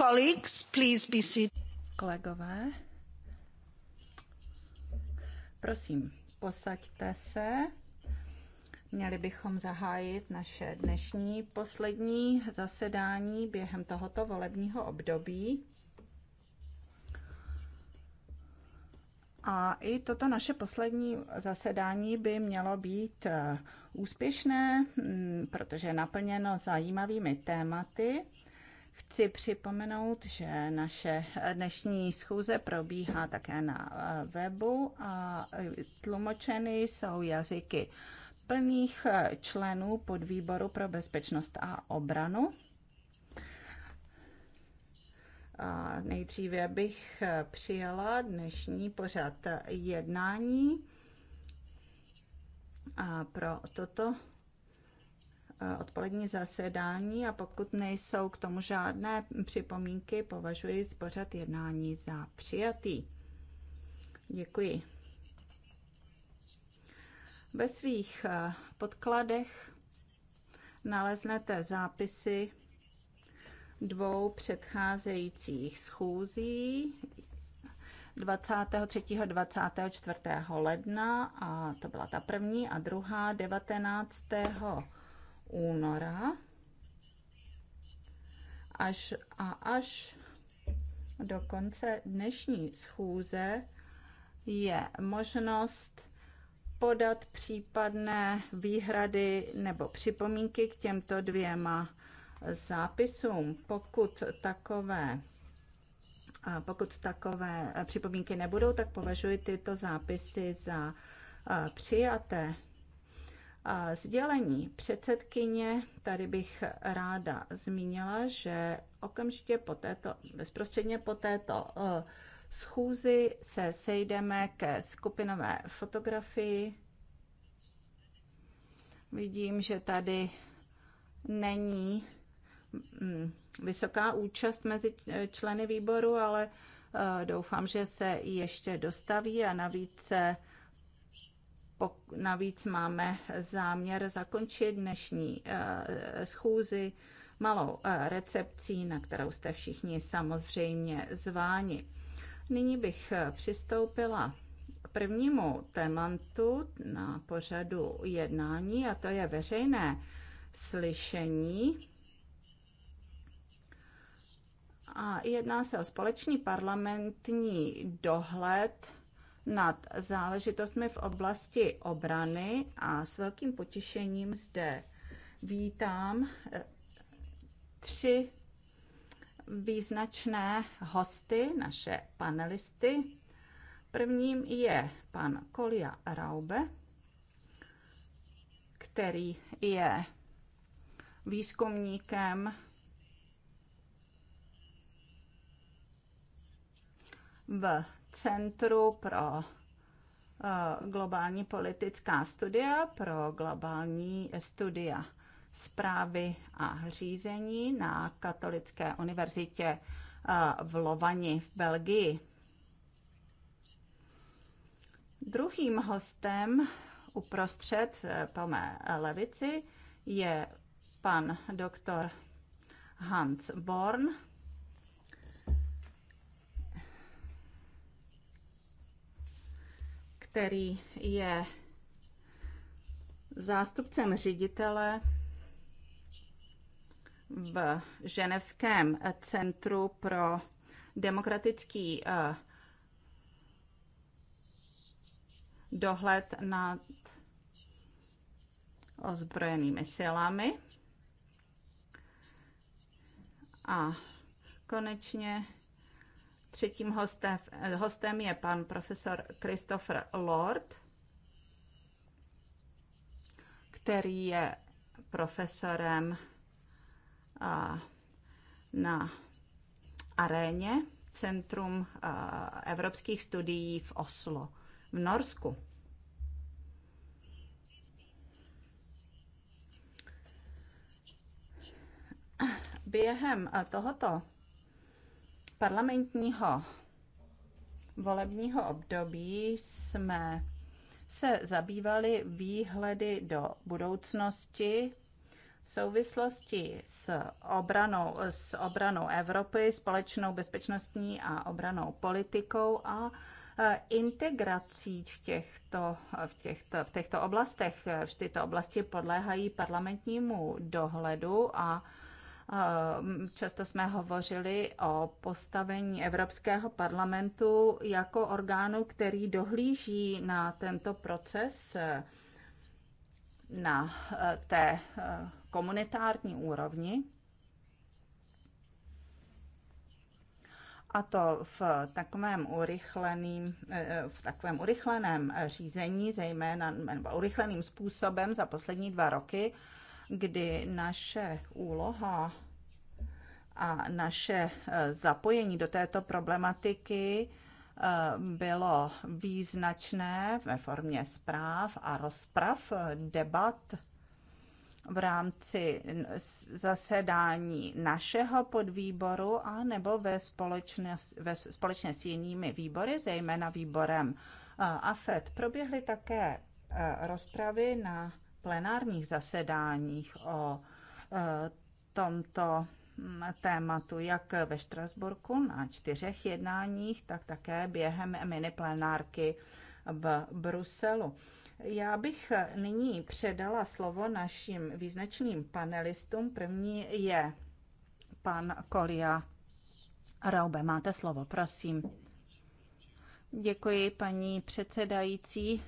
Colleagues, please be seated. Kolegové, prosím, posaďte se. Měli bychom zahájit naše dnešní poslední zasedání během tohoto volebního období. A i toto naše poslední zasedání by mělo být eh, úspěšné, mm, protože je naplněno zajímavými tématy. Chci připomenout, že naše dnešní schůze probíhá také na eh, webu a tlumočeny jsou jazyky plných eh, členů podvýboru pro bezpečnost a obranu. A nejdříve bych eh, přijala dnešní pořad jednání. A pro toto Eh, odpolední zasedání a pokud nejsou k tomu žádné připomínky, považuji pořad jednání za přijatý. Děkuji. Ve svých eh, podkladech naleznete zápisy dvou předcházejících schůzí 23. 24. ledna a to byla ta první a druhá 19 února, až a až do konce dnešní schůze je možnost podat případné výhrady nebo připomínky k těmto dvěma zápisům. Pokud takové, pokud takové připomínky nebudou, tak považuji tyto zápisy za přijaté sdělení předsedkyně, tady bych ráda zmínila, že okamžitě po této, bezprostředně po této eh, schůzi se sejdeme ke skupinové fotografii. Vidím, že tady není mm, vysoká účast mezi eh, členy výboru, ale eh, doufám, že se ještě dostaví a navíc se Navíc máme záměr zakončit dnešní eh, schůzi malou eh, recepcí, na kterou jste všichni samozřejmě zváni. Nyní bych eh, přistoupila k prvnímu tématu na pořadu jednání, a to je veřejné slyšení. A jedná se o společný parlamentní dohled nad záležitostmi v oblasti obrany a s velkým potěšením zde vítám eh, tři význačné hosty, naše panelisty. Prvním je pan Kolia Raube, který je výzkumníkem v Centru pro eh, globální politická studia, pro globální studia zprávy a řízení na Katolické univerzitě eh, v Lovani v Belgii. Druhým hostem uprostřed eh, po mé levici je pan doktor Hans Born, který je zástupcem ředitele v Ženevském centru pro demokratický eh, dohled nad ozbrojenými silami. A konečně Třetím hostem, hostem je pan profesor Christopher Lord, který je profesorem na aréně Centrum evropských studií v Oslo v Norsku. Během tohoto parlamentního volebního období jsme se zabývali výhledy do budoucnosti v souvislosti s obranou, s obranou Evropy, společnou bezpečnostní a obranou politikou a e, integrací v těchto, v těchto, v těchto oblastech. V tyto oblasti podléhají parlamentnímu dohledu a Ehm, často jsme hovořili o postavení Evropského parlamentu jako orgánu, který dohlíží na tento proces na eh, té eh, komunitární úrovni. a to v takovém urychleným, eh, v takovém urychleném řízení, zejména nebo urychleným způsobem za poslední dva roky, kdy naše úloha a naše eh, zapojení do této problematiky eh, bylo význačné ve formě zpráv a rozprav, eh, debat v rámci zasedání našeho podvýboru a nebo ve, společně, ve společně s jinými výbory, zejména výborem AFED. Proběhly také rozpravy na plenárních zasedáních o e, tomto tématu jak ve Štrasburku na čtyřech jednáních, tak také během plenárky v Bruselu. Já bych nyní předala slovo našim význačným panelistům. První je pan Kolia Raube. Máte slovo, prosím. Děkuji, paní předsedající.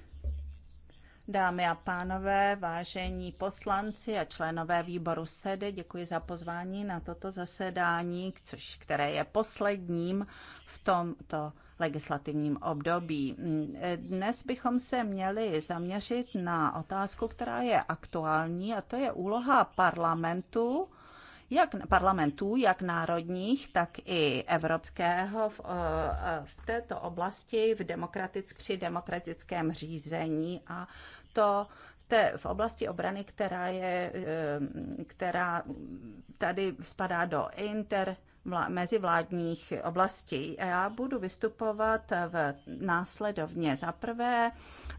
Dámy a pánové, vážení poslanci a členové výboru SEDE, děkuji za pozvání na toto zasedání, což, které je posledním v tomto legislativním období. Dnes bychom se měli zaměřit na otázku, která je aktuální, a to je úloha parlamentu jak parlamentů, jak národních, tak i evropského v, eh, v této oblasti v demokratic, při demokratickém řízení a to té, v oblasti obrany, která, je, eh, která tady spadá do inter mezivládních oblastí. Já budu vystupovat v následovně. Za prvé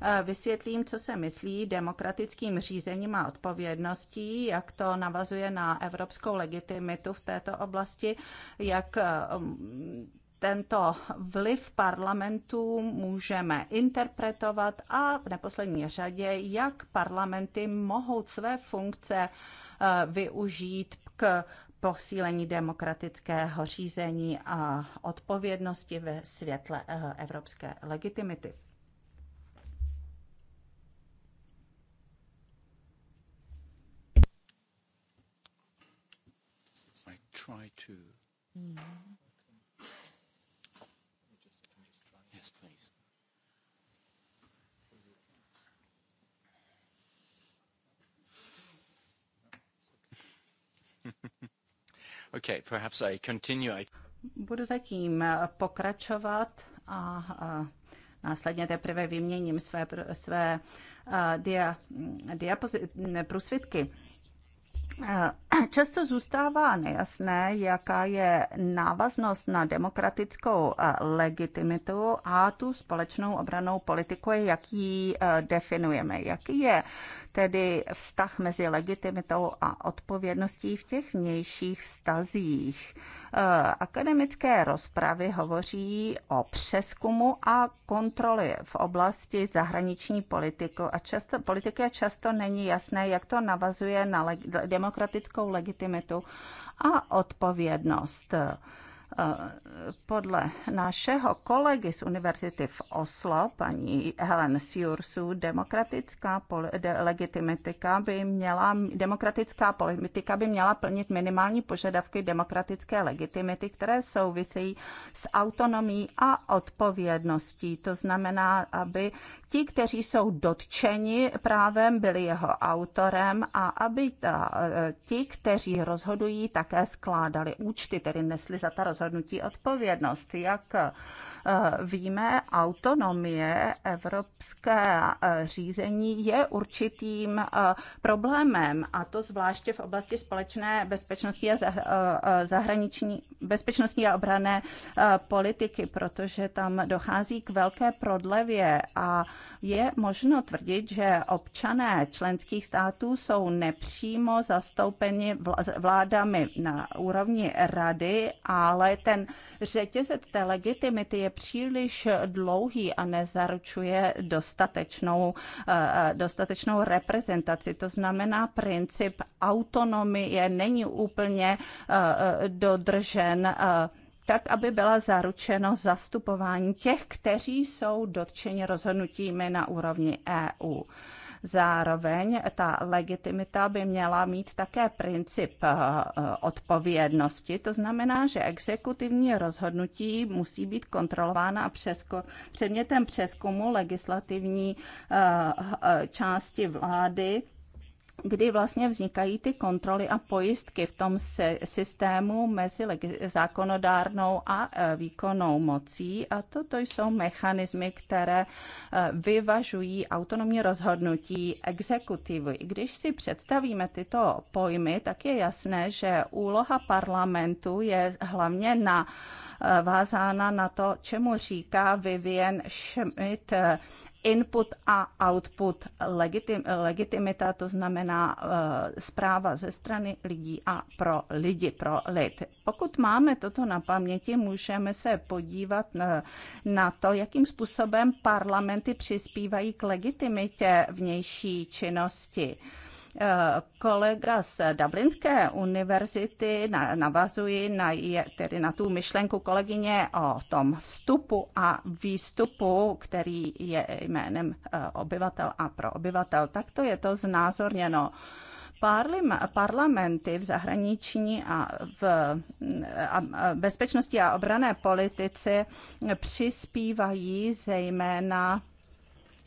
eh, vysvětlím, co se myslí demokratickým řízením a odpovědností, jak to navazuje na evropskou legitimitu v této oblasti, jak eh, tento vliv parlamentu můžeme interpretovat a v neposlední řadě, jak parlamenty mohou své funkce eh, využít k posílení demokratického řízení a odpovědnosti ve světle eh, evropské legitimity. try to. Mm. okay, perhaps I continue. Budu zatím eh, pokračovat a, a následně teprve vyměním své, své eh, dia dia, mm, diapozit, mm, průsvitky. Eh, často zůstává nejasné, jaká je návaznost na demokratickou legitimitu a tu společnou obranou politiku, jak ji definujeme. Jaký je tedy vztah mezi legitimitou a odpovědností v těch vnějších vztazích. Eh, akademické rozpravy hovoří o přeskumu a kontroly v oblasti zahraniční politiky a často, politiky a často není jasné, jak to navazuje na leg, demokratickou legitimitu a odpovědnost. Podle našeho kolegy z univerzity v Oslo, paní Helen Siursu, demokratická de- legitimitika by měla, demokratická politika by měla plnit minimální požadavky demokratické legitimity, které souvisejí s autonomí a odpovědností. To znamená, aby ti, kteří jsou dotčeni právem, byli jeho autorem a aby ta, eh, ti, kteří rozhodují, také skládali účty, tedy nesli za ta rozhodnutí odpovědnost. Jak Eh, víme, autonomie evropské eh, řízení je určitým eh, problémem a to zvláště v oblasti společné bezpečnosti a zahraniční bezpečnostní a obrané politiky, protože tam dochází k velké prodlevě a je možno tvrdit, že občané členských států jsou nepřímo zastoupeni vládami na úrovni rady, ale ten řetězec té legitimity je příliš dlouhý a nezaručuje dostatečnou, eh, dostatečnou reprezentaci. To znamená, princip autonomie není úplně eh, dodržen eh, tak, aby byla zaručeno zastupování těch, kteří jsou dotčeni rozhodnutími na úrovni EU. Zároveň ta legitimita by měla mít také princip eh, eh, odpovědnosti. To znamená, že exekutivní rozhodnutí musí být kontrolována a přesko, předmětem přeskumu legislativní eh, části vlády kdy vlastně vznikají ty kontroly a pojistky v tom se, systému mezi zákonodárnou a e, výkonnou mocí. A toto jsou mechanismy, které e, vyvažují autonomní rozhodnutí exekutivy. Když si představíme tyto pojmy, tak je jasné, že úloha parlamentu je hlavně na e, vázána na to, čemu říká Vivian Schmidt input a output legitim, legitimita, to znamená uh, zpráva ze strany lidí a pro lidi, pro lid. Pokud máme toto na paměti, můžeme se podívat na, na to, jakým způsobem parlamenty přispívají k legitimitě vnější činnosti. Uh, kolega z Dublinské univerzity, navazuji na, tedy na tu myšlenku kolegyně o tom vstupu a výstupu, který je jménem eh, obyvatel a pro obyvatel. Tak to je to znázorněno parlamenty v zahraniční a v a bezpečnosti a obrané politice přispívají zejména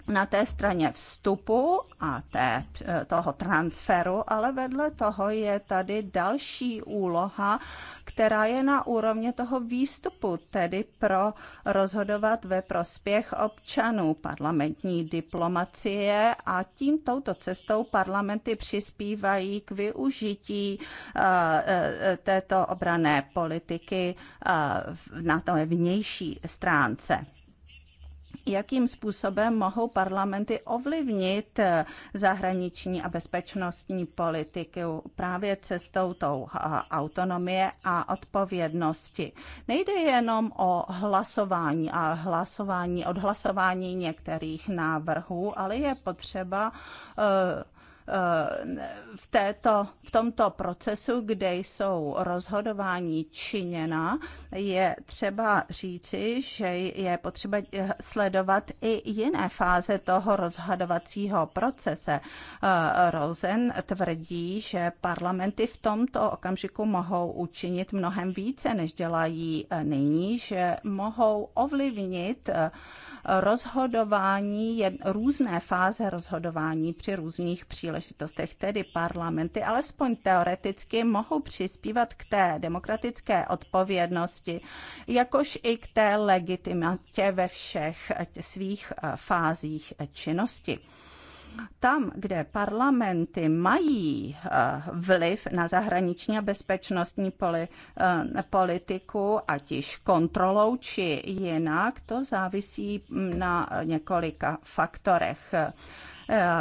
na té straně vstupu a té, eh, toho transferu, ale vedle toho je tady další úloha, která je na úrovni toho výstupu, tedy pro rozhodovat ve prospěch občanů parlamentní diplomacie a tím touto cestou parlamenty přispívají k využití eh, eh, této obrané politiky na té vnější stránce jakým způsobem mohou parlamenty ovlivnit eh, zahraniční a bezpečnostní politiku právě cestou tou eh, autonomie a odpovědnosti. Nejde jenom o hlasování a hlasování, odhlasování některých návrhů, ale je potřeba uh, Eh, v, této, v tomto procesu, kde jsou rozhodování činěna, je třeba říci, že je potřeba sledovat i jiné fáze toho rozhodovacího procese. Eh, Rosen tvrdí, že parlamenty v tomto okamžiku mohou učinit mnohem více, než dělají eh, nyní, že mohou ovlivnit rozhodování, různé fáze rozhodování při různých příležitostech příležitostech, tedy parlamenty, alespoň teoreticky mohou přispívat k té demokratické odpovědnosti, jakož i k té legitimitě ve všech svých eh, fázích činnosti tam, kde parlamenty mají eh, vliv na zahraniční a bezpečnostní eh, politiku, ať již kontrolou či jinak, to závisí hm, na několika faktorech.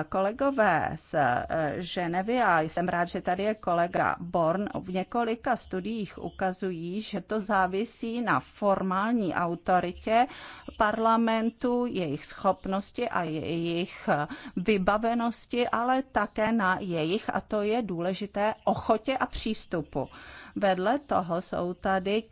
Kolegové z eh, Ženevy, a jsem rád, že tady je kolega Born, v několika studiích ukazují, že to závisí na formální autoritě parlamentu, jejich schopnosti a jejich vybavenosti, ale také na jejich, a to je důležité, ochotě a přístupu. Vedle toho jsou tady,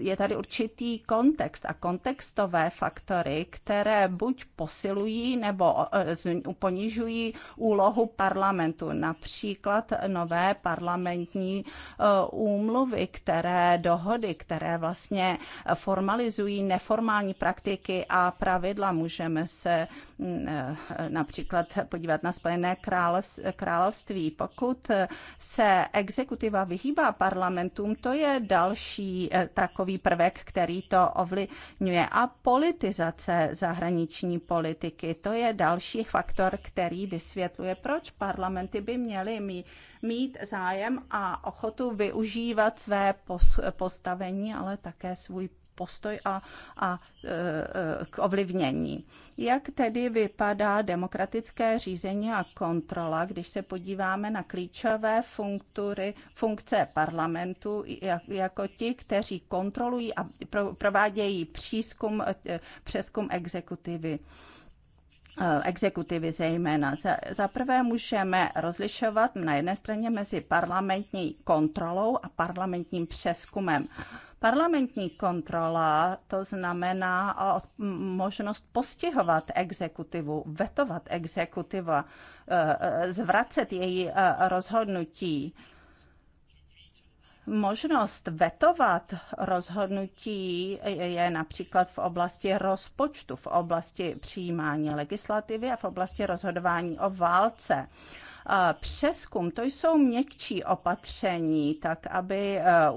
je tady určitý kontext a kontextové faktory, které buď posilují nebo e, ponižují úlohu parlamentu. Například nové parlamentní e, úmluvy, které dohody, které vlastně formalizují neformální praktiky a pravidla. Můžeme se e, například podívat na Spojené království. Pokud se exekutiva vyhýbá parlamentu, parlamentům, to je další eh, takový prvek, který to ovlivňuje. A politizace zahraniční politiky, to je další faktor, který vysvětluje, proč parlamenty by měly mít zájem a ochotu využívat své postavení, ale také svůj postoj a, a e, k ovlivnění. Jak tedy vypadá demokratické řízení a kontrola, když se podíváme na klíčové funktury, funkce parlamentu, jak, jako ti, kteří kontrolují a provádějí přízkum, e, přeskum exekutivy? Eh, exekutivy zejména. Za, za prvé můžeme rozlišovat na jedné straně mezi parlamentní kontrolou a parlamentním přeskumem. Parlamentní kontrola to znamená možnost postihovat exekutivu, vetovat exekutiva, eh, eh, zvracet její rozhodnutí. Možnost vetovat rozhodnutí je například v oblasti rozpočtu, v oblasti přijímání legislativy a v oblasti rozhodování o válce přeskum, to jsou měkčí opatření, tak aby e, e,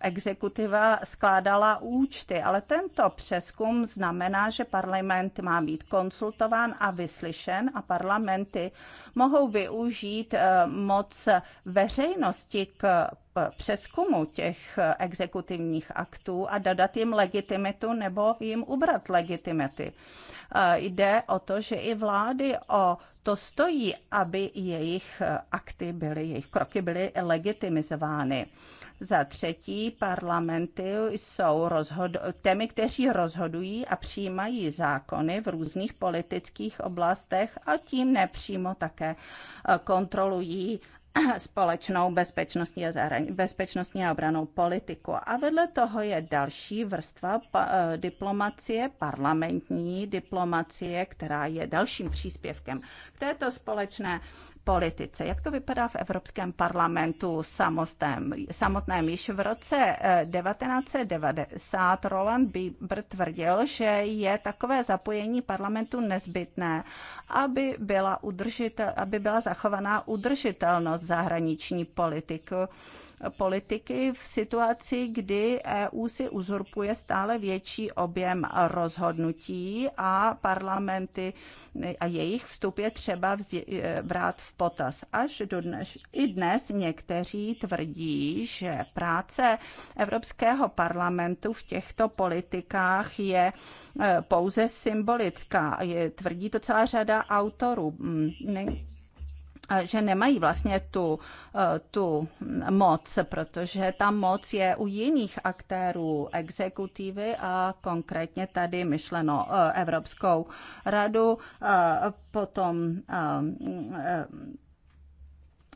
exekutiva skládala účty, ale tento přeskum znamená, že parlament má být konsultován a vyslyšen a parlamenty mohou využít eh, moc veřejnosti k přeskumu těch eh, exekutivních aktů a dodat jim legitimitu nebo jim ubrat legitimity. Eh, jde o to, že i vlády o to stojí, aby jejich akty byly, jejich kroky byly legitimizovány. Za třetí, parlamenty jsou rozhod- těmi, kteří rozhodují a přijímají zákony v různých politických oblastech a tím nepřímo také také eh, kontrolují společnou bezpečnostní a, zahrani- bezpečnostní a obranou politiku. A vedle toho je další vrstva pa- eh, diplomacie, parlamentní diplomacie, která je dalším příspěvkem k této společné politice. Jak to vypadá v Evropském parlamentu samostém, samotném? Již v roce 1990 eh, Roland Bieber tvrdil, že je takové zapojení parlamentu nezbytné, aby byla, udržitel, aby byla zachovaná udržitelnost zahraniční politiky politiky v situaci, kdy EU si uzurpuje stále větší objem rozhodnutí a parlamenty a jejich vstup je třeba e, brát v potaz. Až do dnes, i dnes někteří tvrdí, že práce Evropského parlamentu v těchto politikách je e, pouze symbolická. Je, tvrdí to celá řada autorů. Ne, Eh, že nemají vlastně tu, eh, tu moc, protože ta moc je u jiných aktérů exekutivy a konkrétně tady myšleno eh, Evropskou radu, potom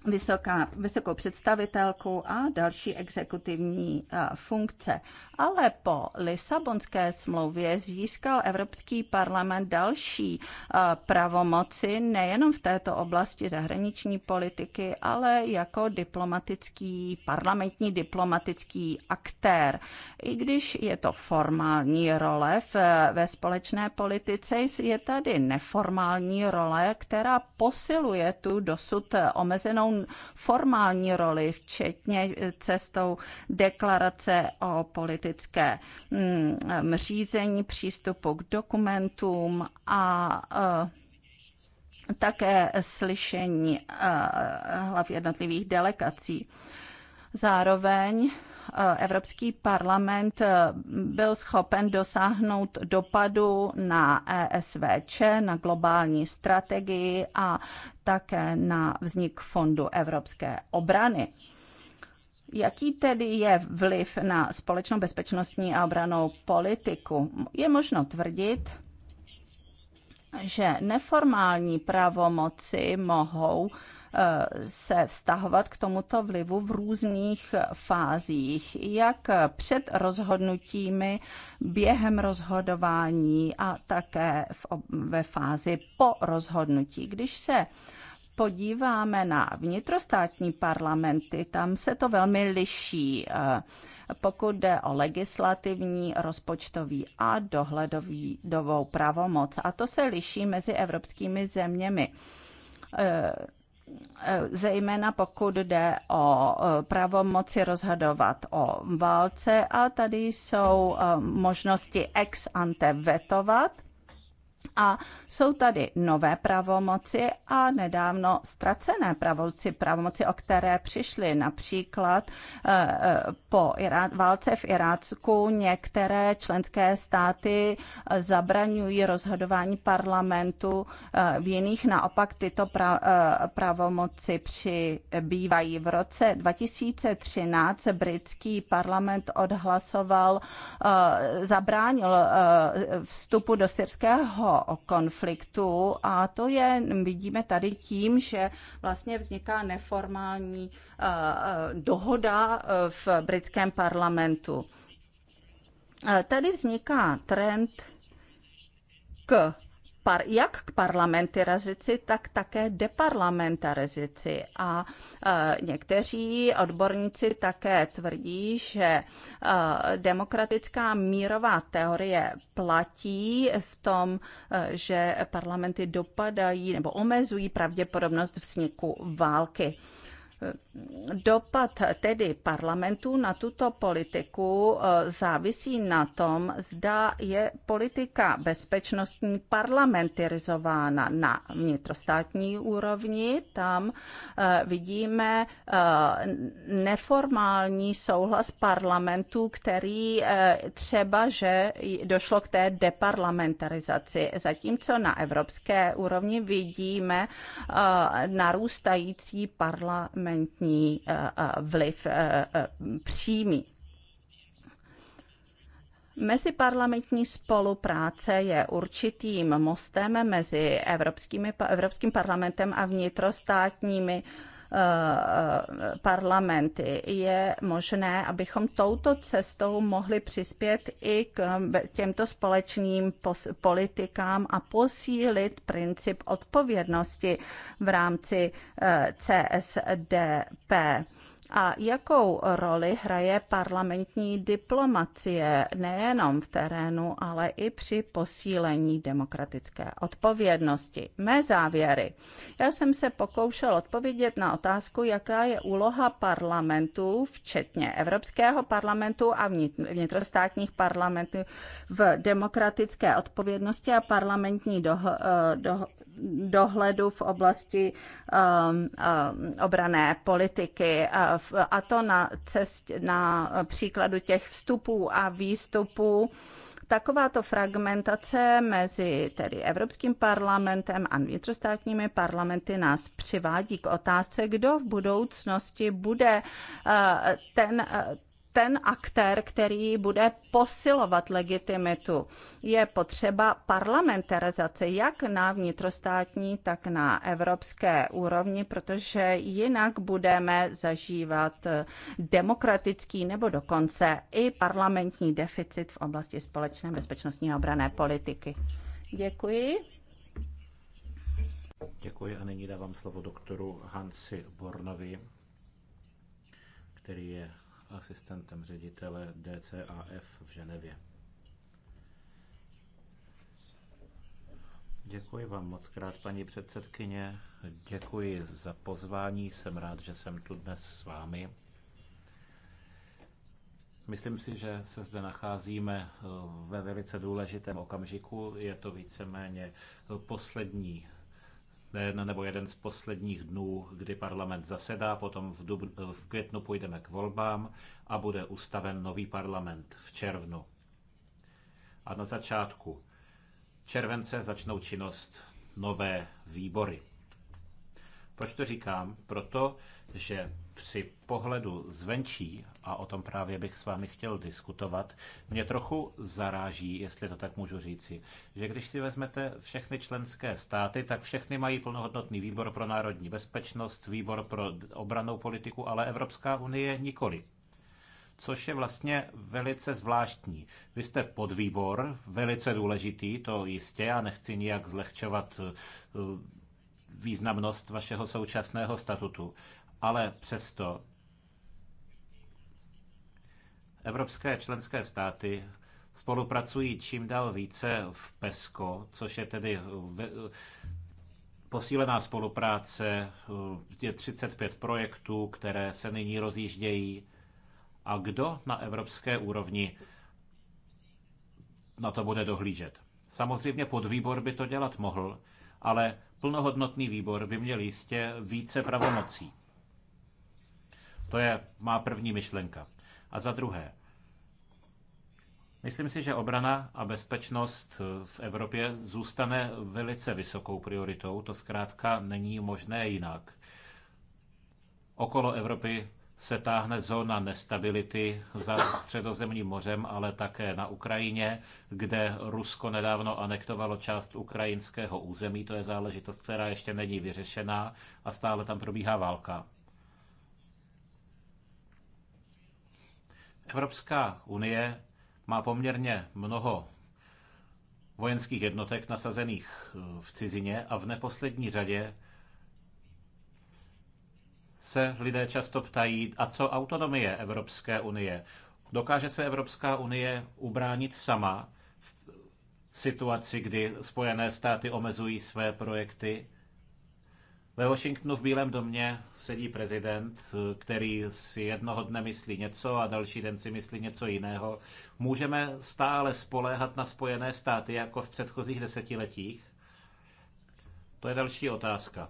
vysoká, vysokou představitelku a další exekutivní funkce ale po Lisabonské smlouvě získal Evropský parlament další eh, pravomoci nejenom v této oblasti zahraniční politiky, ale jako diplomatický, parlamentní diplomatický aktér. I když je to formální role v, eh, ve společné politice, je tady neformální role, která posiluje tu dosud eh, omezenou formální roli, včetně cestou deklarace o politice demokratické mm, řízení přístupu k dokumentům a eh, také slyšení eh, hlav jednotlivých delegací. Zároveň eh, Evropský parlament byl schopen dosáhnout dopadu na ESVČ, na globální strategii a také na vznik Fondu evropské obrany. Jaký tedy je vliv na společnou bezpečnostní a obranou politiku? Je možno tvrdit, že neformální pravomoci mohou eh, se vztahovat k tomuto vlivu v různých fázích, jak před rozhodnutími, během rozhodování a také v, ve fázi po rozhodnutí. Když se podíváme na vnitrostátní parlamenty, tam se to velmi liší, eh, pokud jde o legislativní, rozpočtový a dohledovou pravomoc. A to se liší mezi evropskými zeměmi eh, eh, zejména pokud jde o pravomoci rozhodovat o válce a tady jsou možnosti ex ante vetovat a jsou tady nové pravomoci a nedávno ztracené pravomoci, pravomoci, o které přišly například eh, eh, po válce v Irácku některé členské státy eh, zabraňují rozhodování parlamentu, v jiných naopak tyto pra, pravomoci přibývají. V roce 2013 britský parlament odhlasoval, zabránil vstupu do syrského o konfliktu a to je, vidíme tady tím, že vlastně vzniká neformální eh, eh, dohoda eh, v britském parlamentu. Tady vzniká trend k par, jak k parlamentarizaci, tak také deparlamentarizaci. A e, někteří odborníci také tvrdí, že e, demokratická mírová teorie platí v tom, e, že parlamenty dopadají nebo omezují pravděpodobnost vzniku války. Dopad tedy parlamentu na tuto politiku e, závisí na tom, zda je politika bezpečnostní parlamentarizována na vnitrostátní úrovni. Tam e, vidíme e, neformální souhlas parlamentu, který třeba, že došlo k té deparlamentarizaci. Zatímco na evropské úrovni vidíme narůstající parlament parlamentní eh, eh, vliv eh, přímý. Meziparlamentní spolupráce je určitým mostem mezi Evropským parlamentem a vnitrostátními uh, Eh, parlamenty. Je možné, abychom touto cestou mohli přispět i k eh, těmto společným politikám a posílit princip odpovědnosti v rámci eh, CSDP a jakou roli hraje parlamentní diplomacie nejenom v terénu, ale i při posílení demokratické odpovědnosti? Mé závěry. Já jsem se pokoušel odpovědět na otázku, jaká je úloha parlamentů, včetně Evropského parlamentu a vnitrostátních parlamentů v demokratické odpovědnosti a parlamentní doho, eh, doho, dohledu v oblasti um, um, obrané politiky. Uh, a to na, cest, na příkladu těch vstupů a výstupů takováto fragmentace mezi tedy Evropským parlamentem a vnitrostátními parlamenty nás přivádí k otázce, kdo v budoucnosti bude uh, ten uh, ten aktér, který bude posilovat legitimitu. Je potřeba parlamentarizace jak na vnitrostátní, tak na evropské úrovni, protože jinak budeme zažívat demokratický nebo dokonce i parlamentní deficit v oblasti společné bezpečnostní a obrané politiky. Děkuji. Děkuji a nyní dávám slovo doktoru Hansi Bornovi, který je asistentem ředitele DCAF v Ženevě. Děkuji vám moc krát, paní předsedkyně. Děkuji za pozvání. Jsem rád, že jsem tu dnes s vámi. Myslím si, že se zde nacházíme eh, ve velice důležitém okamžiku. Je to víceméně eh, poslední den nebo jeden z posledních dnů, kdy parlament zasedá, potom v, dub, v květnu půjdeme k volbám a bude ustaven nový parlament v červnu. A na začátku července začnou činnost nové výbory. Proč to říkám? Proto, že při pohledu zvenčí, a o tom právě bych s vámi chtěl diskutovat, mě trochu zaráží, jestli to tak můžu říci, že když si vezmete všechny členské státy, tak všechny mají plnohodnotný výbor pro národní bezpečnost, výbor pro obranou politiku, ale Evropská unie nikoli což je vlastně velice zvláštní. Vy jste podvýbor, velice důležitý, to jistě, já nechci nijak zlehčovat eh, významnost vašeho současného statutu, ale přesto evropské členské státy spolupracují čím dál více v PESCO, což je tedy posílená spolupráce, je 35 projektů, které se nyní rozjíždějí. A kdo na evropské úrovni na to bude dohlížet? Samozřejmě podvýbor by to dělat mohl, ale plnohodnotný výbor by měl jistě více pravomocí. To je má první myšlenka. A za druhé, myslím si, že obrana a bezpečnost v Evropě zůstane velice vysokou prioritou. To zkrátka není možné jinak. Okolo Evropy se táhne zóna nestability za středozemním mořem, ale také na Ukrajině, kde Rusko nedávno anektovalo část ukrajinského území. To je záležitost, která ještě není vyřešená a stále tam probíhá válka. Evropská unie má poměrně mnoho vojenských jednotek nasazených v cizině a v neposlední řadě se lidé často ptají, a co autonomie Evropské unie? Dokáže se Evropská unie ubránit sama v situaci, kdy Spojené státy omezují své projekty? Ve Washingtonu v Bílém domě sedí prezident, který si jednoho dne myslí něco a další den si myslí něco jiného. Můžeme stále spoléhat na Spojené státy jako v předchozích desetiletích? To je další otázka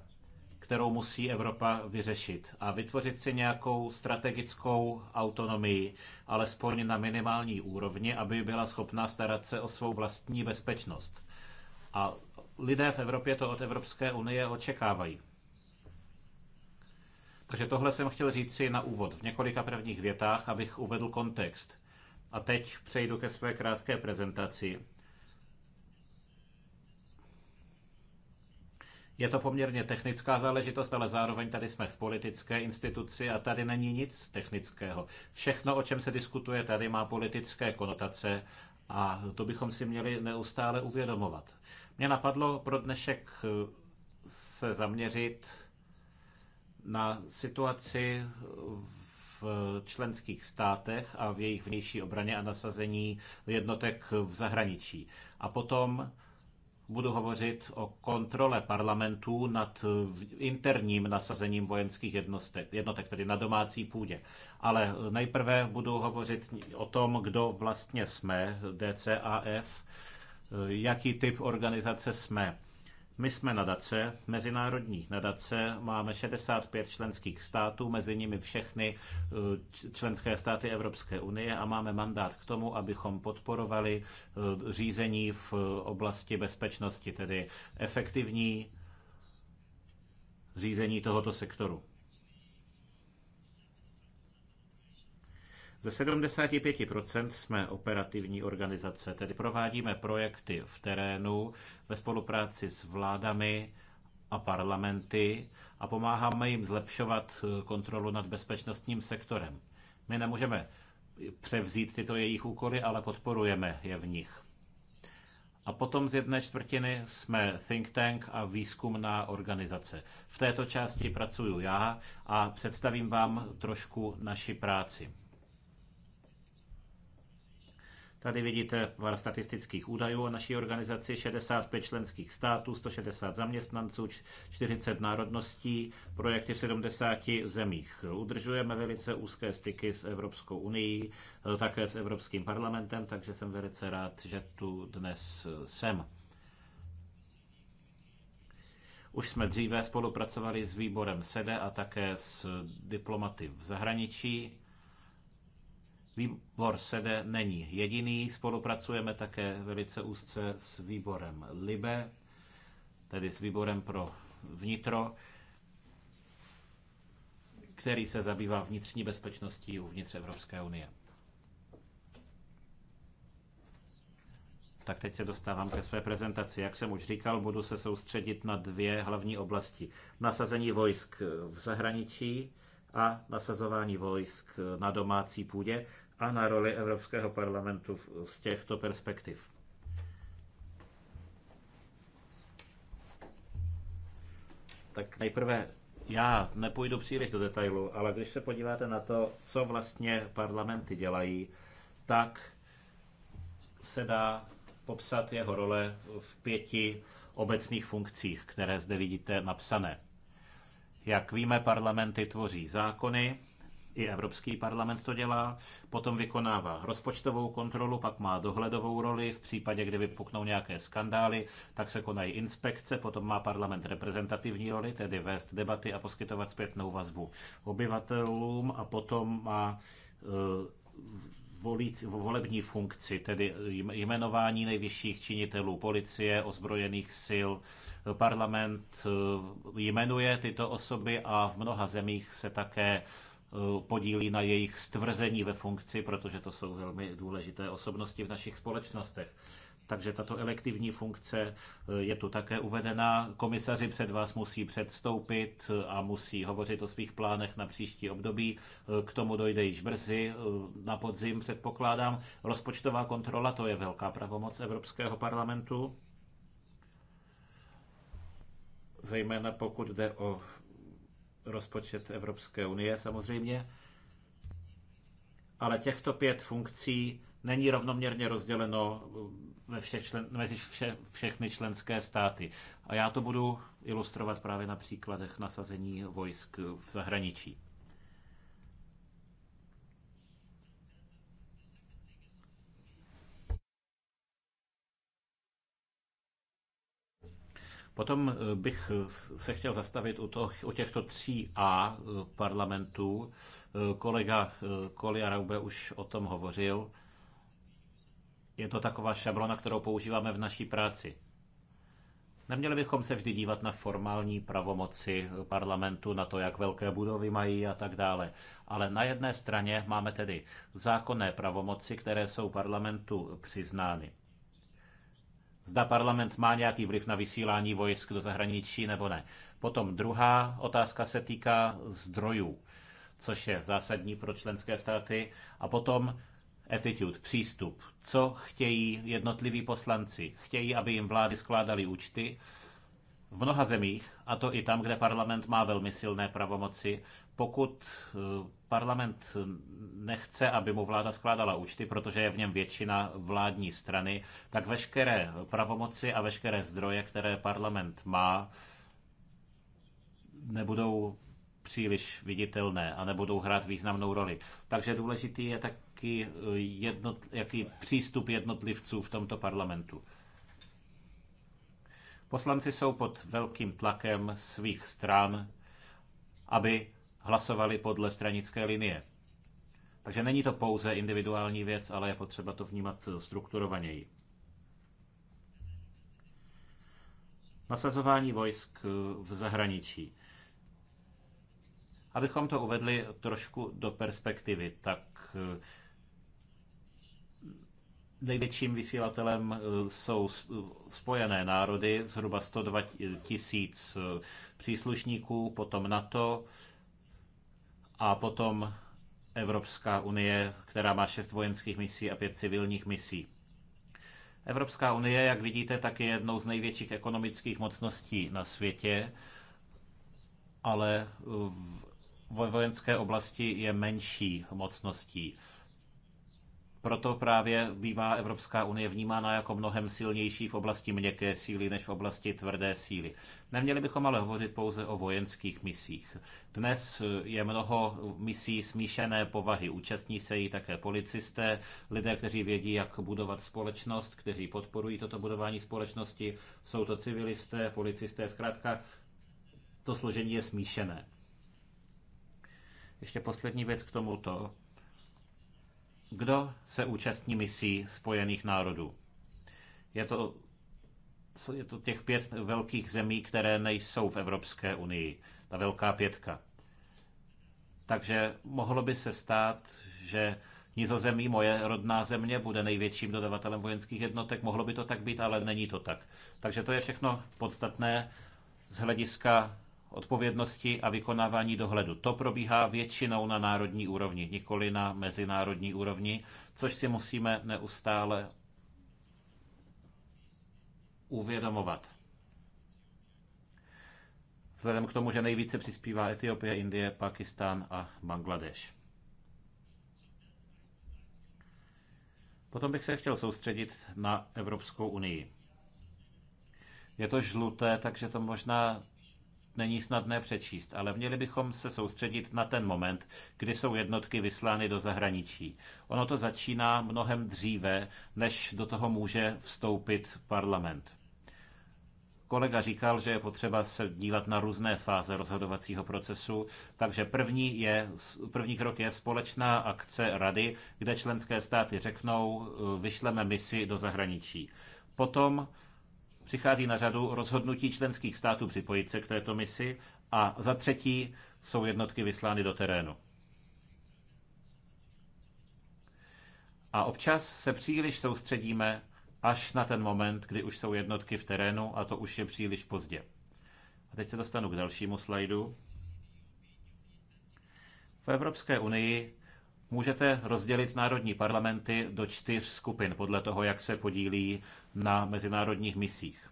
kterou musí Evropa vyřešit a vytvořit si nějakou strategickou autonomii, alespoň na minimální úrovni, aby byla schopná starat se o svou vlastní bezpečnost. A lidé v Evropě to od Evropské unie očekávají. Takže tohle jsem chtěl říct si na úvod v několika prvních větách, abych uvedl kontext. A teď přejdu ke své krátké prezentaci Je to poměrně technická záležitost, ale zároveň tady jsme v politické instituci a tady není nic technického. Všechno, o čem se diskutuje tady, má politické konotace a to bychom si měli neustále uvědomovat. Mě napadlo pro dnešek eh, se zaměřit na situaci v členských státech a v jejich vnější obraně a nasazení jednotek v zahraničí. A potom budu hovořit o kontrole parlamentů nad interním nasazením vojenských jednotek, jednotek, tedy na domácí půdě. Ale nejprve budu hovořit o tom, kdo vlastně jsme, DCAF, jaký typ organizace jsme. My jsme nadace, mezinárodní nadace, máme 65 členských států, mezi nimi všechny eh, členské státy Evropské unie a máme mandát k tomu, abychom podporovali eh, řízení v oblasti bezpečnosti, tedy efektivní řízení tohoto sektoru. Ze 75% jsme operativní organizace, tedy provádíme projekty v terénu ve spolupráci s vládami a parlamenty a pomáháme jim zlepšovat eh, kontrolu nad bezpečnostním sektorem. My nemůžeme převzít tyto jejich úkoly, ale podporujeme je v nich. A potom z jedné čtvrtiny jsme think tank a výzkumná organizace. V této části pracuju já a představím vám trošku naši práci. Tady vidíte pár statistických údajů o naší organizaci. 65 členských států, 160 zaměstnanců, 40 národností, projekty v 70 zemích. Udržujeme velice úzké styky s Evropskou unii, eh, také s Evropským parlamentem, takže jsem velice rád, že tu dnes eh, jsem. Už jsme dříve spolupracovali s výborem SEDE a také s diplomaty v zahraničí. Výbor SEDE není jediný, spolupracujeme také velice úzce s výborem LIBE, tedy s výborem pro vnitro, který se zabývá vnitřní bezpečností uvnitř Evropské unie. Tak teď se dostávám ke své prezentaci. Jak jsem už říkal, budu se soustředit na dvě hlavní oblasti. Nasazení vojsk v zahraničí a nasazování vojsk na domácí půdě a na roli Evropského parlamentu z těchto perspektiv. Tak nejprve já nepůjdu příliš do detailu, ale když se podíváte na to, co vlastně parlamenty dělají, tak se dá popsat jeho role v pěti obecných funkcích, které zde vidíte napsané. Jak víme, parlamenty tvoří zákony, i Evropský parlament to dělá, potom vykonává rozpočtovou kontrolu, pak má dohledovou roli, v případě, kdy vypuknou nějaké skandály, tak se konají inspekce, potom má parlament reprezentativní roli, tedy vést debaty a poskytovat zpětnou vazbu obyvatelům a potom má eh, volíc, volební funkci, tedy jmenování nejvyšších činitelů policie, ozbrojených sil. Parlament eh, jmenuje tyto osoby a v mnoha zemích se také Eh, podílí na jejich stvrzení ve funkci, protože to jsou velmi důležité osobnosti v našich společnostech. Takže tato elektivní funkce eh, je tu také uvedena. Komisaři před vás musí předstoupit eh, a musí hovořit o svých plánech na příští období. K tomu dojde již brzy, na podzim předpokládám. Rozpočtová kontrola, to je velká pravomoc Evropského parlamentu. Zejména pokud jde o rozpočet Evropské unie samozřejmě, ale těchto pět funkcí není rovnoměrně rozděleno eh, ve všech člen, mezi vše, všechny členské státy. A já to budu ilustrovat právě na příkladech nasazení vojsk v zahraničí. Potom eh, bych eh, se chtěl zastavit u, to, u těchto tří A eh, parlamentů. Kolega Kolia Raube už o tom hovořil. Je to taková šablona, kterou používáme v naší práci. Neměli bychom se vždy dívat na formální pravomoci parlamentu, na to, jak velké budovy mají a tak dále. Ale na jedné straně máme tedy zákonné pravomoci, které jsou parlamentu přiznány zda parlament má nějaký vliv na vysílání vojsk do zahraničí nebo ne. Potom druhá otázka se týká zdrojů, což je zásadní pro členské státy. A potom attitude, přístup. Co chtějí jednotliví poslanci? Chtějí, aby jim vlády skládaly účty, v mnoha zemích, a to i tam, kde parlament má velmi silné pravomoci, pokud eh, parlament nechce, aby mu vláda skládala účty, protože je v něm většina vládní strany, tak veškeré pravomoci a veškeré zdroje, které parlament má, nebudou příliš viditelné a nebudou hrát významnou roli. Takže důležitý je taky eh, jednot, jaký přístup jednotlivců v tomto parlamentu. Poslanci jsou pod velkým tlakem svých stran, aby hlasovali podle stranické linie. Takže není to pouze individuální věc, ale je potřeba to vnímat strukturovaněji. Nasazování vojsk v zahraničí. Abychom to uvedli trošku do perspektivy, tak Největším vysílatelem eh, jsou eh, Spojené národy, zhruba 102 eh, tisíc příslušníků, potom NATO a potom Evropská unie, která má šest vojenských misí a pět civilních misí. Evropská unie, jak vidíte, tak je jednou z největších ekonomických mocností na světě, ale v vojenské oblasti je menší mocností. Proto právě bývá Evropská unie vnímána jako mnohem silnější v oblasti měkké síly než v oblasti tvrdé síly. Neměli bychom ale hovořit pouze o vojenských misích. Dnes je mnoho misí smíšené povahy. Účastní se jí také policisté, lidé, kteří vědí, jak budovat společnost, kteří podporují toto budování společnosti. Jsou to civilisté, policisté, zkrátka to složení je smíšené. Ještě poslední věc k tomuto. Kdo se účastní misí Spojených národů? Je to, je to těch pět velkých zemí, které nejsou v Evropské unii. Ta velká pětka. Takže mohlo by se stát, že Nizozemí, moje rodná země, bude největším dodavatelem vojenských jednotek. Mohlo by to tak být, ale není to tak. Takže to je všechno podstatné z hlediska odpovědnosti a vykonávání dohledu. To probíhá většinou na národní úrovni, nikoli na mezinárodní úrovni, což si musíme neustále uvědomovat. Vzhledem k tomu, že nejvíce přispívá Etiopie, Indie, Pakistán a Bangladeš. Potom bych se chtěl soustředit na Evropskou unii. Je to žluté, takže to možná není snadné přečíst, ale měli bychom se soustředit na ten moment, kdy jsou jednotky vyslány do zahraničí. Ono to začíná mnohem dříve, než do toho může vstoupit parlament. Kolega říkal, že je potřeba se dívat na různé fáze rozhodovacího procesu, takže první, je, první krok je společná akce rady, kde členské státy řeknou, vyšleme misi do zahraničí. Potom Přichází na řadu rozhodnutí členských států připojit se k této misi a za třetí jsou jednotky vyslány do terénu. A občas se příliš soustředíme až na ten moment, kdy už jsou jednotky v terénu a to už je příliš pozdě. A teď se dostanu k dalšímu slajdu. V Evropské unii Můžete rozdělit národní parlamenty do čtyř skupin podle toho, jak se podílí na mezinárodních misích.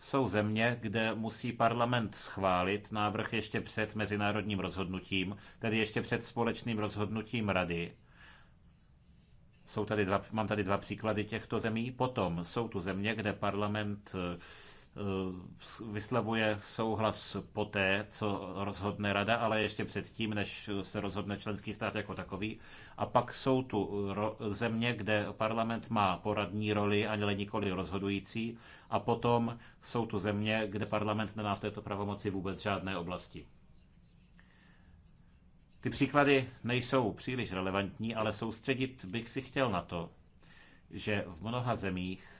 Jsou země, kde musí parlament schválit návrh ještě před mezinárodním rozhodnutím, tedy ještě před společným rozhodnutím rady. Jsou tady dva, mám tady dva příklady těchto zemí. Potom jsou tu země, kde parlament eh, Eh, vyslavuje souhlas poté, co rozhodne rada, ale ještě předtím, než se rozhodne členský stát jako takový. A pak jsou tu země, kde parlament má poradní roli, ale nikoli rozhodující. A potom jsou tu země, kde parlament nemá v této pravomoci vůbec žádné oblasti. Ty příklady nejsou příliš relevantní, ale soustředit bych si chtěl na to, že v mnoha zemích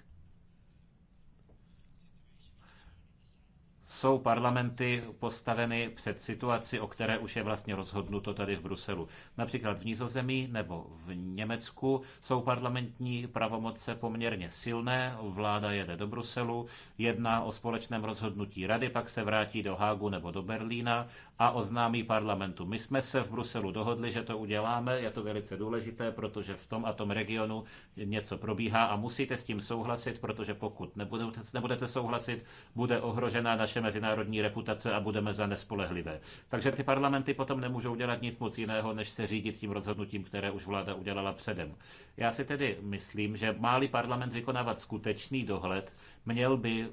jsou parlamenty postaveny před situaci, o které už je vlastně rozhodnuto tady v Bruselu. Například v nízozemí nebo v Německu jsou parlamentní pravomoce poměrně silné, vláda jede do Bruselu, jedná o společném rozhodnutí rady, pak se vrátí do Hágu nebo do Berlína a oznámí parlamentu. My jsme se v Bruselu dohodli, že to uděláme, je to velice důležité, protože v tom a tom regionu něco probíhá a musíte s tím souhlasit, protože pokud nebudete, nebudete souhlasit, bude ohrožena naše naše mezinárodní reputace a budeme za nespolehlivé. Takže ty parlamenty potom nemůžou dělat nic moc jiného, než se řídit tím rozhodnutím, které už vláda udělala předem. Já si tedy myslím, že máli parlament vykonávat skutečný dohled, měl by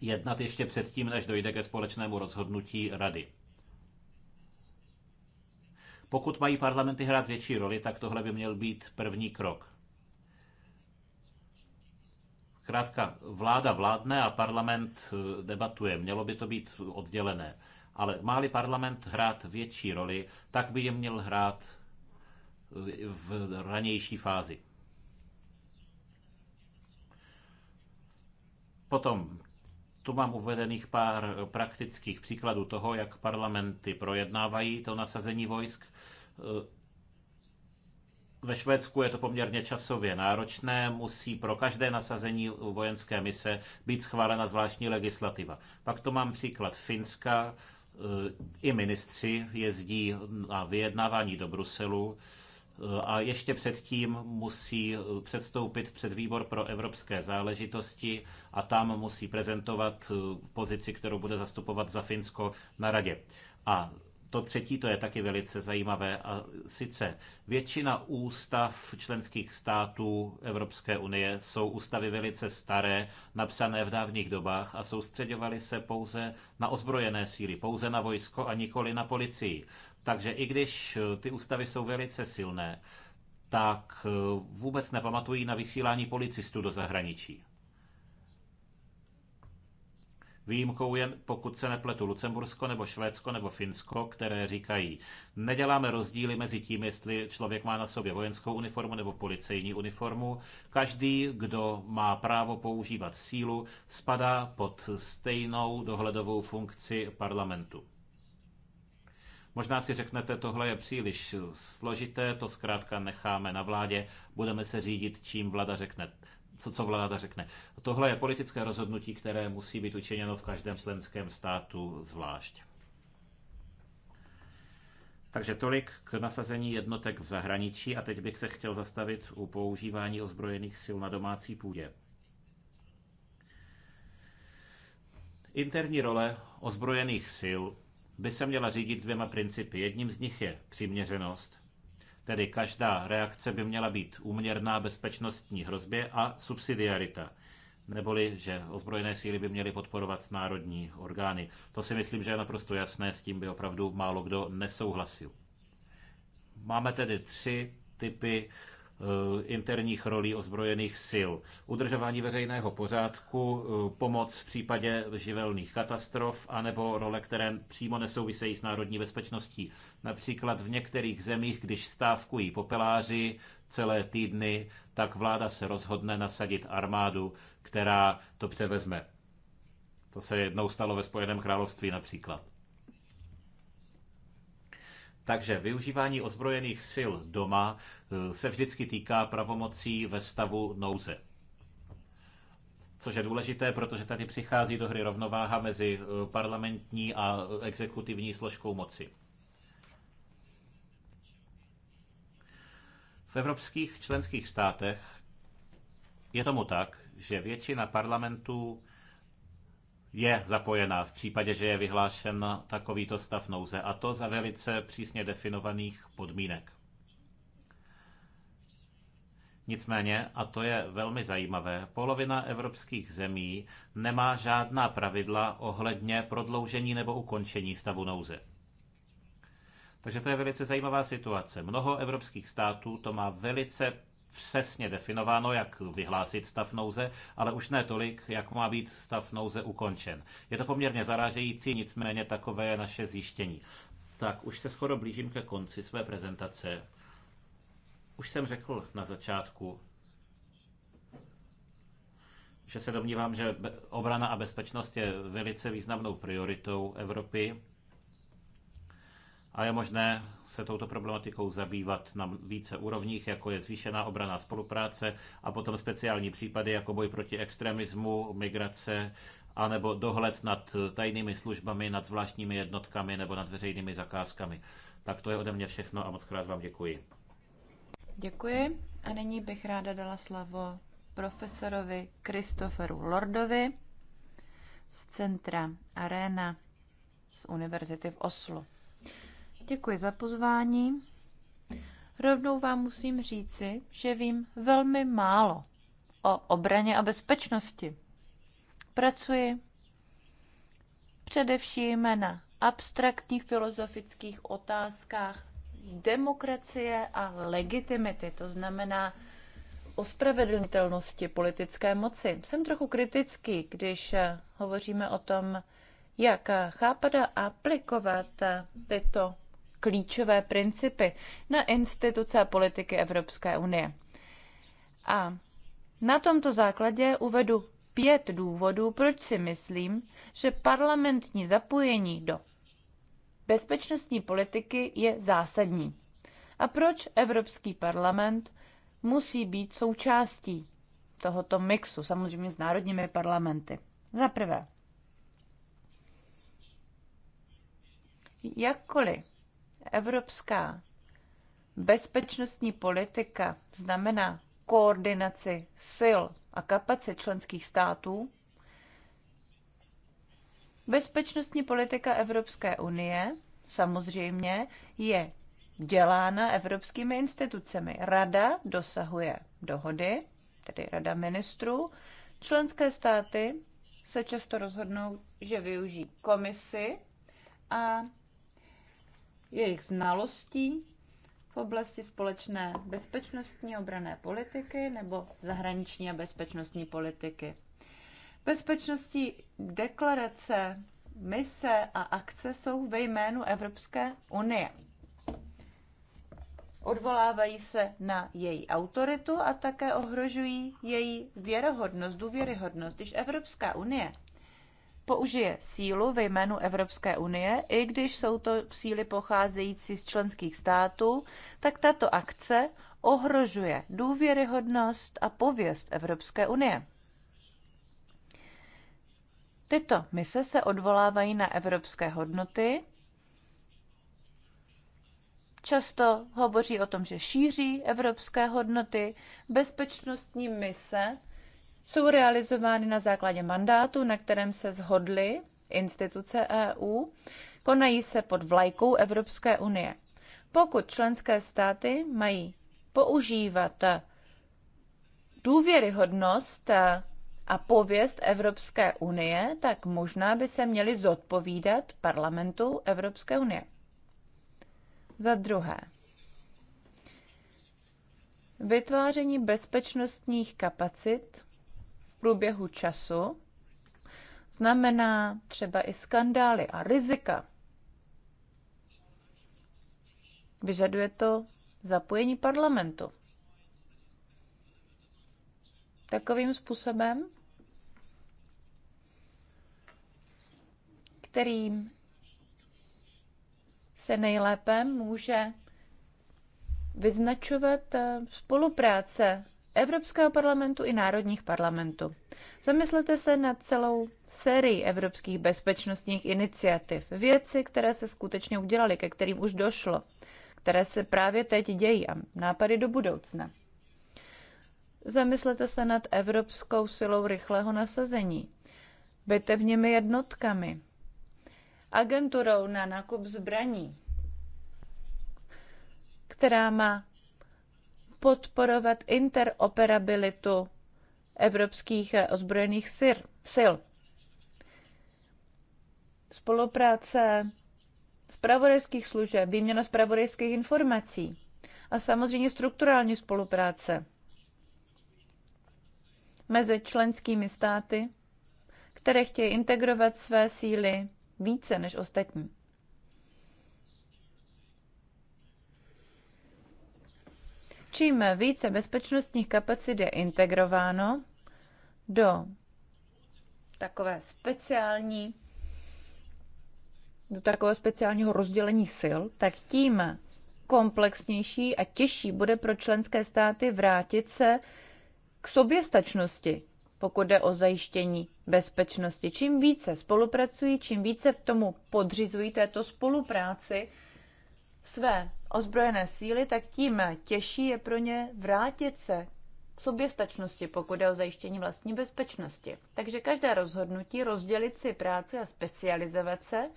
jednat ještě předtím, než dojde ke společnému rozhodnutí rady. Pokud mají parlamenty hrát větší roli, tak tohle by měl být první krok. Krátka, vláda vládne a parlament eh, debatuje. Mělo by to být oddělené. Ale má-li parlament hrát větší roli, tak by je měl hrát eh, v ranější fázi. Potom tu mám uvedených pár eh, praktických příkladů toho, jak parlamenty projednávají to nasazení vojsk. Ve Švédsku je to poměrně časově náročné, musí pro každé nasazení vojenské mise být schválena zvláštní legislativa. Pak to mám příklad Finska, e, i ministři jezdí na vyjednávání do Bruselu e, a ještě předtím musí e, předstoupit před výbor pro evropské záležitosti a tam musí prezentovat pozici, kterou bude zastupovat za Finsko na radě. A to třetí, to je taky velice zajímavé, a sice většina ústav členských států Evropské unie jsou ústavy velice staré, napsané v dávných dobách a soustředovaly se pouze na ozbrojené síly, pouze na vojsko a nikoli na policii. Takže i když eh, ty ústavy jsou velice silné, tak eh, vůbec nepamatují na vysílání policistů do zahraničí. Výjimkou je, pokud se nepletu, Lucembursko nebo Švédsko nebo Finsko, které říkají, neděláme rozdíly mezi tím, jestli člověk má na sobě vojenskou uniformu nebo policejní uniformu. Každý, kdo má právo používat sílu, spadá pod stejnou dohledovou funkci parlamentu. Možná si řeknete, tohle je příliš složité, to zkrátka necháme na vládě, budeme se řídit, čím vláda řekne co, co vláda řekne. Tohle je politické rozhodnutí, které musí být učiněno v každém členském státu zvlášť. Takže tolik k nasazení jednotek v zahraničí a teď bych se chtěl zastavit u používání ozbrojených sil na domácí půdě. Interní role ozbrojených sil by se měla řídit dvěma principy. Jedním z nich je přiměřenost Tedy každá reakce by měla být úměrná bezpečnostní hrozbě a subsidiarita neboli že ozbrojené síly by měly podporovat národní orgány. To si myslím, že je naprosto jasné, s tím by opravdu málo kdo nesouhlasil. Máme tedy tři typy Eh, interních rolí ozbrojených sil, udržování veřejného pořádku, eh, pomoc v případě živelných katastrof, anebo role, které přímo nesouvisejí s národní bezpečností. Například v některých zemích, když stávkují popeláři celé týdny, tak vláda se rozhodne nasadit armádu, která to převezme. To se jednou stalo ve Spojeném království například. Takže využívání ozbrojených sil doma eh, se vždycky týká pravomocí ve stavu nouze. Což je důležité, protože tady přichází do hry rovnováha mezi eh, parlamentní a eh, exekutivní složkou moci. V evropských členských státech je tomu tak, že většina parlamentů je zapojena v případě, že je vyhlášen takovýto stav nouze, a to za velice přísně definovaných podmínek. Nicméně, a to je velmi zajímavé, polovina evropských zemí nemá žádná pravidla ohledně prodloužení nebo ukončení stavu nouze. Takže to je velice zajímavá situace. Mnoho evropských států to má velice přesně definováno, jak vyhlásit stav nouze, ale už ne tolik, jak má být stav nouze ukončen. Je to poměrně zarážející, nicméně takové je naše zjištění. Tak, už se skoro blížím ke konci své prezentace. Už jsem řekl na začátku, že se domnívám, že obrana a bezpečnost je velice významnou prioritou Evropy a je možné se touto problematikou zabývat na více úrovních, jako je zvýšená obraná spolupráce a potom speciální případy jako boj proti extremismu, migrace anebo dohled nad tajnými službami, nad zvláštními jednotkami nebo nad veřejnými zakázkami. Tak to je ode mě všechno a moc krát vám děkuji. Děkuji a nyní bych ráda dala slovo profesorovi Kristoferu Lordovi z centra Arena z Univerzity v Oslu. Děkuji za pozvání. Rovnou vám musím říci, že vím velmi málo o obraně a bezpečnosti. Pracuji především na abstraktních filozofických otázkách demokracie a legitimity, to znamená ospravedlnitelnosti politické moci. Jsem trochu kritický, když hovoříme o tom, jak chápat a aplikovat tyto klíčové principy na instituce a politiky Evropské unie. A na tomto základě uvedu pět důvodů, proč si myslím, že parlamentní zapojení do bezpečnostní politiky je zásadní a proč Evropský parlament musí být součástí tohoto mixu, samozřejmě s národními parlamenty. Za prvé, jakkoliv Evropská bezpečnostní politika znamená koordinaci sil a kapacit členských států, bezpečnostní politika Evropské unie samozřejmě je dělána evropskými institucemi. Rada dosahuje dohody, tedy Rada ministrů. Členské státy se často rozhodnou, že využijí komisi a jejich znalostí v oblasti společné bezpečnostní obrané politiky nebo zahraniční a bezpečnostní politiky. Bezpečnostní deklarace, mise a akce jsou ve jménu Evropské unie. Odvolávají se na její autoritu a také ohrožují její věrohodnost, důvěryhodnost. Když Evropská unie použije sílu ve jménu Evropské unie, i když jsou to síly pocházející z členských států, tak tato akce ohrožuje důvěryhodnost a pověst Evropské unie. Tyto mise se odvolávají na evropské hodnoty, často hovoří o tom, že šíří evropské hodnoty, bezpečnostní mise – jsou realizovány na základě mandátu, na kterém se zhodly instituce EU, konají se pod vlajkou Evropské unie. Pokud členské státy mají používat důvěryhodnost a pověst Evropské unie, tak možná by se měly zodpovídat parlamentu Evropské unie. Za druhé, vytváření bezpečnostních kapacit průběhu času znamená třeba i skandály a rizika. Vyžaduje to zapojení parlamentu. Takovým způsobem, kterým se nejlépe může vyznačovat eh, spolupráce Evropského parlamentu i národních parlamentů. Zamyslete se na celou sérii evropských bezpečnostních iniciativ, věci, které se skutečně udělaly, ke kterým už došlo, které se právě teď dějí a nápady do budoucna. Zamyslete se nad evropskou silou rychlého nasazení, bitevními jednotkami, agenturou na nákup zbraní, která má podporovat interoperabilitu evropských eh, ozbrojených sil. Spolupráce zpravodajských služeb, výměna zpravodajských informací a samozřejmě strukturální spolupráce mezi členskými státy, které chtějí integrovat své síly více než ostatní. Čím více bezpečnostních kapacit je integrováno do takové speciální do takového speciálního rozdělení sil, tak tím komplexnější a těžší bude pro členské státy vrátit se k soběstačnosti, pokud jde o zajištění bezpečnosti. Čím více spolupracují, čím více tomu podřizují této spolupráci, své ozbrojené síly, tak tím těžší je pro ně vrátit se k soběstačnosti, pokud je o zajištění vlastní bezpečnosti. Takže každé rozhodnutí rozdělit si práci a specializovat se,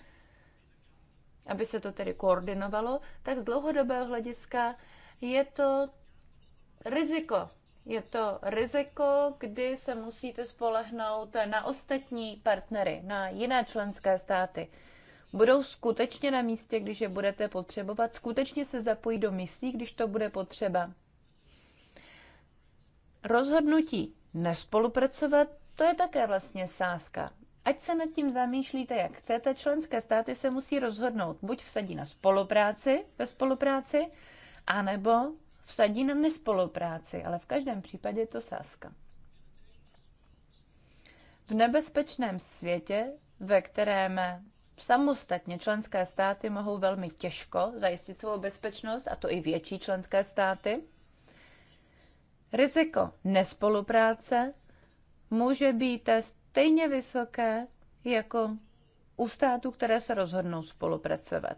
aby se to tedy koordinovalo, tak z dlouhodobého hlediska je to riziko. Je to riziko, kdy se musíte spolehnout na ostatní partnery, na jiné členské státy budou skutečně na místě, když je budete potřebovat, skutečně se zapojí do misí, když to bude potřeba. Rozhodnutí nespolupracovat, to je také vlastně sázka. Ať se nad tím zamýšlíte, jak chcete, členské státy se musí rozhodnout, buď vsadí na spolupráci, ve spolupráci, anebo vsadí na nespolupráci, ale v každém případě je to sázka. V nebezpečném světě, ve kterém Samostatně členské státy mohou velmi těžko zajistit svou bezpečnost, a to i větší členské státy. Riziko nespolupráce může být stejně vysoké jako u států, které se rozhodnou spolupracovat.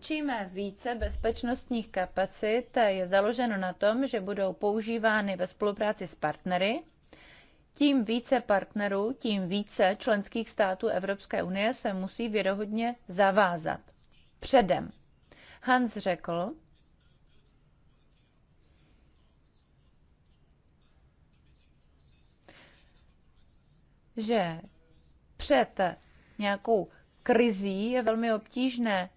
Čím více bezpečnostních kapacit je založeno na tom, že budou používány ve spolupráci s partnery, tím více partnerů, tím více členských států Evropské unie se musí věrohodně zavázat. Předem. Hans řekl, že před nějakou krizí je velmi obtížné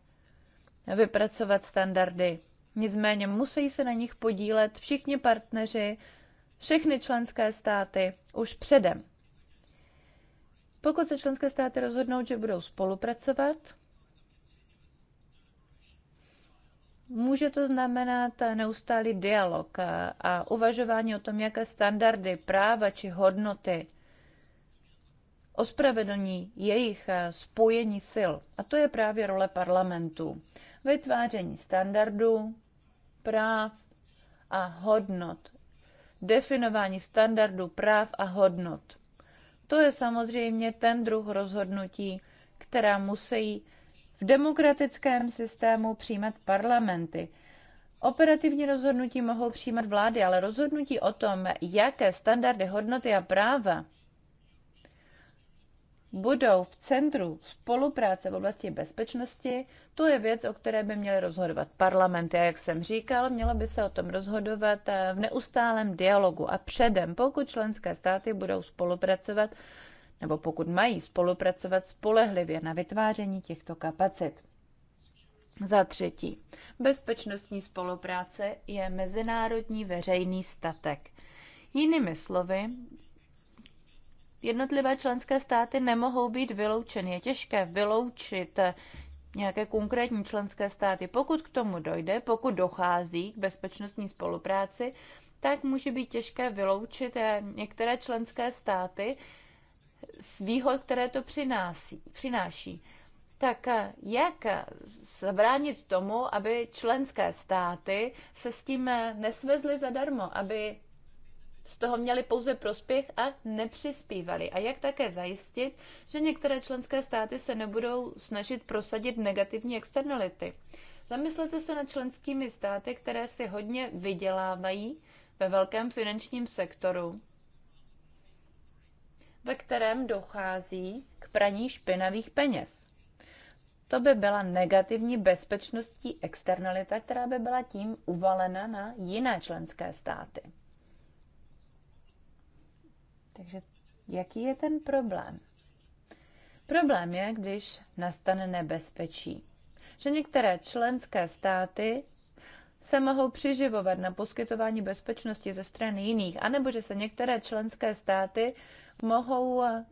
vypracovat standardy. Nicméně musí se na nich podílet všichni partneři všechny členské státy už předem. Pokud se členské státy rozhodnou, že budou spolupracovat, Může to znamenat neustálý dialog a uvažování o tom, jaké standardy, práva či hodnoty ospravedlní jejich spojení sil. A to je právě role parlamentu. Vytváření standardů, práv a hodnot definování standardů práv a hodnot. To je samozřejmě ten druh rozhodnutí, která musí v demokratickém systému přijímat parlamenty. Operativní rozhodnutí mohou přijímat vlády, ale rozhodnutí o tom, jaké standardy, hodnoty a práva budou v centru spolupráce v oblasti bezpečnosti, to je věc, o které by měly rozhodovat parlamenty. A jak jsem říkal, mělo by se o tom rozhodovat eh, v neustálém dialogu a předem, pokud členské státy budou spolupracovat, nebo pokud mají spolupracovat spolehlivě na vytváření těchto kapacit. Za třetí, bezpečnostní spolupráce je mezinárodní veřejný statek. Jinými slovy, Jednotlivé členské státy nemohou být vyloučeny. Je těžké vyloučit eh, nějaké konkrétní členské státy. Pokud k tomu dojde, pokud dochází k bezpečnostní spolupráci, tak může být těžké vyloučit eh, některé členské státy z výhod, které to přináší. Tak eh, jak zabránit tomu, aby členské státy se s tím nesvezly zadarmo, aby z toho měli pouze prospěch a nepřispívali. A jak také zajistit, že některé členské státy se nebudou snažit prosadit negativní externality. Zamyslete se nad členskými státy, které si hodně vydělávají ve velkém finančním sektoru, ve kterém dochází k praní špinavých peněz. To by byla negativní bezpečnostní externalita, která by byla tím uvalena na jiné členské státy. Takže jaký je ten problém? Problém je, když nastane nebezpečí, že některé členské státy se mohou přiživovat na poskytování bezpečnosti ze strany jiných, anebo že se některé členské státy mohou eh,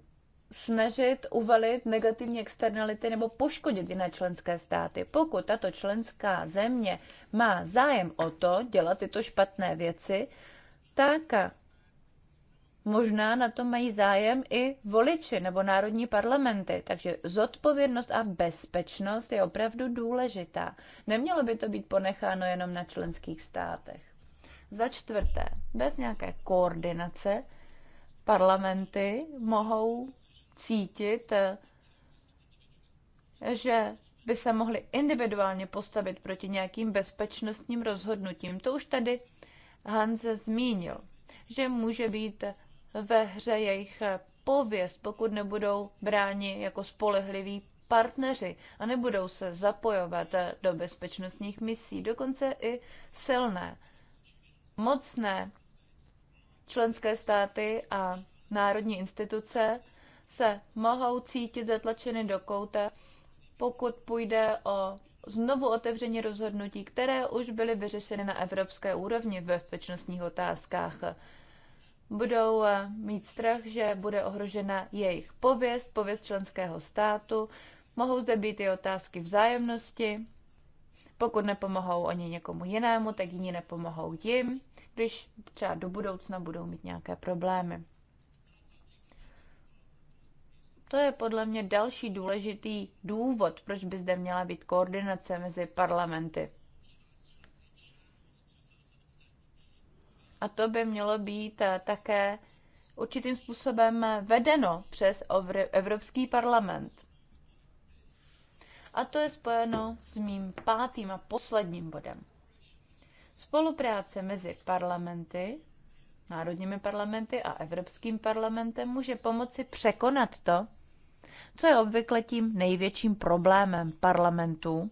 snažit uvalit negativní externality nebo poškodit jiné členské státy. Pokud tato členská země má zájem o to dělat tyto špatné věci, tak eh, Možná na to mají zájem i voliči nebo národní parlamenty, takže zodpovědnost a bezpečnost je opravdu důležitá. Nemělo by to být ponecháno jenom na členských státech. Za čtvrté, bez nějaké koordinace parlamenty mohou cítit, že by se mohli individuálně postavit proti nějakým bezpečnostním rozhodnutím. To už tady Hanze zmínil, že může být ve hře jejich pověst, pokud nebudou bráni jako spolehliví partneři a nebudou se zapojovat do bezpečnostních misí, dokonce i silné, mocné členské státy a národní instituce se mohou cítit zatlačeny do kouta, pokud půjde o znovu otevření rozhodnutí, které už byly vyřešeny na evropské úrovni v bezpečnostních otázkách budou eh, mít strach, že bude ohrožena jejich pověst, pověst členského státu. Mohou zde být i otázky vzájemnosti. Pokud nepomohou oni někomu jinému, tak jiní nepomohou jim, když třeba do budoucna budou mít nějaké problémy. To je podle mě další důležitý důvod, proč by zde měla být koordinace mezi parlamenty. A to by mělo být eh, také určitým způsobem eh, vedeno přes Evropský parlament. A to je spojeno s mým pátým a posledním bodem. Spolupráce mezi parlamenty, národními parlamenty a Evropským parlamentem může pomoci překonat to, co je obvykle tím největším problémem parlamentů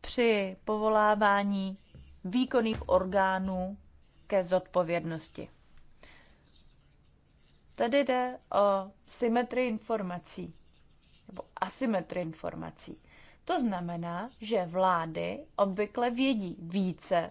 při povolávání výkonných orgánů ke zodpovědnosti. Tady jde o symetrii informací nebo asymetrii informací. To znamená, že vlády obvykle vědí více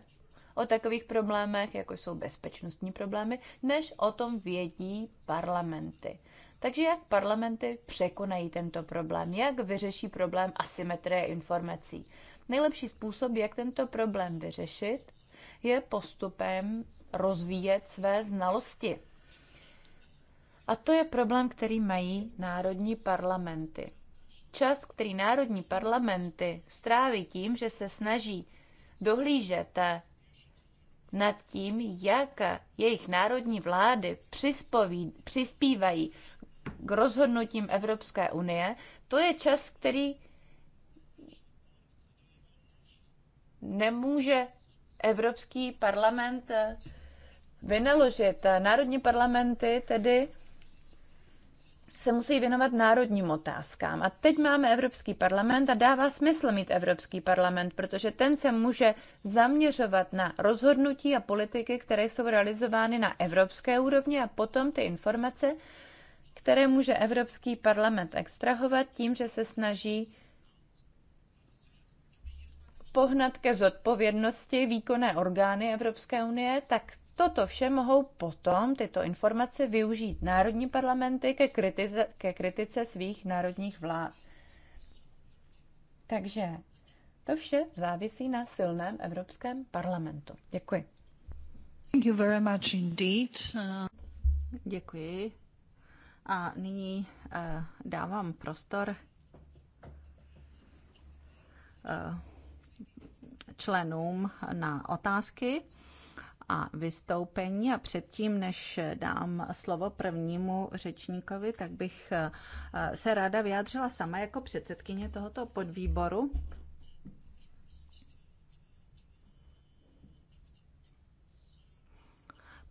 o takových problémech, jako jsou bezpečnostní problémy, než o tom vědí parlamenty. Takže jak parlamenty překonají tento problém? Jak vyřeší problém asymetrie informací? Nejlepší způsob, jak tento problém vyřešit, je postupem rozvíjet své znalosti. A to je problém, který mají národní parlamenty. Čas, který národní parlamenty stráví tím, že se snaží dohlížet nad tím, jak jejich národní vlády přispívají k rozhodnutím Evropské unie, to je čas, který nemůže Evropský parlament eh, vynaložit. Eh, národní parlamenty tedy se musí věnovat národním otázkám. A teď máme Evropský parlament a dává smysl mít Evropský parlament, protože ten se může zaměřovat na rozhodnutí a politiky, které jsou realizovány na evropské úrovni a potom ty informace, které může Evropský parlament extrahovat tím, že se snaží pohnat ke zodpovědnosti výkonné orgány Evropské unie, tak toto vše mohou potom tyto informace využít národní parlamenty ke kritice, ke kritice svých národních vlád. Takže to vše závisí na silném Evropském parlamentu. Děkuji. Thank you very much indeed. Děkuji. A nyní uh, dávám prostor uh, členům na otázky a vystoupení. A předtím, než dám slovo prvnímu řečníkovi, tak bych eh, se ráda vyjádřila sama jako předsedkyně tohoto podvýboru.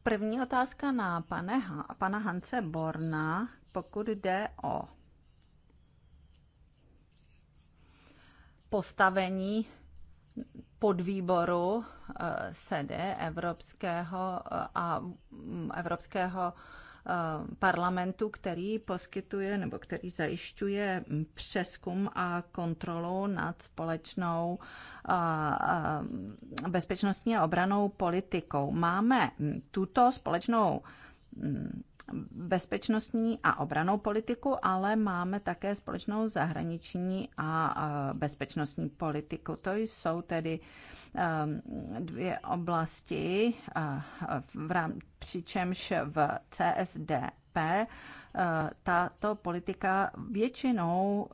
První otázka na pane, pana Hance Borna, pokud jde o postavení podvýboru eh, sede Evropského eh, a mm, Evropského eh, parlamentu, který poskytuje nebo který zajišťuje mm, přeskum a kontrolu nad společnou bezpečnostní a obranou politikou. Máme mm, tuto společnou bezpečnostní a obranou politiku, ale máme také společnou zahraniční a bezpečnostní politiku. To jsou tedy ehm, dvě oblasti, v rám, přičemž v CSDP e, tato politika většinou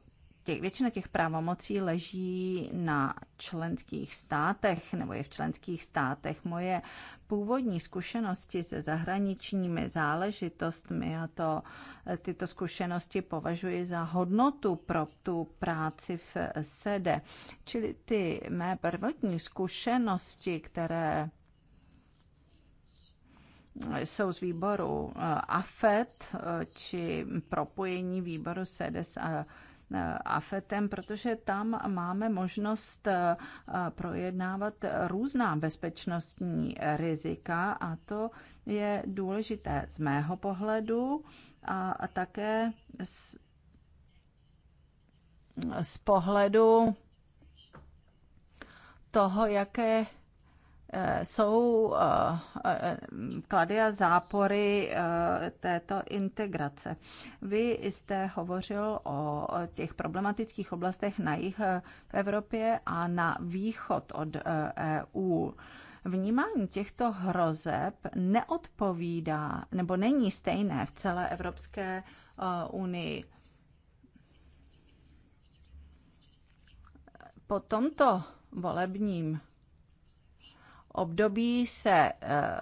těch, většina těch právomocí leží na členských státech nebo je v členských státech. Moje původní zkušenosti se zahraničními záležitostmi a to, e, tyto zkušenosti považuji za hodnotu pro tu práci v sede. Čili ty mé prvotní zkušenosti, které jsou z výboru e, AFET e, či propojení výboru SEDES a Eh, AFETem, protože tam máme možnost eh, projednávat různá bezpečnostní rizika a to je důležité z mého pohledu a také z, z pohledu toho, jaké jsou eh, eh, klady a zápory eh, této integrace. Vy jste hovořil o těch problematických oblastech na jih v Evropě a na východ od EU. E Vnímání těchto hrozeb neodpovídá nebo není stejné v celé Evropské unii. Po tomto volebním období se eh,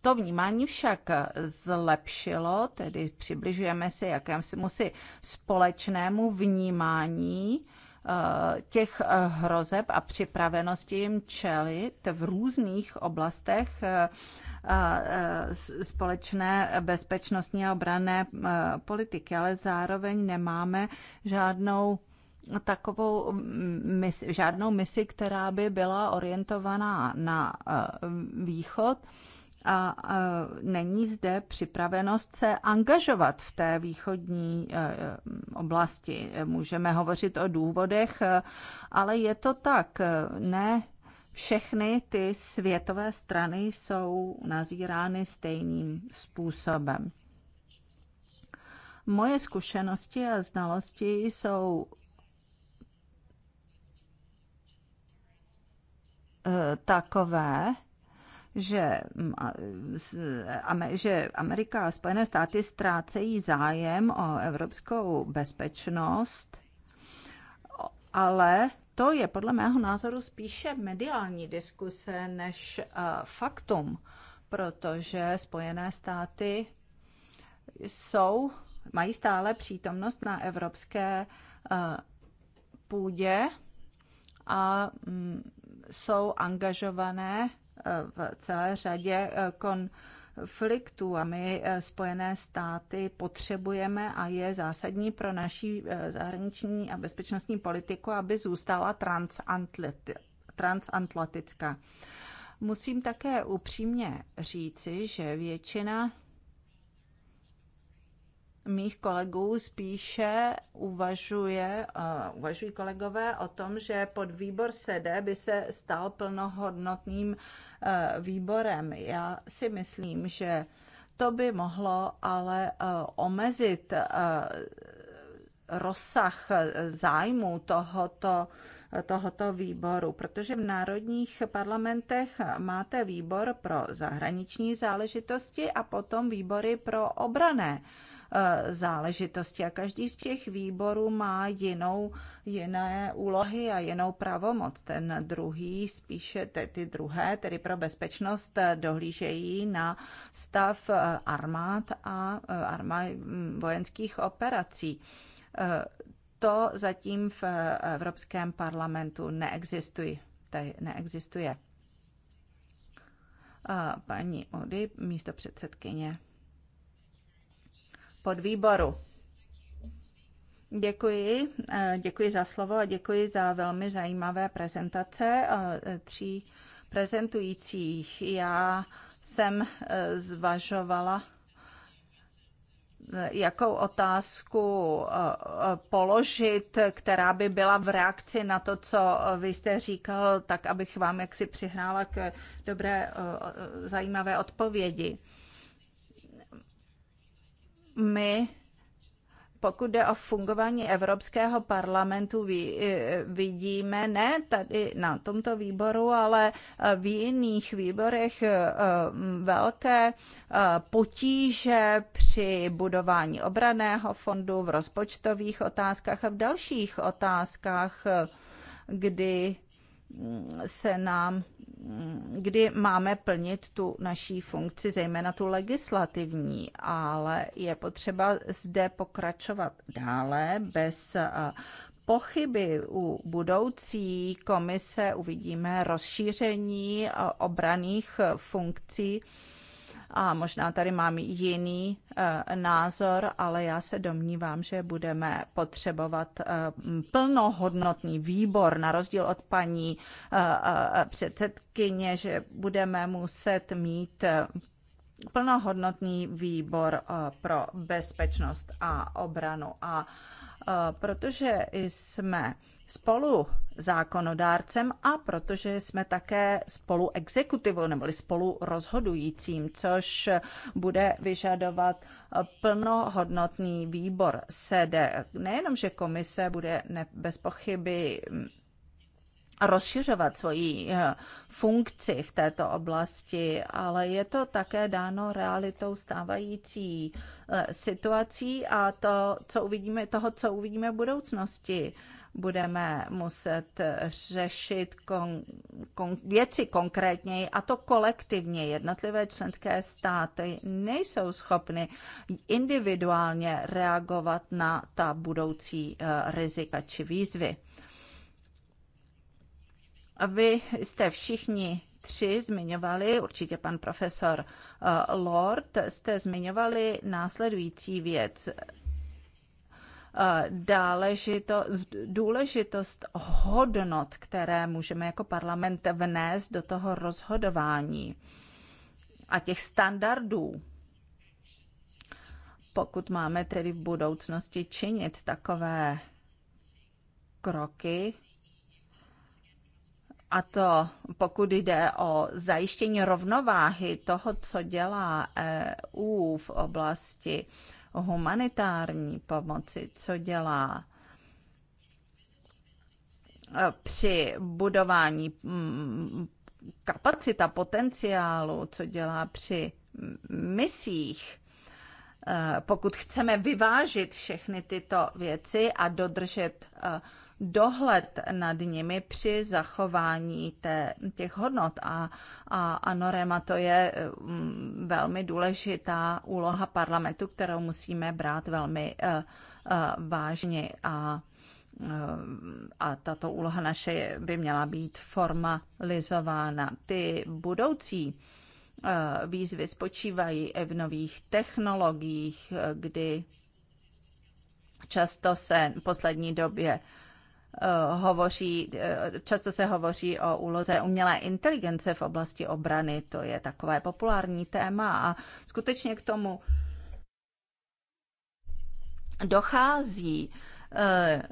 to vnímání však zlepšilo, tedy přibližujeme se jakému si společnému vnímání eh, těch eh, hrozeb a připravenosti jim čelit v různých oblastech společné bezpečnostní a obrané politiky, ale zároveň nemáme žádnou takovou mis, žádnou misi, která by byla orientovaná na eh, východ a eh, není zde připravenost se angažovat v té východní eh, oblasti. Můžeme hovořit o důvodech, ale je to tak. Ne všechny ty světové strany jsou nazírány stejným způsobem. Moje zkušenosti a znalosti jsou Eh, takové, že, mm, že Amerika a Spojené státy ztrácejí zájem o evropskou bezpečnost, ale to je podle mého názoru spíše mediální diskuse než eh, faktum, protože Spojené státy jsou, mají stále přítomnost na evropské eh, půdě a mm, jsou angažované eh, v celé řadě kon eh, konfliktů a my eh, Spojené státy potřebujeme a je zásadní pro naší zahraniční a bezpečnostní politiku, aby zůstala transatlantická. Musím také upřímně říci, že většina mých kolegů spíše uvažuje, uh, uvažují kolegové o tom, že pod výbor SEDE by se stal plnohodnotným uh, výborem. Já si myslím, že to by mohlo ale uh, omezit uh, rozsah zájmu tohoto tohoto výboru, protože v národních parlamentech máte výbor pro zahraniční záležitosti a potom výbory pro obrané Eh, záležitosti. A každý z těch výborů má jinou, jiné úlohy a jinou pravomoc. Ten druhý, spíše te, ty druhé, tedy pro bezpečnost, eh, dohlížejí na stav eh, armád a armá, mm, vojenských operací to zatím v Evropském parlamentu neexistuje. Tady neexistuje. Paní Ody, místo předsedkyně podvýboru. Děkuji, eh, děkuji za slovo a děkuji za velmi zajímavé prezentace eh, tří prezentujících. Já jsem eh, zvažovala, jakou otázku položit, která by byla v reakci na to, co vy jste říkal, tak abych vám jaksi přihrála k dobré, zajímavé odpovědi my pokud jde o fungování Evropského parlamentu, eh, vidíme ne tady na tomto výboru, ale eh, v jiných výborech eh, velké potíže při budování obraného fondu, v rozpočtových otázkách a v dalších otázkách, kdy se nám, kdy máme plnit tu naší funkci, zejména tu legislativní, ale je potřeba zde pokračovat dále bez pochyby u budoucí komise uvidíme rozšíření obraných funkcí a možná tady mám jiný eh, názor, ale já se domnívám, že budeme potřebovat eh, plnohodnotný výbor, na rozdíl od paní eh, předsedkyně, že budeme muset mít plnohodnotný výbor pro bezpečnost a obranu. A protože jsme spolu zákonodárcem a protože jsme také spolu exekutivou neboli spolu rozhodujícím, což bude vyžadovat plnohodnotný výbor sede. Nejenom, že komise bude ne, bez pochyby rozšiřovat svoji eh, funkci v této oblasti, ale je to také dáno realitou stávající eh, situací a to, co uvidíme, toho, co uvidíme v budoucnosti budeme muset řešit kon, kon, věci konkrétněji a to kolektivně. Jednotlivé členské státy nejsou schopny individuálně reagovat na ta budoucí eh, rizika či výzvy. Vy jste všichni tři zmiňovali, určitě pan profesor eh, Lord, jste zmiňovali následující věc. Eh, dále důležitost hodnot, které můžeme jako parlament vnést do toho rozhodování a těch standardů, pokud máme tedy v budoucnosti činit takové kroky, a to pokud jde o zajištění rovnováhy toho, co dělá EU v oblasti humanitární pomoci, co dělá eh, při budování mm, kapacita potenciálu, co dělá při misích, eh, pokud chceme vyvážit všechny tyto věci a dodržet eh, dohled nad nimi při zachování té, těch hodnot. A, a, a Norema to je mm, velmi důležitá úloha parlamentu, kterou musíme brát velmi uh, uh, vážně. A eh, a tato úloha naše by měla být formalizována. Ty budoucí výzvy spočívají v nových technologiích, kdy často se v poslední době Eh, hovoří, eh, často se hovoří o úloze umělé inteligence v oblasti obrany. To je takové populární téma a skutečně k tomu dochází. Eh,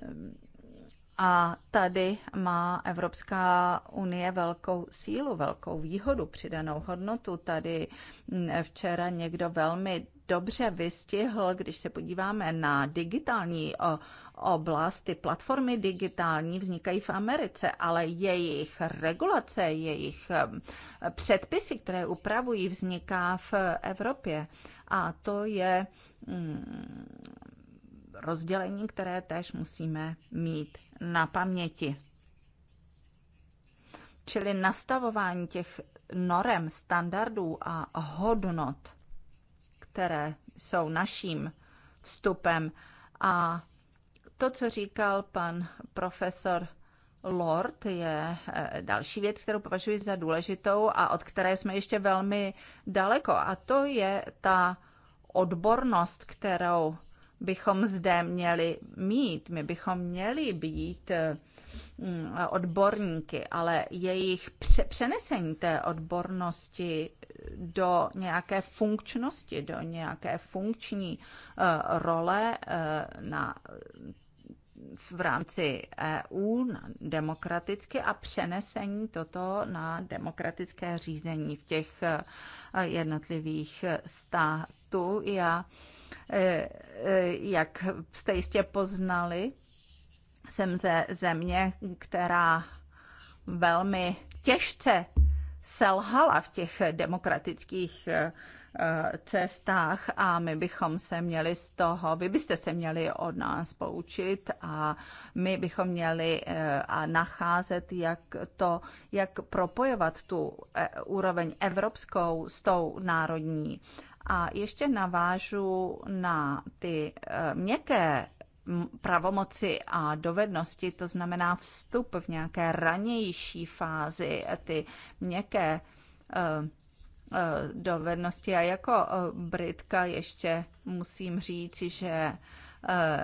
a tady má Evropská unie velkou sílu, velkou výhodu, přidanou hodnotu. Tady hm, včera někdo velmi dobře vystihl, když se podíváme na digitální oblast, ty platformy digitální vznikají v Americe, ale jejich regulace, jejich předpisy, které upravují, vzniká v Evropě. A to je mm, rozdělení, které též musíme mít na paměti. Čili nastavování těch norem, standardů a hodnot, které jsou naším vstupem a to, co říkal pan profesor Lord je eh, další věc, kterou považuji za důležitou a od které jsme ještě velmi daleko. A to je ta odbornost, kterou bychom zde měli mít. My bychom měli být eh, mm, odborníky, ale jejich přenesení té odbornosti do nějaké funkčnosti, do nějaké funkční eh, role na v rámci EU demokraticky a přenesení toto na demokratické řízení v těch e, jednotlivých států. Já, e, e, jak jste jistě poznali, jsem ze země, která velmi těžce selhala v těch demokratických Eh, cestách a my bychom se měli z toho, vy byste se měli od nás poučit a my bychom měli eh, a nacházet, jak to, jak propojovat tu eh, úroveň evropskou s tou národní. A ještě navážu na ty měkké pravomoci a dovednosti, to znamená vstup v nějaké ranější fázi, ty měkké Eh, dovednosti. A jako eh, Britka ještě musím říct, že eh,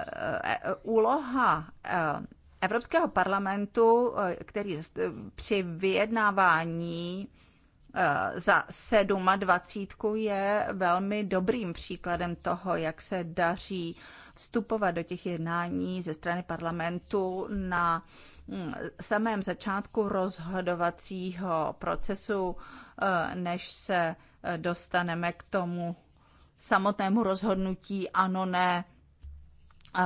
úloha Evropského parlamentu, který při vyjednávání za 27 je velmi dobrým příkladem toho, jak se daří vstupovat do těch jednání ze strany parlamentu na mm, samém začátku rozhodovacího procesu Eh, než se eh, dostaneme k tomu samotnému rozhodnutí, ano, ne,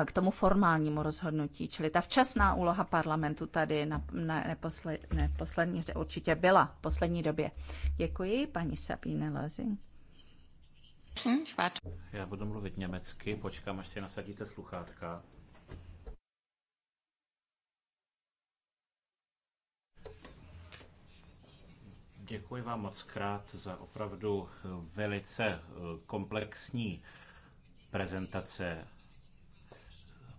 k tomu formálnímu rozhodnutí. Čili ta včasná úloha parlamentu tady na, na neposled, neposlední určitě byla v poslední době. Děkuji, paní Sabine Lozing. Hm, Já budu mluvit německy, počkám, až si nasadíte sluchátka. Děkuji vám moc krát za opravdu eh, velice eh, komplexní prezentace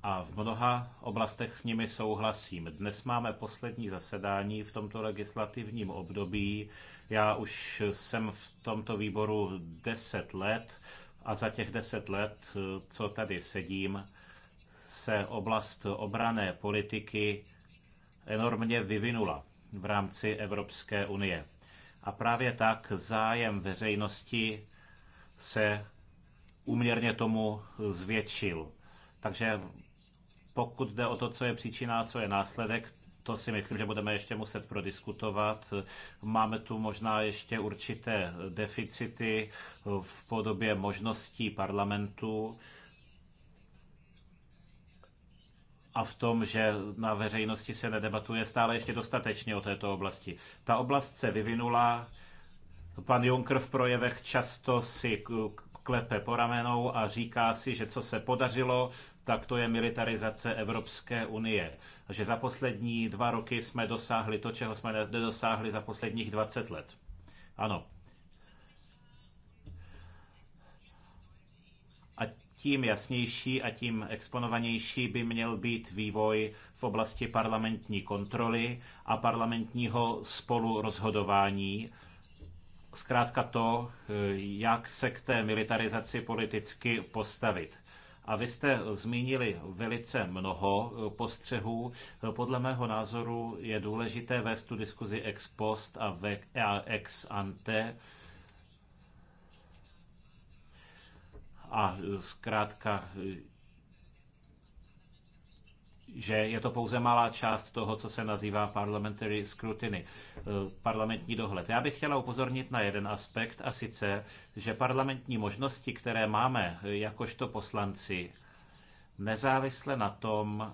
a v mnoha oblastech s nimi souhlasím. Dnes máme poslední zasedání v tomto legislativním období. Já už jsem v tomto výboru 10 let a za těch 10 let, eh, co tady sedím, se oblast obrané politiky enormně vyvinula v rámci Evropské unie. A právě tak zájem veřejnosti se uměrně tomu zvětšil. Takže pokud jde o to, co je příčina a co je následek, to si myslím, že budeme ještě muset prodiskutovat. Máme tu možná ještě určité deficity v podobě možností parlamentu a v tom, že na veřejnosti se nedebatuje stále ještě dostatečně o této oblasti. Ta oblast se vyvinula, pan Juncker v projevech často si klepe po ramenou a říká si, že co se podařilo, tak to je militarizace Evropské unie. Že za poslední dva roky jsme dosáhli to, čeho jsme nedosáhli za posledních 20 let. Ano, tím jasnější a tím exponovanější by měl být vývoj v oblasti parlamentní kontroly a parlamentního spolurozhodování. Zkrátka to, jak se k té militarizaci politicky postavit. A vy jste zmínili velice mnoho postřehů. Podle mého názoru je důležité vést tu diskuzi ex post a ex ante a zkrátka že je to pouze malá část toho, co se nazývá parliamentary scrutiny, eh, parlamentní dohled. Já bych chtěla upozornit na jeden aspekt, a sice, že parlamentní možnosti, které máme eh, jakožto poslanci, nezávisle na tom,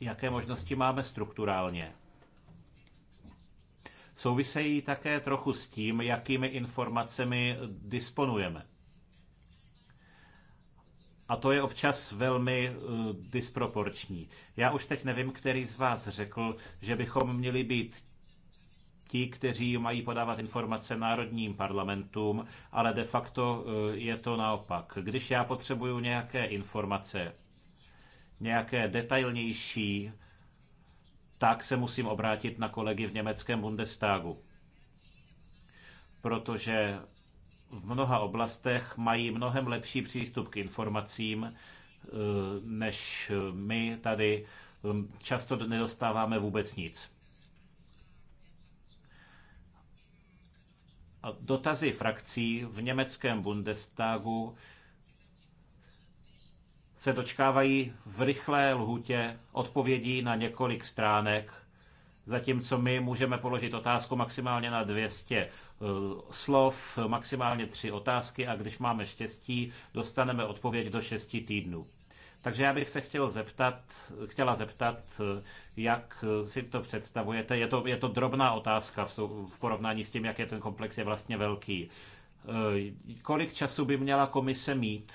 jaké možnosti máme strukturálně, souvisejí také trochu s tím, jakými informacemi disponujeme. A to je občas velmi uh, disproporční. Já už teď nevím, který z vás řekl, že bychom měli být ti, kteří mají podávat informace národním parlamentům, ale de facto eh, je to naopak. Když já potřebuju nějaké informace, nějaké detailnější, tak se musím obrátit na kolegy v německém Bundestagu. Protože v mnoha oblastech mají mnohem lepší přístup k informacím eh, než my tady. Eh, často nedostáváme vůbec nic. A dotazy frakcí v německém Bundestagu se dočkávají v rychlé lhutě odpovědí na několik stránek, zatímco my můžeme položit otázku maximálně na 200 Eh, slov, maximálně tři otázky a když máme štěstí, dostaneme odpověď do šesti týdnů. Takže já bych se chtěl zeptat, chtěla zeptat, eh, jak eh, si to představujete. Je to, je to drobná otázka v, v porovnání s tím, jak je ten komplex je vlastně velký. Kolik času by měla komise mít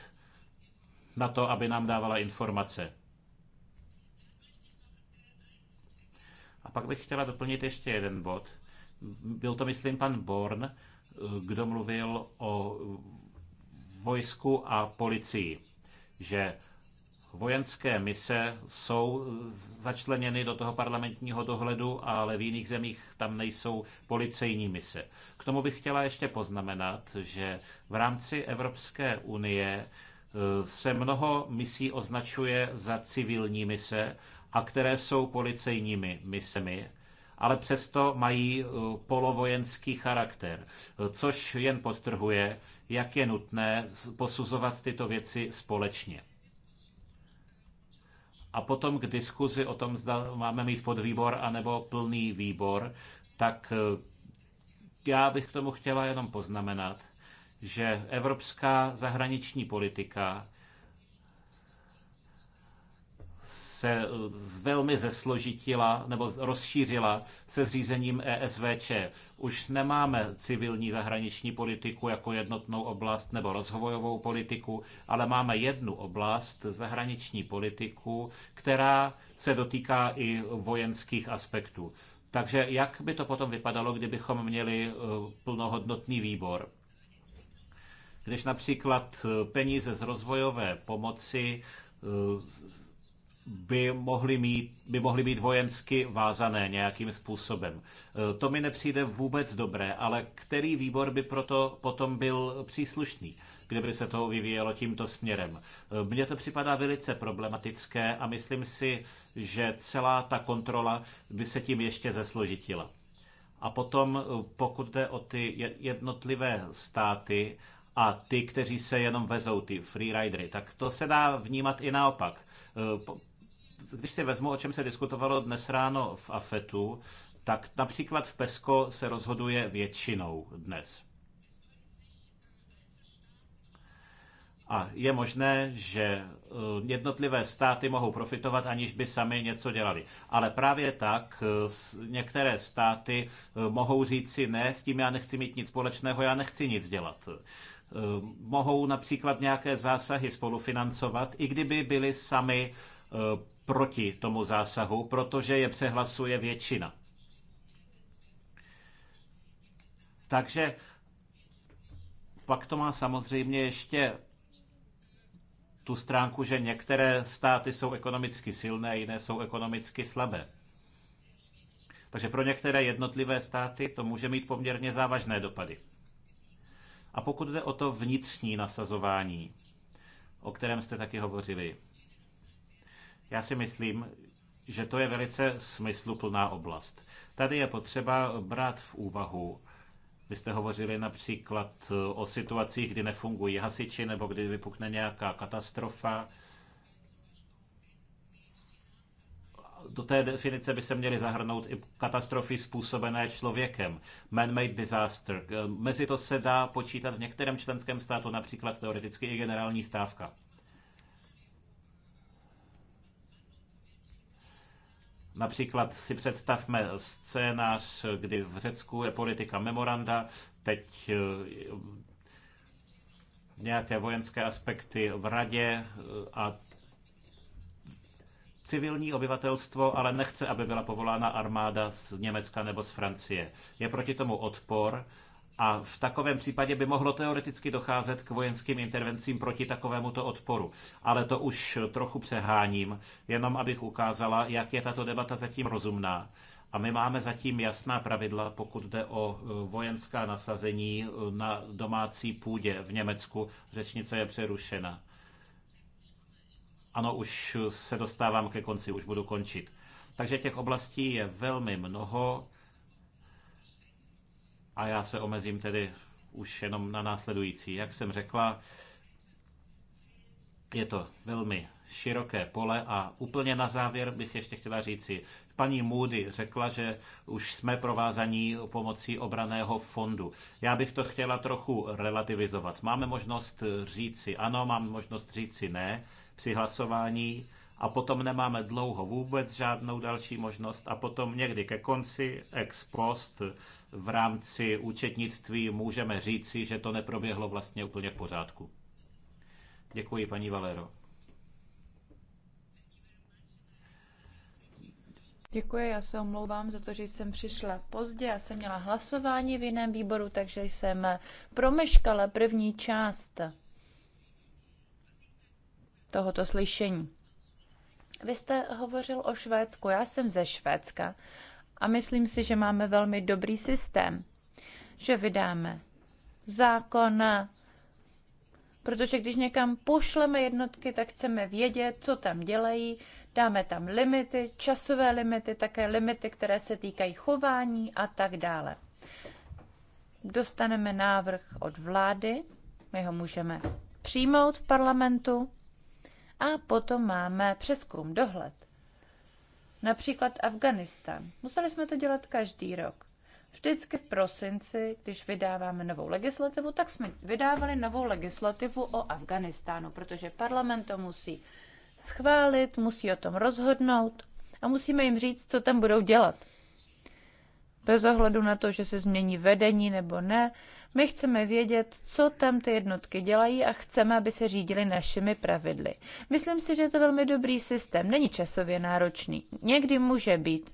na to, aby nám dávala informace? A pak bych chtěla doplnit ještě jeden bod – byl to, myslím, pan Born, eh, kdo mluvil o vojsku a policii, že vojenské mise jsou začleněny do toho parlamentního dohledu, ale v jiných zemích tam nejsou policejní mise. K tomu bych chtěla ještě poznamenat, že v rámci Evropské unie eh, se mnoho misí označuje za civilní mise a které jsou policejními misemi ale přesto mají eh, polovojenský charakter, eh, což jen podtrhuje, jak je nutné posuzovat tyto věci společně. A potom k diskuzi o tom, zda máme mít podvýbor anebo plný výbor, tak eh, já bych k tomu chtěla jenom poznamenat, že evropská zahraniční politika se eh, velmi zesložitila nebo rozšířila se zřízením ESVČ. Už nemáme civilní zahraniční politiku jako jednotnou oblast nebo rozvojovou politiku, ale máme jednu oblast zahraniční politiku, která se dotýká i vojenských aspektů. Takže jak by to potom vypadalo, kdybychom měli eh, plnohodnotný výbor? Když například eh, peníze z rozvojové pomoci by mohly mít, by mohly být vojensky vázané nějakým způsobem. Eh, to mi nepřijde vůbec dobré, ale který výbor by proto potom byl příslušný, kdyby se to vyvíjelo tímto směrem? Eh, mně to připadá velice problematické a myslím si, že celá ta kontrola by se tím ještě zesložitila. A potom, eh, pokud jde o ty jednotlivé státy a ty, kteří se jenom vezou, ty freeridery, tak to se dá vnímat i naopak když si vezmu, o čem se diskutovalo dnes ráno v AFETu, tak například v PESCO se rozhoduje většinou dnes. A je možné, že eh, jednotlivé státy mohou profitovat, aniž by sami něco dělali. Ale právě tak eh, některé státy eh, mohou říct si ne, s tím já nechci mít nic společného, já nechci nic dělat. Mohou například nějaké zásahy spolufinancovat, i kdyby byly sami proti tomu zásahu, protože je přehlasuje většina. Takže pak to má samozřejmě ještě tu stránku, že některé státy jsou ekonomicky silné, jiné jsou ekonomicky slabé. Takže pro některé jednotlivé státy to může mít poměrně závažné dopady. A pokud jde o to vnitřní nasazování, o kterém jste taky hovořili, já si myslím, že to je velice smysluplná oblast. Tady je potřeba brát v úvahu, vy jste hovořili například e, o situacích, kdy nefungují hasiči nebo kdy vypukne nějaká katastrofa. Do té definice by se měly zahrnout i katastrofy způsobené člověkem. Man-made disaster. E, mezi to se dá počítat v některém členském státu, například teoreticky i generální stávka. Například si představme scénář, kdy v Řecku je politika memoranda, teď eh, nějaké vojenské aspekty v radě eh, a civilní obyvatelstvo ale nechce, aby byla povolána armáda z Německa nebo z Francie. Je proti tomu odpor a v takovém případě by mohlo teoreticky docházet k vojenským intervencím proti takovémuto odporu. Ale to už trochu přeháním, jenom abych ukázala, jak je tato debata zatím rozumná. A my máme zatím jasná pravidla, pokud jde o e, vojenská nasazení e, na domácí půdě v Německu. Řečnice je přerušena. Ano, už se dostávám ke konci, už budu končit. Takže těch oblastí je velmi mnoho a já se omezím tedy už jenom na následující. Jak jsem řekla, je to velmi široké pole a úplně na závěr bych ještě chtěla říci, paní Moody řekla, že už jsme provázaní pomocí obraného fondu. Já bych to chtěla trochu relativizovat. Máme možnost říci ano, máme možnost říci ne při hlasování a potom nemáme dlouho vůbec žádnou další možnost a potom někdy ke konci ex post v rámci účetnictví můžeme říci, že to neproběhlo vlastně úplně v pořádku. Děkuji, paní Valero. Děkuji, já se omlouvám za to, že jsem přišla pozdě. Já jsem měla hlasování v jiném výboru, takže jsem promeškala první část tohoto slyšení. Vy jste hovořil o Švédsku, já jsem ze Švédska a myslím si, že máme velmi dobrý systém, že vydáme zákon, protože když někam pošleme jednotky, tak chceme vědět, co tam dělají, dáme tam limity, časové limity, také limity, které se týkají chování a tak dále. Dostaneme návrh od vlády, my ho můžeme přijmout v parlamentu a potom máme přeskum dohled. Například Afganistán. Museli jsme to dělat každý rok. Vždycky v prosinci, když vydáváme novou legislativu, tak jsme vydávali novou legislativu o Afganistánu, protože parlament to musí schválit, musí o tom rozhodnout a musíme jim říct, co tam budou dělat. Bez ohledu na to, že se změní vedení nebo ne, my chceme vědět, co tam ty jednotky dělají a chceme, aby se řídili našimi pravidly. Myslím si, že je to velmi dobrý systém, není časově náročný. Někdy může být,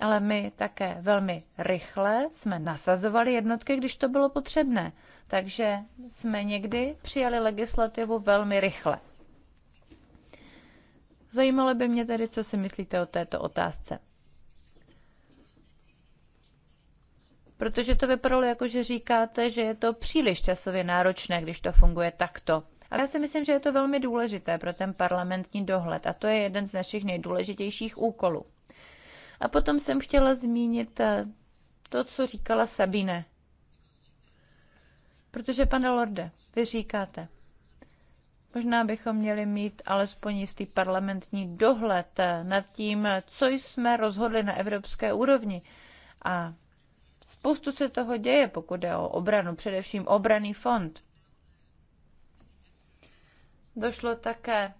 ale my také velmi rychle jsme nasazovali jednotky, když to bylo potřebné. Takže jsme někdy přijali legislativu velmi rychle. Zajímalo by mě tedy, co si myslíte o této otázce. Protože to vypadalo jako, že říkáte, že je to příliš časově náročné, když to funguje takto. Ale já si myslím, že je to velmi důležité pro ten parlamentní dohled a to je jeden z našich nejdůležitějších úkolů. A potom jsem chtěla zmínit eh, to, co říkala Sabine. Protože, pane Lorde, vy říkáte, možná bychom měli mít alespoň jistý parlamentní dohled eh, nad tím, co jsme rozhodli na evropské úrovni. A Spoustu se toho děje, pokud je o obranu, především obraný fond. Došlo také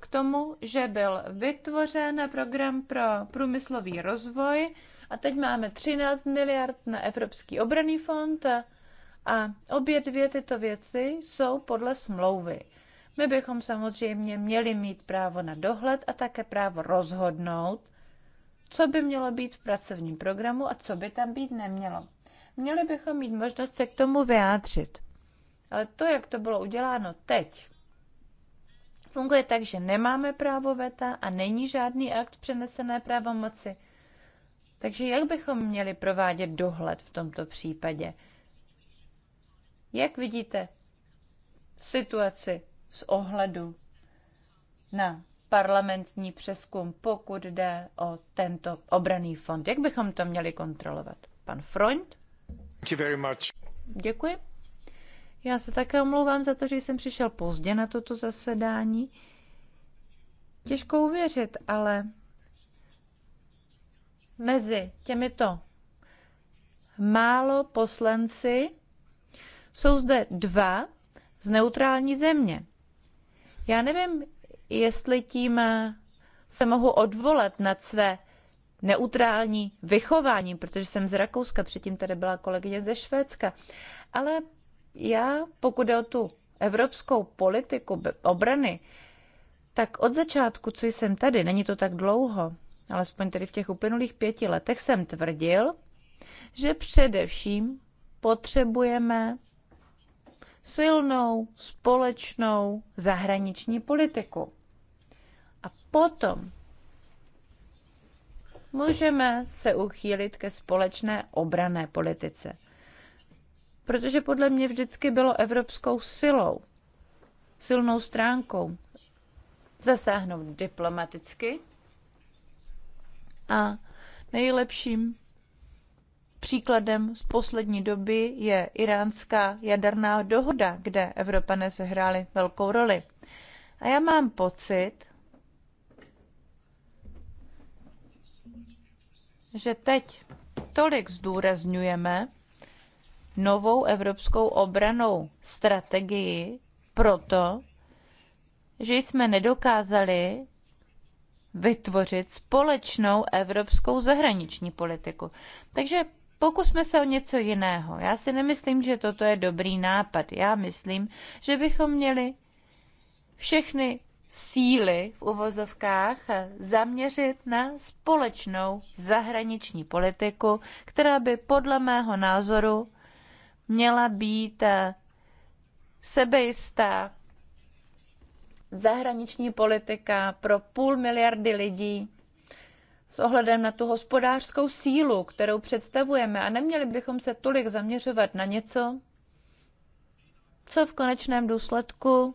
k tomu, že byl vytvořen program pro průmyslový rozvoj a teď máme 13 miliard na Evropský obraný fond a obě dvě tyto věci jsou podle smlouvy. My bychom samozřejmě měli mít právo na dohled a také právo rozhodnout, co by mělo být v pracovním programu a co by tam být nemělo. Měli bychom mít možnost se k tomu vyjádřit. Ale to, jak to bylo uděláno teď, funguje tak, že nemáme právo veta a není žádný akt přenesené pravomoci. Takže jak bychom měli provádět dohled v tomto případě? Jak vidíte situaci z ohledu na parlamentní přeskum, pokud jde o tento obraný fond. Jak bychom to měli kontrolovat? Pan Freund? Děkuji. Já se také omlouvám za to, že jsem přišel pozdě na toto zasedání. Těžko uvěřit, ale mezi těmito málo poslanci jsou zde dva z neutrální země. Já nevím, jestli tím eh, se mohu odvolat nad své neutrální vychování, protože jsem z Rakouska, předtím tady byla kolegyně ze Švédska. Ale já, pokud jde o tu evropskou politiku obrany, tak od začátku, co jsem tady, není to tak dlouho, alespoň tedy v těch uplynulých pěti letech, jsem tvrdil, že především potřebujeme silnou společnou zahraniční politiku. A potom můžeme se uchýlit ke společné obrané politice. Protože podle mě vždycky bylo evropskou silou, silnou stránkou zasáhnout diplomaticky a nejlepším Příkladem z poslední doby je iránská jaderná dohoda, kde Evropané sehráli velkou roli. A já mám pocit, že teď tolik zdůrazňujeme novou evropskou obranou strategii proto, že jsme nedokázali vytvořit společnou evropskou zahraniční politiku. Takže pokusme se o něco jiného. Já si nemyslím, že toto je dobrý nápad. Já myslím, že bychom měli všechny síly v uvozovkách zaměřit na společnou zahraniční politiku, která by podle mého názoru měla být eh, sebejistá zahraniční politika pro půl miliardy lidí s ohledem na tu hospodářskou sílu, kterou představujeme a neměli bychom se tolik zaměřovat na něco, co v konečném důsledku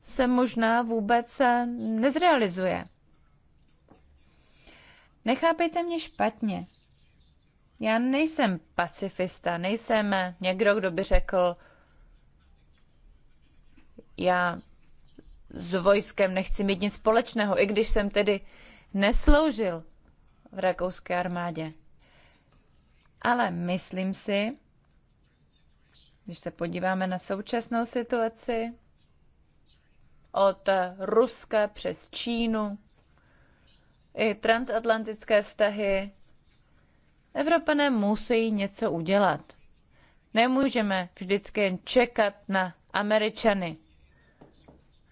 se možná vůbec nezrealizuje. Nechápejte mě špatně. Já nejsem pacifista, nejsem někdo, kdo by řekl, já s vojskem nechci mít nic společného, i když jsem tedy nesloužil v rakouské armádě. Ale myslím si, když se podíváme na současnou situaci, od Ruska přes Čínu, i transatlantické vztahy. Evropané musí něco udělat. Nemůžeme vždycky jen čekat na Američany,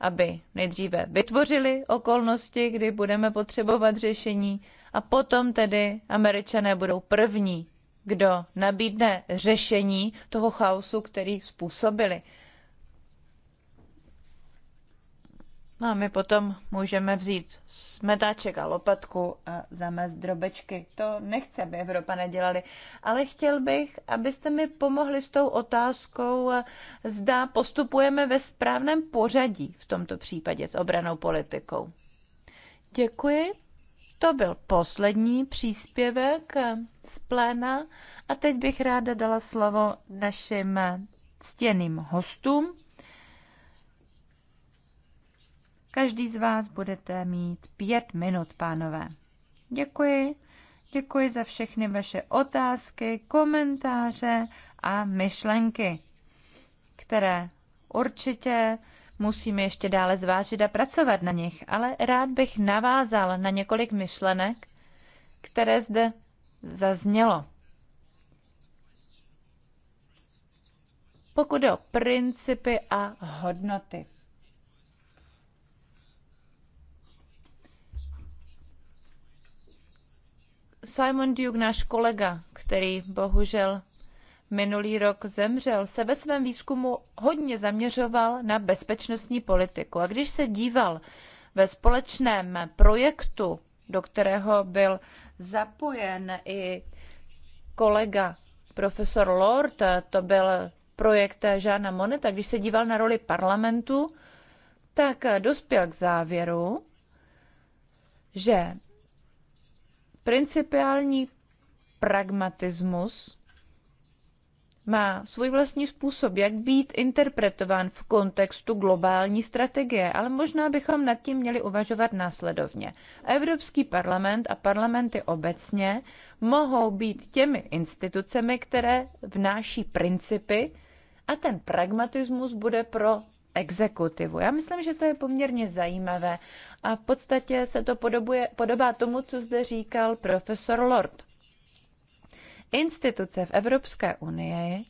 aby nejdříve vytvořili okolnosti, kdy budeme potřebovat řešení, a potom tedy Američané budou první, kdo nabídne řešení toho chaosu, který způsobili. No a my potom můžeme vzít smetáček a lopatku a zamést drobečky. To nechce aby Evropa nedělali, ale chtěl bych, abyste mi pomohli s tou otázkou, eh, zda postupujeme ve správném pořadí v tomto případě s obranou politikou. Děkuji. To byl poslední příspěvek eh, z pléna a teď bych ráda dala slovo našim eh, ctěným hostům. Každý z vás budete mít pět minut, pánové. Děkuji. Děkuji za všechny vaše otázky, komentáře a myšlenky, které určitě musíme ještě dále zvážit a pracovat na nich, ale rád bych navázal na několik myšlenek, které zde zaznělo. Pokud o principy a hodnoty. Simon Duke, náš kolega, který bohužel minulý rok zemřel, se ve svém výzkumu hodně zaměřoval na bezpečnostní politiku. A když se díval ve společném projektu, do kterého byl zapojen i kolega profesor Lord, to byl projekt Žána Moneta, když se díval na roli parlamentu, tak dospěl k závěru, že Principiální pragmatismus má svůj vlastní způsob, jak být interpretován v kontextu globální strategie, ale možná bychom nad tím měli uvažovat následovně. Evropský parlament a parlamenty obecně mohou být těmi institucemi, které vnáší principy a ten pragmatismus bude pro exekutivu. Já myslím, že to je poměrně zajímavé a v podstatě se to podobuje, podobá tomu, co zde říkal profesor Lord. Instituce v Evropské unii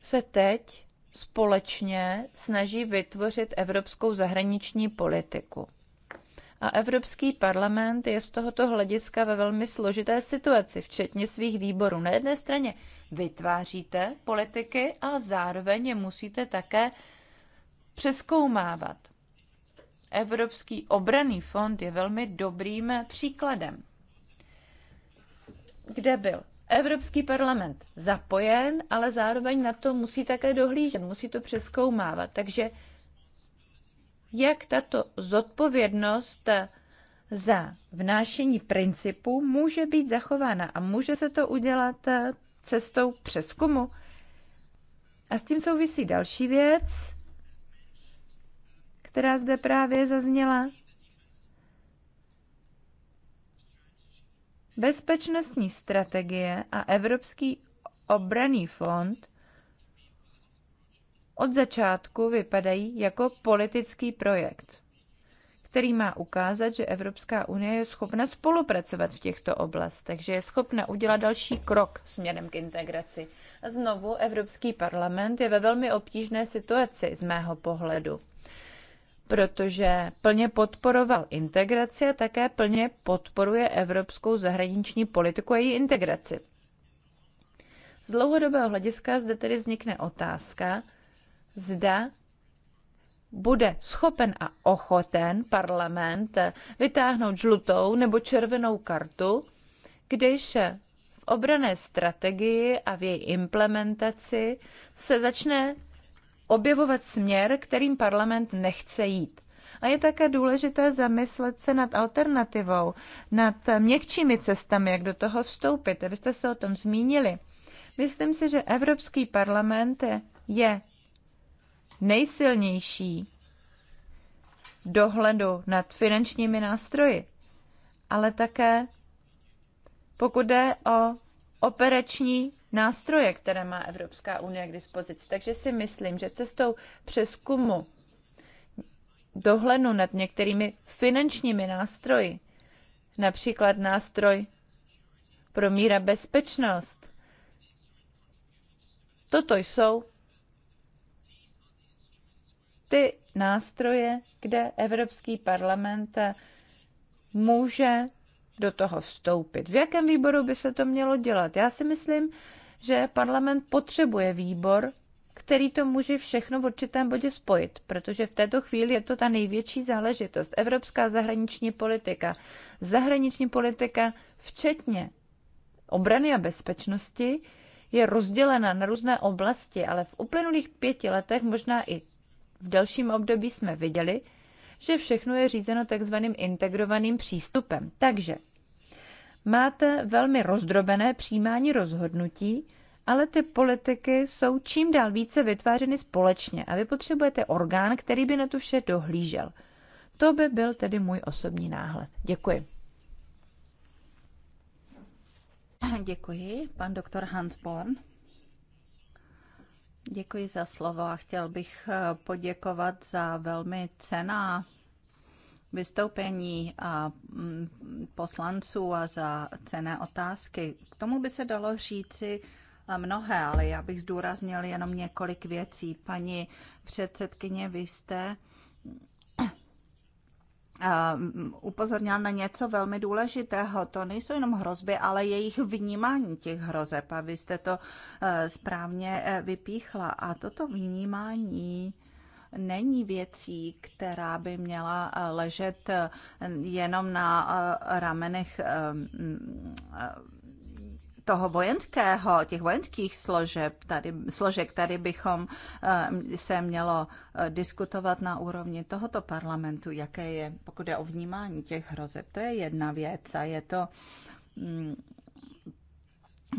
se teď společně snaží vytvořit evropskou zahraniční politiku. A Evropský parlament je z tohoto hlediska ve velmi složité situaci, včetně svých výborů. Na jedné straně vytváříte politiky a zároveň je musíte také přeskoumávat. Evropský obraný fond je velmi dobrým příkladem. Kde byl Evropský parlament zapojen, ale zároveň na to musí také dohlížet, musí to přeskoumávat. Takže jak tato zodpovědnost za vnášení principů může být zachována a může se to udělat cestou přeskumu. A s tím souvisí další věc, která zde právě zazněla. Bezpečnostní strategie a Evropský obraný fond od začátku vypadají jako politický projekt, který má ukázat, že Evropská unie je schopna spolupracovat v těchto oblastech, že je schopna udělat další krok směrem k integraci. A znovu Evropský parlament je ve velmi obtížné situaci z mého pohledu, protože plně podporoval integraci a také plně podporuje evropskou zahraniční politiku a její integraci. Z dlouhodobého hlediska zde tedy vznikne otázka, zda bude schopen a ochoten parlament vytáhnout žlutou nebo červenou kartu, když v obrané strategii a v její implementaci se začne objevovat směr, kterým parlament nechce jít. A je také důležité zamyslet se nad alternativou, nad měkčími cestami, jak do toho vstoupit. Vy jste se o tom zmínili. Myslím si, že Evropský parlament je nejsilnější dohledu nad finančními nástroji, ale také pokud jde o operační nástroje, které má Evropská unie k dispozici. Takže si myslím, že cestou přeskumu dohledu nad některými finančními nástroji, například nástroj pro míra bezpečnost, toto jsou ty nástroje, kde Evropský parlament může do toho vstoupit. V jakém výboru by se to mělo dělat? Já si myslím, že parlament potřebuje výbor, který to může všechno v určitém bodě spojit, protože v této chvíli je to ta největší záležitost. Evropská zahraniční politika, zahraniční politika včetně obrany a bezpečnosti je rozdělena na různé oblasti, ale v uplynulých pěti letech, možná i v dalším období jsme viděli, že všechno je řízeno takzvaným integrovaným přístupem. Takže máte velmi rozdrobené přijímání rozhodnutí, ale ty politiky jsou čím dál více vytvářeny společně a vy potřebujete orgán, který by na to vše dohlížel. To by byl tedy můj osobní náhled. Děkuji. Děkuji, pan doktor Hans Born. Děkuji za slovo a chtěl bych eh, poděkovat za velmi cená vystoupení a mm, poslanců a za cené otázky. K tomu by se dalo říci eh, mnohé, ale já bych zdůraznil jenom několik věcí. Paní předsedkyně, vy jste Ehm, upozornil na něco velmi důležitého. To nejsou jenom hrozby, ale jejich vnímání těch hrozeb. A vy jste to eh, správně eh, vypíchla. A toto vnímání není věcí, která by měla eh, ležet jenom na ramenech ehm, toho vojenského, těch vojenských složeb, tady, složek, tady bychom eh, se mělo eh, diskutovat na úrovni tohoto parlamentu, jaké je, pokud je o vnímání těch hrozeb. To je jedna věc a je to mm,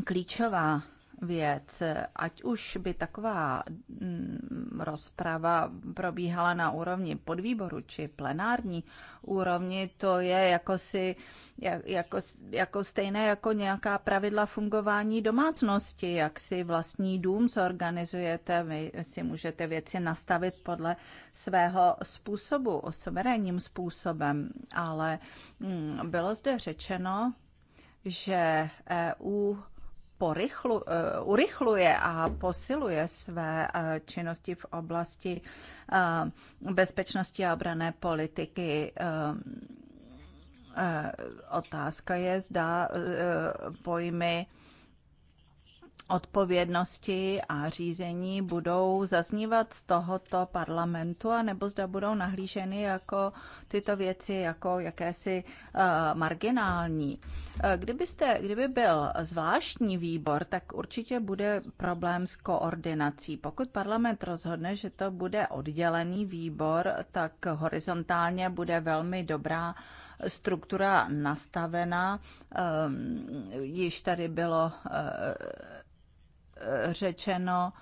klíčová věc. Ať už by taková mm, rozprava probíhala na úrovni podvýboru či plenární úrovni, to je jako, si, jako, jako stejné jako nějaká pravidla fungování domácnosti, jak si vlastní dům zorganizujete, vy si můžete věci nastavit podle svého způsobu, suverénním způsobem, ale mm, bylo zde řečeno, že EU porychlu, uh, urychluje a posiluje své uh, činnosti v oblasti uh, bezpečnosti a obrané politiky. Uh, Otázka je, zda pojmy odpovědnosti a řízení budou zaznívat z tohoto parlamentu, anebo zda budou nahlíženy jako tyto věci jako jakési uh, marginální. Eh, kdybyste, kdyby byl zvláštní výbor, tak určitě bude problém s koordinací. Pokud parlament rozhodne, že to bude oddělený výbor, tak horizontálně bude velmi dobrá struktura nastavená. Um, již tady bylo uh, řečeno,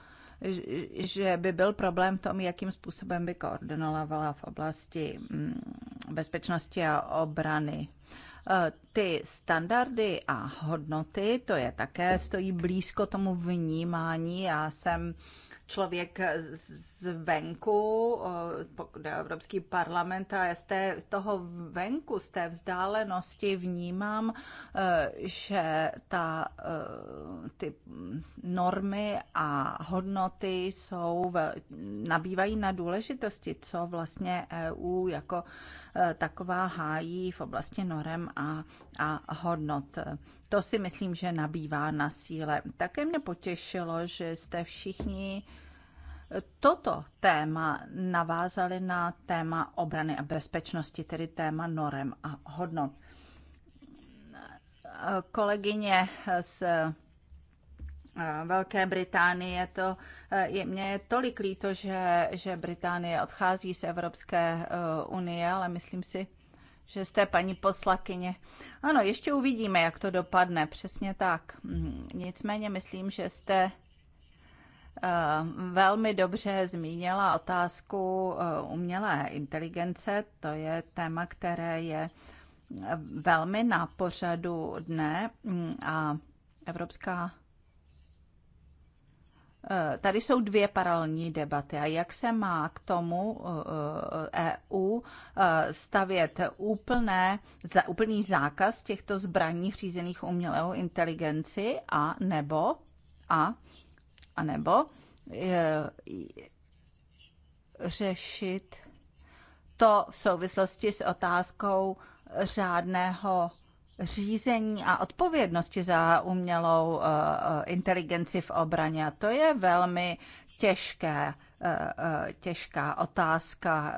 že by byl problém v tom, jakým způsobem by koordinovala v oblasti mm, bezpečnosti a obrany. E, ty standardy a hodnoty, to je také, stojí blízko tomu vnímání. Já jsem člověk zvenku, Evropský parlament a z, té, z toho venku, z té vzdálenosti vnímám, e, že ta, e, ty normy a hodnoty jsou, nabývají na důležitosti, co vlastně EU jako e, taková hájí v oblasti norem a, a hodnot. To si myslím, že nabývá na síle. Také mě potěšilo, že jste všichni toto téma navázali na téma obrany a bezpečnosti, tedy téma norem a hodnot. Kolegyně z eh, Velké Británie. To eh, je, mě je tolik líto, že, že Británie odchází z Evropské eh, unie, ale myslím si, že jste paní poslakyně. Ano, ještě uvidíme, jak to dopadne, přesně tak. Mm, nicméně myslím, že jste Eh, velmi dobře zmínila otázku eh, umělé inteligence. To je téma, které je eh, velmi na pořadu dne mm, a Evropská Tady jsou dvě paralelní debaty. A jak se má k tomu EU e stavět úplné, za úplný zákaz těchto zbraní řízených umělou inteligenci a nebo a anebo je, eh, řešit to v souvislosti s otázkou řádného řízení a odpovědnosti za umělou uh, inteligenci v obraně. A to je velmi těžké, uh, uh, těžká otázka.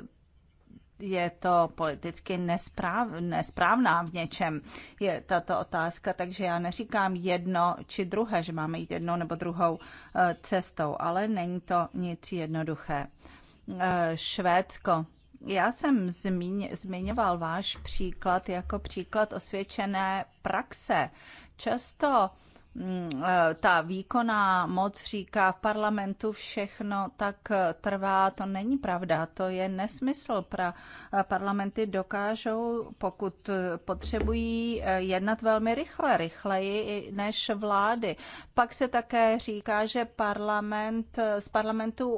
Uh, je to politicky nespráv, nesprávná v něčem, je tato otázka, takže já neříkám jedno či druhé, že máme jít jednou nebo druhou eh, cestou, ale není to nic jednoduché. Eh, Švédsko. Já jsem zmiňoval váš příklad jako příklad osvědčené praxe. Často Mm, eh, ta výkonná moc říká v parlamentu všechno tak eh, trvá, to není pravda, to je nesmysl. Pra, eh, parlamenty dokážou, pokud potřebují, jednat velmi rychle, rychleji než vlády. Pak se také říká, že parlament, z parlamentu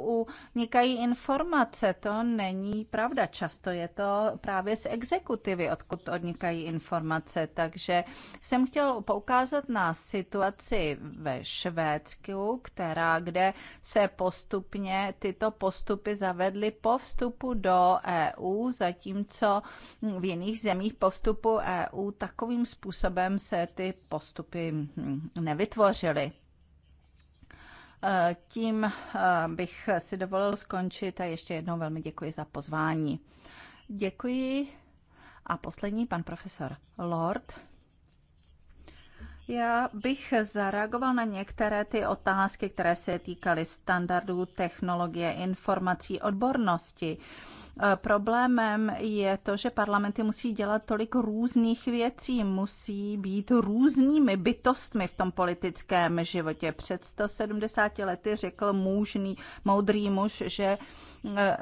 unikají informace. To není pravda. Často je to právě z exekutivy, odkud odnikají informace. Takže jsem chtěl poukázat na situaci, situaci ve Švédsku, která, kde se postupně tyto postupy zavedly po vstupu do EU, zatímco v jiných zemích po vstupu EU takovým způsobem se ty postupy nevytvořily. E, tím e, bych si dovolil skončit a ještě jednou velmi děkuji za pozvání. Děkuji. A poslední pan profesor Lord. Já bych zareagoval na některé ty otázky, které se týkaly standardů, technologie, informací, odbornosti. E, problémem je to, že parlamenty musí dělat tolik různých věcí, musí být různými bytostmi v tom politickém životě. Před 170 lety řekl můžný, moudrý muž, že e,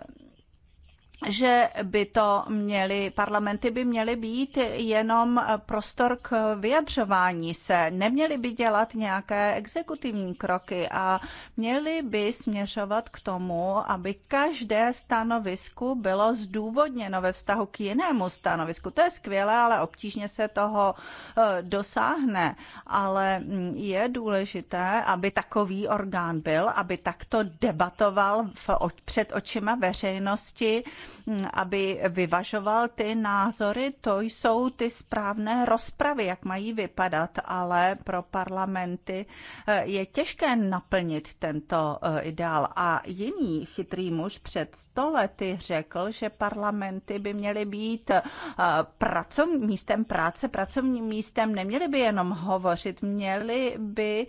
že by to měly, parlamenty by měly být jenom prostor k vyjadřování se, neměly by dělat nějaké exekutivní kroky a měly by směřovat k tomu, aby každé stanovisku bylo zdůvodněno ve vztahu k jinému stanovisku. To je skvělé, ale obtížně se toho eh, dosáhne. Ale mm, je důležité, aby takový orgán byl, aby takto debatoval v, před očima veřejnosti, Mm, aby vyvažoval ty názory. To jsou ty správné rozpravy, jak mají vypadat, ale pro parlamenty eh, je těžké naplnit tento eh, ideál. A jiný chytrý muž před stolety řekl, že parlamenty by měly být eh, pracovní místem práce, pracovním místem, neměly by jenom hovořit, měly by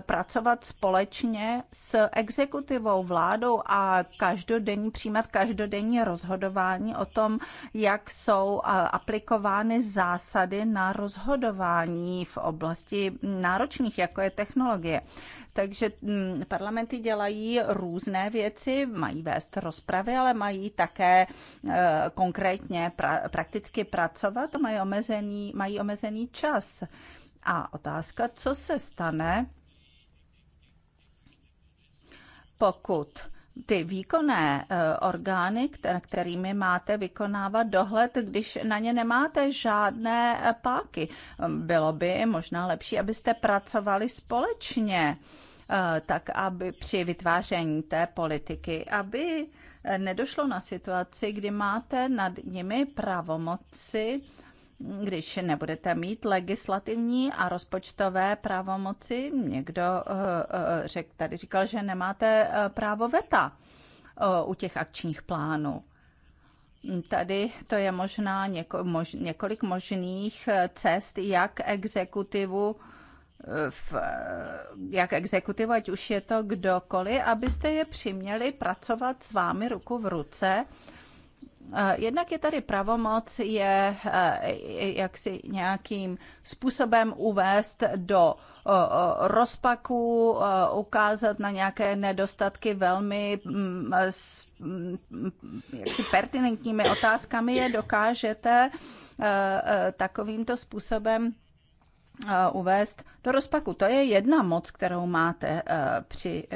pracovat společně s exekutivou, vládou a každodenní, přijímat každodenní rozhodování, o tom, jak jsou eh, aplikovány zásady na rozhodování v oblasti náročných, jako je technologie. Takže mm, parlamenty dělají různé věci, mají vést rozpravy, ale mají také eh, konkrétně pra, prakticky pracovat, mají omezený, mají omezený čas. A otázka, co se stane, pokud ty výkonné eh, orgány, kterými máte vykonávat dohled, když na ně nemáte žádné eh, páky. Bylo by možná lepší, abyste pracovali společně, eh, tak aby při vytváření té politiky, aby nedošlo na situaci, kdy máte nad nimi pravomoci když nebudete mít legislativní a rozpočtové právomoci, někdo eh, eh, řek, tady říkal, že nemáte eh, právo veta u těch akčních plánů. Tady to je možná něko, mož, několik možných cest, jak exekutivu v, jak exekutivu, ať už je to kdokoliv, abyste je přiměli pracovat s vámi ruku v ruce Eh, jednak je tady pravomoc je eh, jaksi nějakým způsobem uvést do eh, rozpaku, ukázat na nějaké nedostatky velmi mm, mm, jaksi pertinentními otázkami je dokážete takovýmto způsobem uvést do rozpaku. To je jedna moc, kterou máte při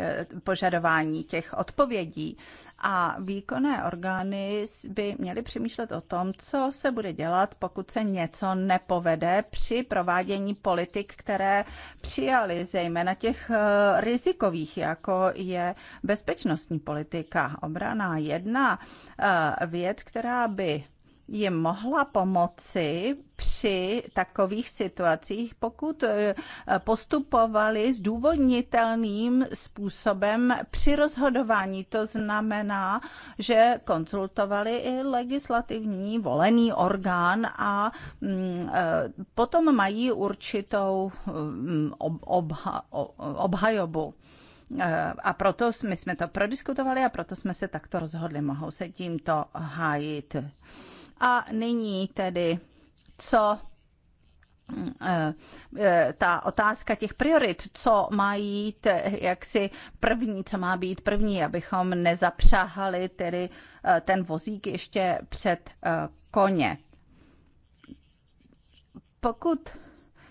požadování těch odpovědí a výkonné orgány by měly přemýšlet o tom, co se bude dělat, pokud se něco nepovede při provádění politik, které přijali, zejména těch eh, rizikových, jako je bezpečnostní politika, obrana. Jedna eh, věc, která by jim mohla pomoci při takových situacích, pokud eh, postupovali zdůvodnitelným způsobem při rozhodování. To znamená, že konzultovali i legislativní volený orgán a mm, eh, potom mají určitou mm, obha, obhajobu. Eh, a proto my jsme to prodiskutovali a proto jsme se takto rozhodli. Mohou se tímto hájit. A nyní tedy, co mm, eh, eh, ta otázka těch priorit, co má jít, eh, jak si první, co má být první, abychom nezapřáhali tedy ten vozík ještě před koně. Pokud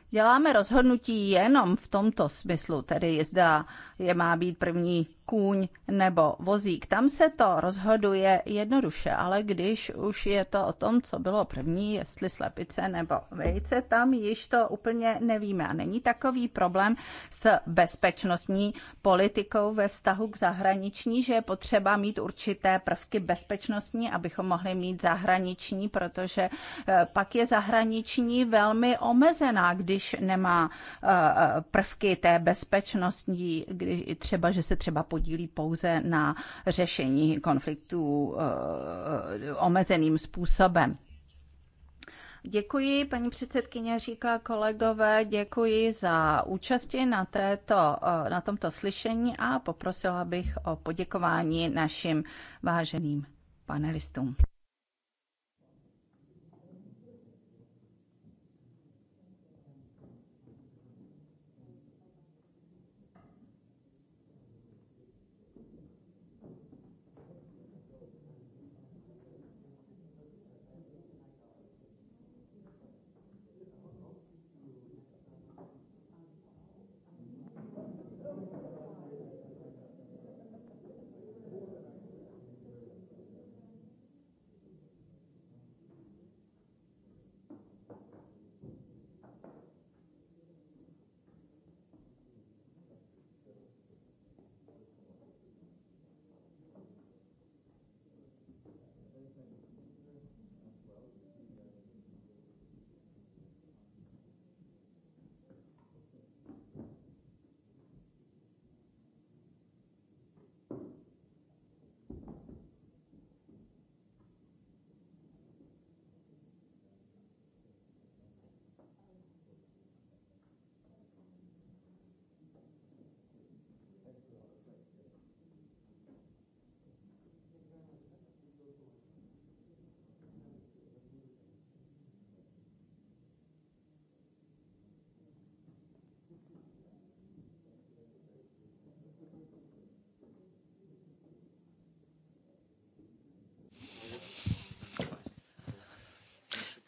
děláme rozhodnutí jenom v tomto smyslu, tedy jezda je má být první kůň nebo vozík. Tam se to rozhoduje jednoduše, ale když už je to o tom, co bylo první, jestli slepice nebo vejce, tam již to úplně nevíme. A není takový problém s bezpečnostní politikou ve vztahu k zahraniční, že je potřeba mít určité prvky bezpečnostní, abychom mohli mít zahraniční, protože eh, pak je zahraniční velmi omezená, když nemá eh, eh, prvky té bezpečnostní, někdy i třeba, že se třeba podílí pouze na řešení konfliktů eh, omezeným způsobem. Děkuji, paní předsedkyně, říká kolegové, děkuji za účasti na, této, eh, na tomto slyšení a poprosila bych o poděkování našim váženým panelistům.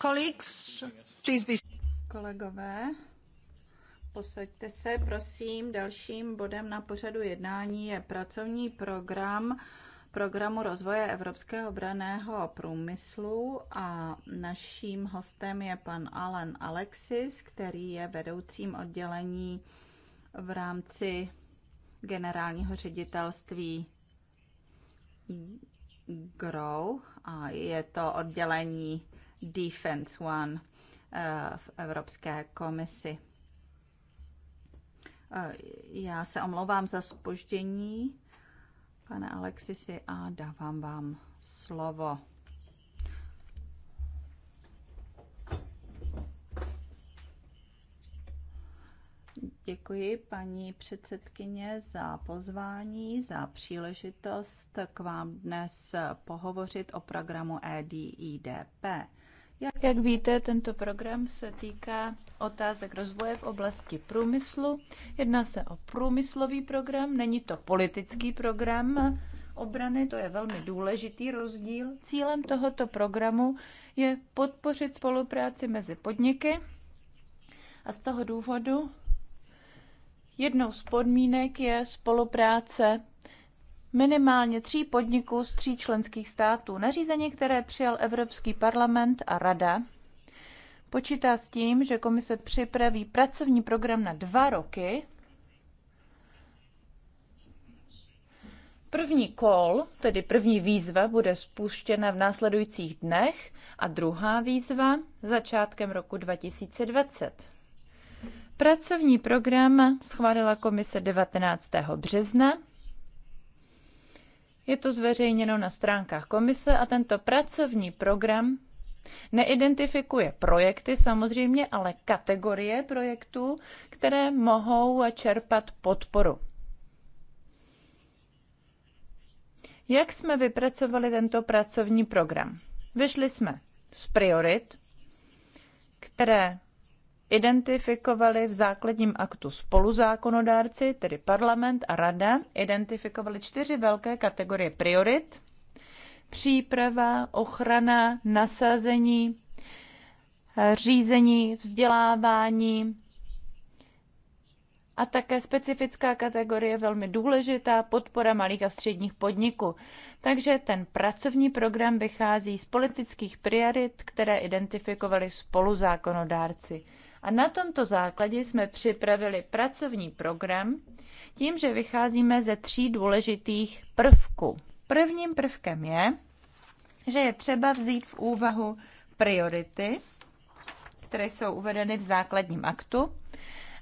Colleagues, please be... Kolegové, posaďte se, prosím. Dalším bodem na pořadu jednání je pracovní program programu rozvoje evropského obraného průmyslu a naším hostem je pan Alan Alexis, který je vedoucím oddělení v rámci generálního ředitelství GROW a je to oddělení Defense One eh, v Evropské komisi. Eh, já se omlouvám za spoždění. Pane Alexisi, a dávám vám slovo. Děkuji paní předsedkyně za pozvání, za příležitost k vám dnes pohovořit o programu EDIDP. Jak víte, tento program se týká otázek rozvoje v oblasti průmyslu. Jedná se o průmyslový program, není to politický program obrany, to je velmi důležitý rozdíl. Cílem tohoto programu je podpořit spolupráci mezi podniky a z toho důvodu jednou z podmínek je spolupráce minimálně tří podniků z tří členských států. Nařízení, které přijal Evropský parlament a Rada, počítá s tím, že komise připraví pracovní program na dva roky. První kol, tedy první výzva, bude spuštěna v následujících dnech a druhá výzva začátkem roku 2020. Pracovní program schválila komise 19. března je to zveřejněno na stránkách komise a tento pracovní program neidentifikuje projekty samozřejmě, ale kategorie projektů, které mohou čerpat podporu. Jak jsme vypracovali tento pracovní program? Vyšli jsme z priorit, které identifikovali v základním aktu spoluzákonodárci, tedy parlament a rada, identifikovali čtyři velké kategorie priorit. Příprava, ochrana, nasazení, řízení, vzdělávání a také specifická kategorie velmi důležitá podpora malých a středních podniků. Takže ten pracovní program vychází z politických priorit, které identifikovali spoluzákonodárci. A na tomto základě jsme připravili pracovní program tím, že vycházíme ze tří důležitých prvků. Prvním prvkem je, že je třeba vzít v úvahu priority, které jsou uvedeny v základním aktu,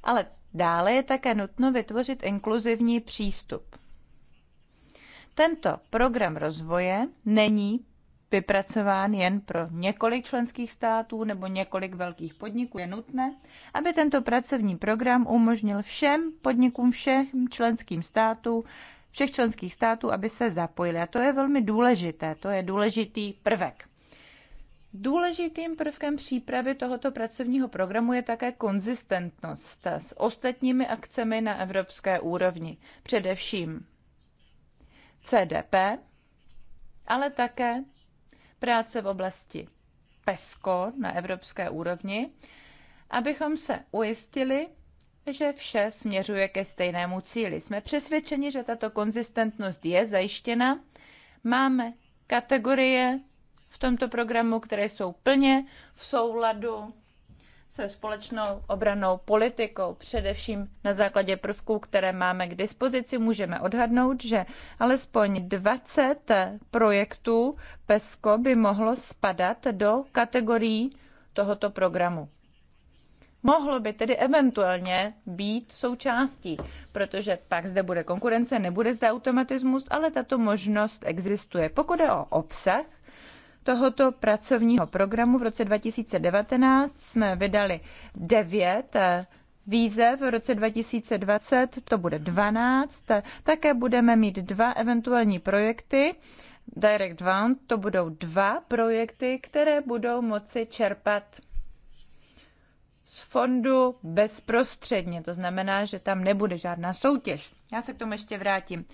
ale dále je také nutno vytvořit inkluzivní přístup. Tento program rozvoje není vypracován jen pro několik členských států nebo několik velkých podniků. Je nutné, aby tento pracovní program umožnil všem podnikům všech členským států, všech členských států, aby se zapojili. A to je velmi důležité, to je důležitý prvek. Důležitým prvkem přípravy tohoto pracovního programu je také konzistentnost s ostatními akcemi na evropské úrovni, především CDP, ale také spolupráce v oblasti PESCO na evropské úrovni, abychom se ujistili, že vše směřuje ke stejnému cíli. Jsme přesvědčeni, že tato konzistentnost je zajištěna. Máme kategorie v tomto programu, které jsou plně v souladu se společnou obranou politikou, především na základě prvků, které máme k dispozici, můžeme odhadnout, že alespoň 20 projektů PESCO by mohlo spadat do kategorií tohoto programu. Mohlo by tedy eventuálně být součástí, protože pak zde bude konkurence, nebude zde automatismus, ale tato možnost existuje. Pokud je o obsah, tohoto pracovního programu v roce 2019 jsme vydali 9 eh, výzev, v roce 2020 to bude 12, také budeme mít dva eventuální projekty, Direct One to budou dva projekty, které budou moci čerpat z fondu bezprostředně. To znamená, že tam nebude žádná soutěž. Já se k tomu ještě vrátím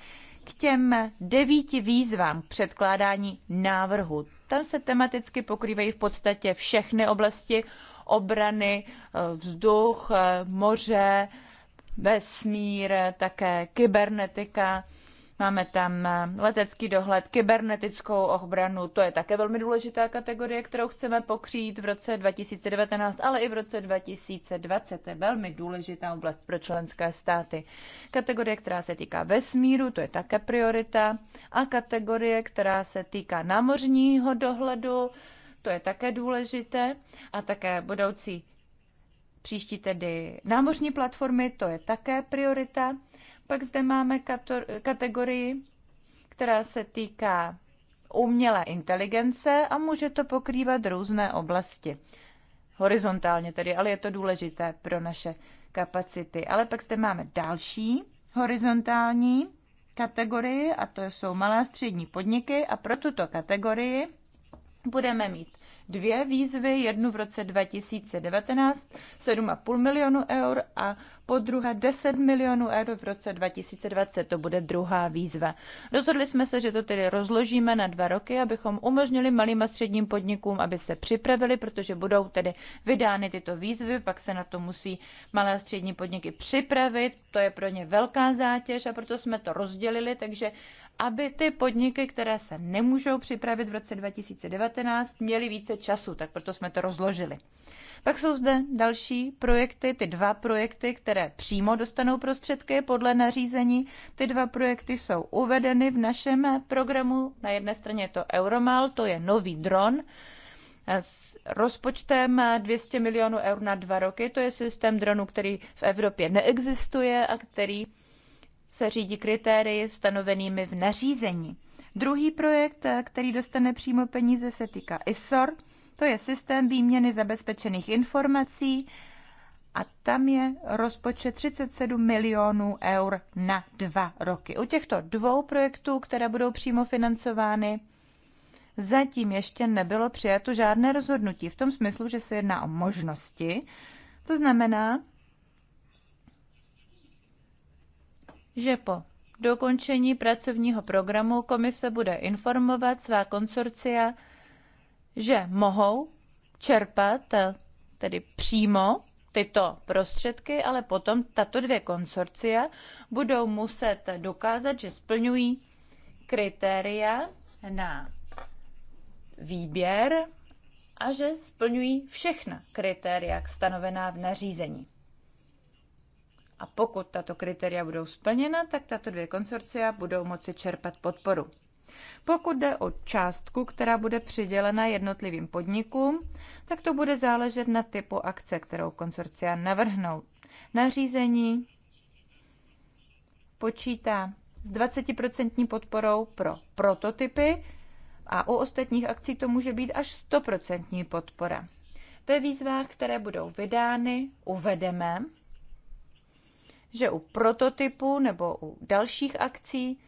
k těm devíti výzvám k předkládání návrhu. Tam se tematicky pokrývají v podstatě všechny oblasti obrany, eh, vzduch, eh, moře, vesmír, eh, také kybernetika Máme tam eh, letecký dohled, kybernetickou obranu, to je také velmi důležitá kategorie, kterou chceme pokrýt v roce 2019, ale i v roce 2020. To je velmi důležitá oblast pro členské státy. Kategorie, která se týká vesmíru, to je také priorita. A kategorie, která se týká námořního dohledu, to je také důležité. A také budoucí příští tedy námořní platformy, to je také priorita. Pak zde máme kategorii, která se týká umělé inteligence a může to pokrývat různé oblasti. Horizontálně tedy, ale je to důležité pro naše kapacity. Ale pak zde máme další horizontální kategorii a to jsou malé a střední podniky a pro tuto kategorii budeme mít dvě výzvy, jednu v roce 2019 7,5 milionu eur a po druhé 10 milionů eur v roce 2020. To bude druhá výzva. Rozhodli jsme se, že to tedy rozložíme na dva roky, abychom umožnili malým a středním podnikům, aby se připravili, protože budou tedy vydány tyto výzvy, pak se na to musí malé a střední podniky připravit, to je pro ně velká zátěž a proto jsme to rozdělili, takže aby ty podniky, které se nemůžou připravit v roce 2019, měly více času, tak proto jsme to rozložili. Pak jsou zde další projekty, ty dva projekty, které přímo dostanou prostředky podle nařízení. Ty dva projekty jsou uvedeny v našem programu. Na jedné straně je to Euromal, to je nový dron, s rozpočtem 200 milionů eur na dva roky. To je systém dronů, který v Evropě neexistuje a který se řídí kritérii stanovenými v nařízení. Druhý projekt, který dostane přímo peníze, se týká ISOR. To je systém výměny zabezpečených informací a tam je rozpočet 37 milionů eur na dva roky. U těchto dvou projektů, které budou přímo financovány, zatím ještě nebylo přijato žádné rozhodnutí v tom smyslu, že se jedná o možnosti. To znamená, že po dokončení pracovního programu komise bude informovat svá konsorcia, že mohou čerpat eh, tedy přímo tyto prostředky, ale potom tato dvě konsorcia budou muset dokázat, že splňují kritéria na výběr a že splňují všechna kritéria stanovená v nařízení. A pokud tato kritéria budou splněna, tak tato dvě konsorcia budou moci čerpat podporu. Pokud jde o částku, která bude přidělena jednotlivým podnikům, tak to bude záležet na typu akce, kterou konsorcia navrhnou. Nařízení počítá s 20% podporou pro prototypy a u ostatních akcí to může být až 100% podpora. Ve výzvách, které budou vydány, uvedeme, že u prototypu nebo u dalších akcí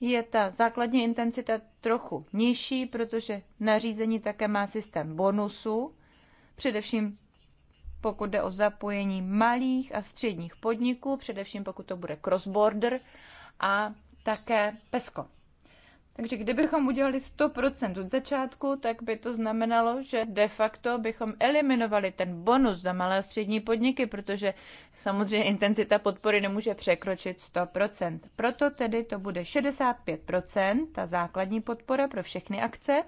je ta základní intenzita trochu nižší, protože nařízení také má systém bonusu především pokud jde o zapojení malých a středních podniků, především pokud to bude cross-border a také PESCO. Takže kdybychom udělali 100% od začátku, tak by to znamenalo, že de facto bychom eliminovali ten bonus za malé a střední podniky, protože samozřejmě intenzita podpory nemůže překročit 100%. Proto tedy to bude 65%, ta základní podpora pro všechny akce.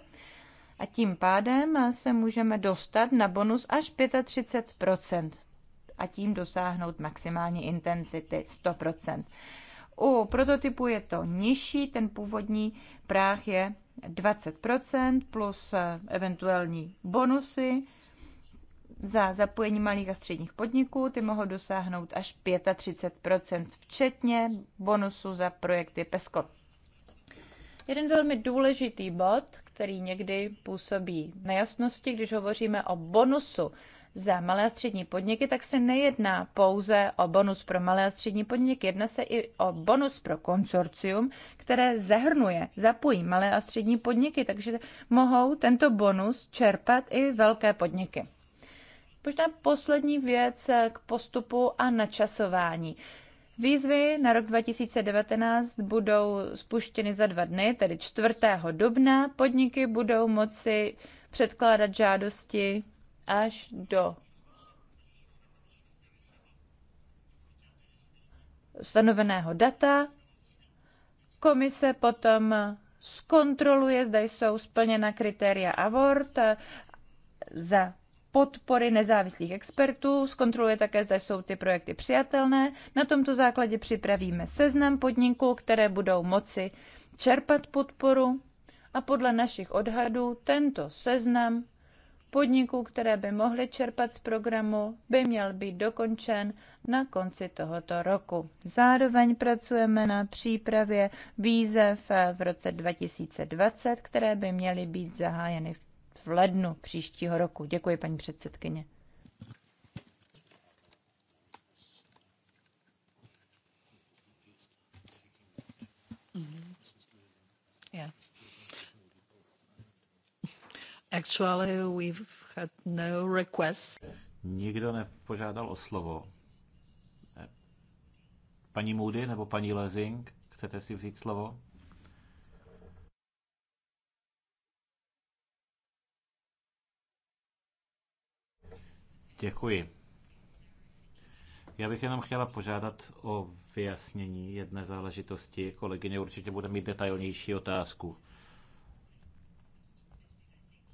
A tím pádem se můžeme dostat na bonus až 35% a tím dosáhnout maximální intenzity 100%. U prototypu je to nižší, ten původní práh je 20% plus eh, eventuální bonusy za zapojení malých a středních podniků. Ty mohou dosáhnout až 35%, včetně bonusu za projekty PESCO. Jeden velmi důležitý bod, který někdy působí nejasnosti, když hovoříme o bonusu za malé a střední podniky, tak se nejedná pouze o bonus pro malé a střední podniky, jedná se i o bonus pro konsorcium, které zahrnuje, zapojí malé a střední podniky, takže mohou tento bonus čerpat i velké podniky. Možná poslední věc k postupu a načasování. Výzvy na rok 2019 budou spuštěny za dva dny, tedy 4. dubna. Podniky budou moci předkládat žádosti až do stanoveného data. Komise potom zkontroluje, zda jsou splněna kritéria AVORT za podpory nezávislých expertů, zkontroluje také, zda jsou ty projekty přijatelné. Na tomto základě připravíme seznam podniků, které budou moci čerpat podporu a podle našich odhadů tento seznam podniků, které by mohly čerpat z programu, by měl být dokončen na konci tohoto roku. Zároveň pracujeme na přípravě výzev v roce 2020, které by měly být zahájeny v lednu příštího roku. Děkuji, paní předsedkyně. Actually, we've had no requests. Nikdo nepožádal o slovo. Eh, paní Moody nebo paní Lezing, chcete si vzít slovo? Děkuji. Já bych jenom chtěla požádat o vyjasnění jedné záležitosti. Kolegyně určitě bude mít detailnější otázku.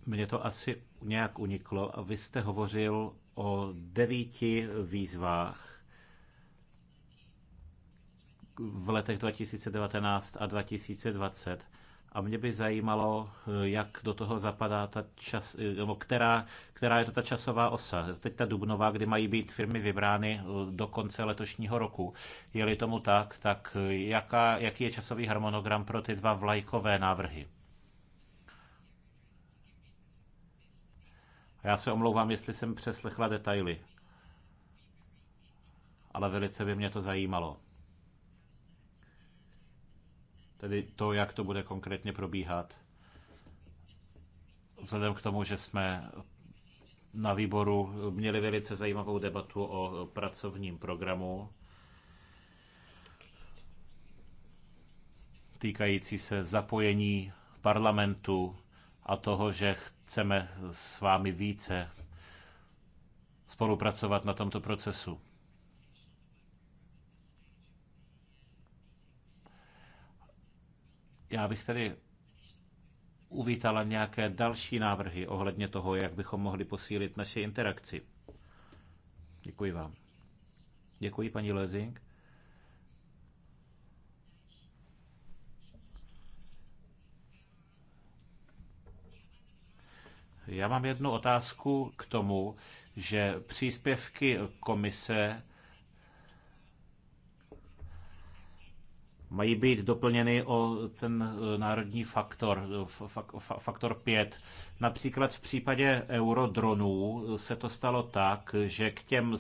Mně to asi nějak uniklo a vy jste hovořil o devíti výzvách v letech 2019 a 2020. A mě by zajímalo, jak do toho zapadá ta čas, nebo která, která je to ta časová osa. Teď ta dubnová, kdy mají být firmy vybrány eh, do konce letošního roku. Je-li tomu tak, tak jaká, jaký je časový harmonogram pro ty dva vlajkové návrhy? Já se omlouvám, jestli jsem přeslechla detaily, ale velice by mě to zajímalo. Tedy to, jak to bude konkrétně probíhat. Vzhledem k tomu, že jsme na výboru měli velice zajímavou debatu o pracovním programu týkající se zapojení parlamentu a toho, že chceme s vámi více spolupracovat na tomto procesu. Já bych tedy uvítala nějaké další návrhy ohledně toho, jak bychom mohli posílit naše interakci. Děkuji vám. Děkuji, paní Lezing. Já mám jednu otázku k tomu, že příspěvky komise mají být doplněny o ten eh, národní faktor, faktor 5. Například v případě eurodronů se to stalo tak, že k těm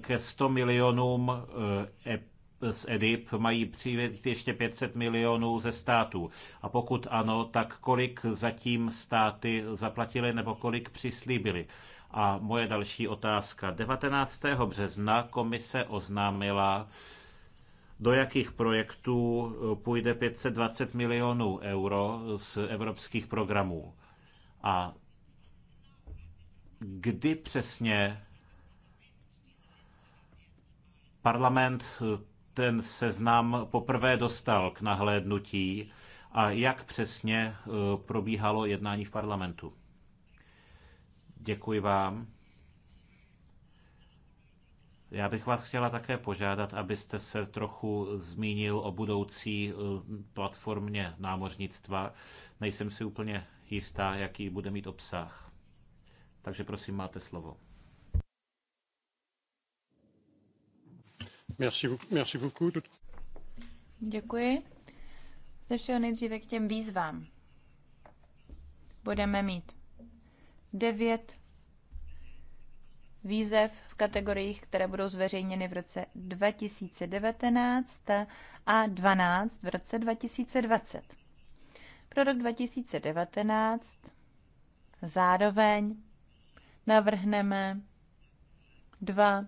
ke 100 milionům eh, z EDIP mají přijít ještě 500 milionů ze států? A pokud ano, tak kolik zatím státy zaplatili nebo kolik přislíbili? A moje další otázka. 19. března komise oznámila, do jakých projektů půjde 520 milionů euro z evropských programů. A kdy přesně parlament ten seznam poprvé dostal k nahlédnutí a jak přesně eh, probíhalo jednání v parlamentu. Děkuji vám. Já bych vás chtěla také požádat, abyste se trochu zmínil o budoucí eh, platformě námořnictva. Nejsem si úplně jistá, jaký bude mít obsah. Takže prosím, máte slovo. Děkuji. Ze všeho nejdříve k těm výzvám. Budeme mít devět výzev v kategoriích, které budou zveřejněny v roce 2019 a 12 v roce 2020. Pro rok 2019 zároveň navrhneme dva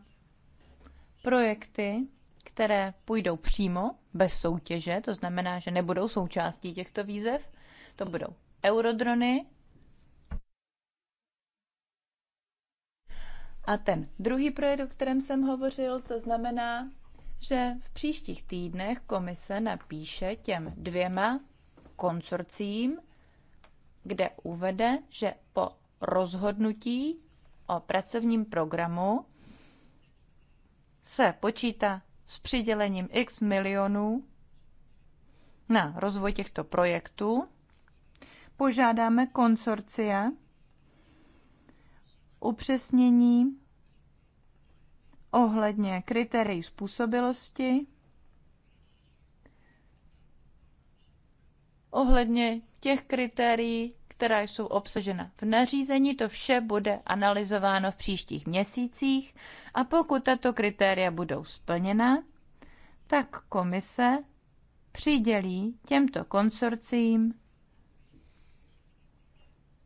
projekty, které půjdou přímo, bez soutěže, to znamená, že nebudou součástí těchto výzev. To budou eurodrony. A ten druhý projekt, o kterém jsem hovořil, to znamená, že v příštích týdnech komise napíše těm dvěma konsorcím, kde uvede, že po rozhodnutí o pracovním programu se počítá s přidělením x milionů na rozvoj těchto projektů. Požádáme konsorcia upřesnění ohledně kritérií způsobilosti, ohledně těch kritérií, která jsou obsažena v nařízení, to vše bude analyzováno v příštích měsících a pokud tato kritéria budou splněna, tak komise přidělí těmto konsorcím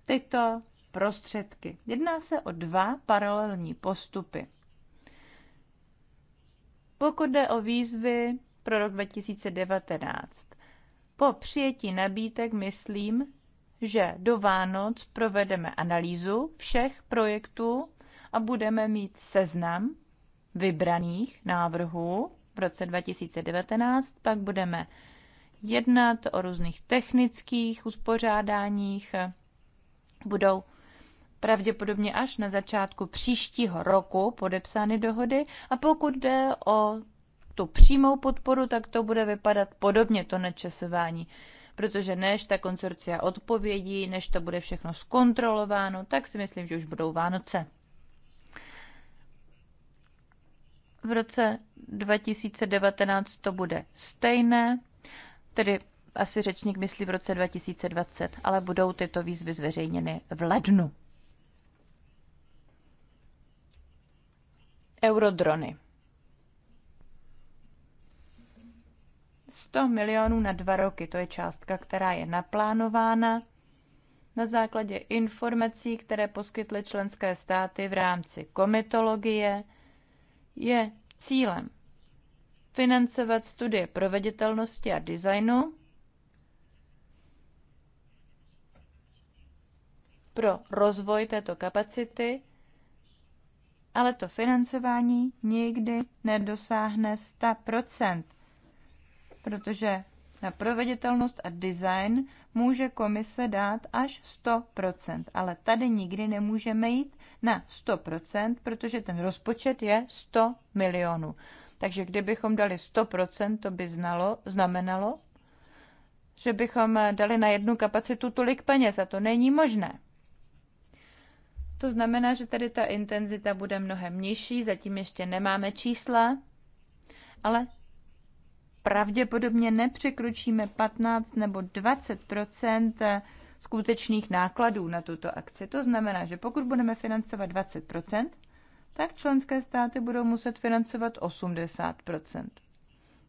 tyto prostředky. Jedná se o dva paralelní postupy. Pokud jde o výzvy pro rok 2019, po přijetí nabídek myslím, že do Vánoc provedeme analýzu všech projektů a budeme mít seznam vybraných návrhů. V roce 2019 pak budeme jednat o různých technických uspořádáních. Budou pravděpodobně až na začátku příštího roku podepsány dohody a pokud jde o tu přímou podporu, tak to bude vypadat podobně to načasování protože než ta konsorcia odpovědí, než to bude všechno zkontrolováno, tak si myslím, že už budou Vánoce. V roce 2019 to bude stejné, tedy asi řečník myslí v roce 2020, ale budou tyto výzvy zveřejněny v lednu. Eurodrony. 100 milionů na dva roky. To je částka, která je naplánována na základě informací, které poskytly členské státy v rámci komitologie, je cílem financovat studie proveditelnosti a designu pro rozvoj této kapacity, ale to financování nikdy nedosáhne 100 protože na proveditelnost a design může komise dát až 100%, ale tady nikdy nemůžeme jít na 100%, protože ten rozpočet je 100 milionů. Takže kdybychom dali 100%, to by znalo, znamenalo, že bychom dali na jednu kapacitu tolik peněz a to není možné. To znamená, že tady ta intenzita bude mnohem nižší, zatím ještě nemáme čísla, ale pravděpodobně nepřekročíme 15 nebo 20 skutečných nákladů na tuto akci. To znamená, že pokud budeme financovat 20 tak členské státy budou muset financovat 80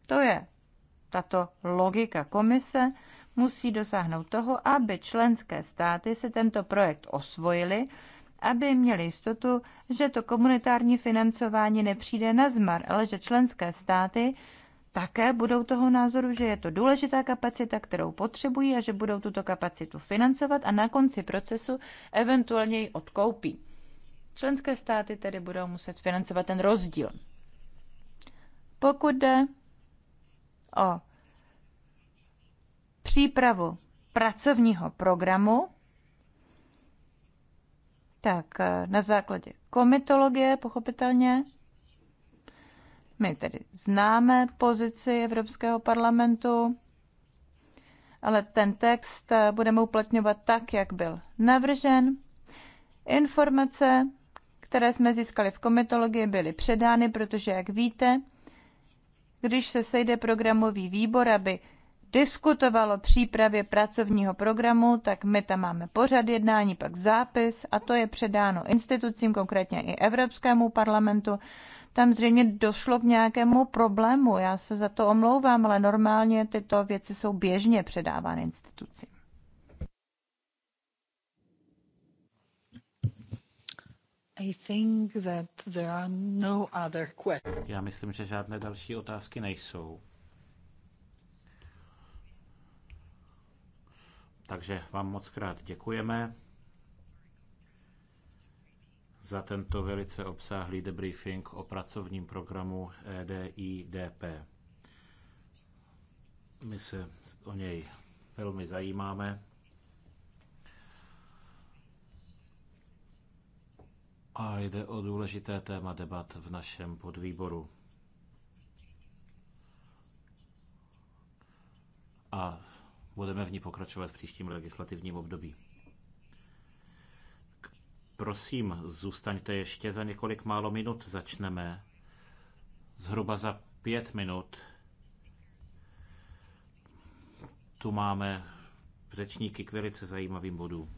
To je tato logika komise musí dosáhnout toho, aby členské státy se tento projekt osvojili, aby měli jistotu, že to komunitární financování nepřijde na zmar, ale že členské státy také budou toho názoru, že je to důležitá kapacita, kterou potřebují a že budou tuto kapacitu financovat a na konci procesu eventuálně ji odkoupí. Členské státy tedy budou muset financovat ten rozdíl. Pokud jde o přípravu pracovního programu, tak eh, na základě komitologie pochopitelně my tedy známe pozici Evropského parlamentu, ale ten text budeme uplatňovat tak, jak byl navržen. Informace, které jsme získali v komitologii, byly předány, protože, jak víte, když se sejde programový výbor, aby diskutovalo přípravě pracovního programu, tak my tam máme pořad jednání, pak zápis a to je předáno institucím, konkrétně i Evropskému parlamentu, tam zřejmě došlo k nějakému problému. Já se za to omlouvám, ale normálně tyto věci jsou běžně předávány institucím. No Já myslím, že žádné další otázky nejsou. Takže vám moc krát děkujeme za tento velice obsáhlý debriefing o pracovním programu EDIDP. My se o něj velmi zajímáme. A jde o důležité téma debat v našem podvýboru. A budeme v ní pokračovat v příštím legislativním období. Prosím, zůstaňte ještě za několik málo minut, začneme. Zhruba za pět minut. Tu máme řečníky k velice zajímavým bodům.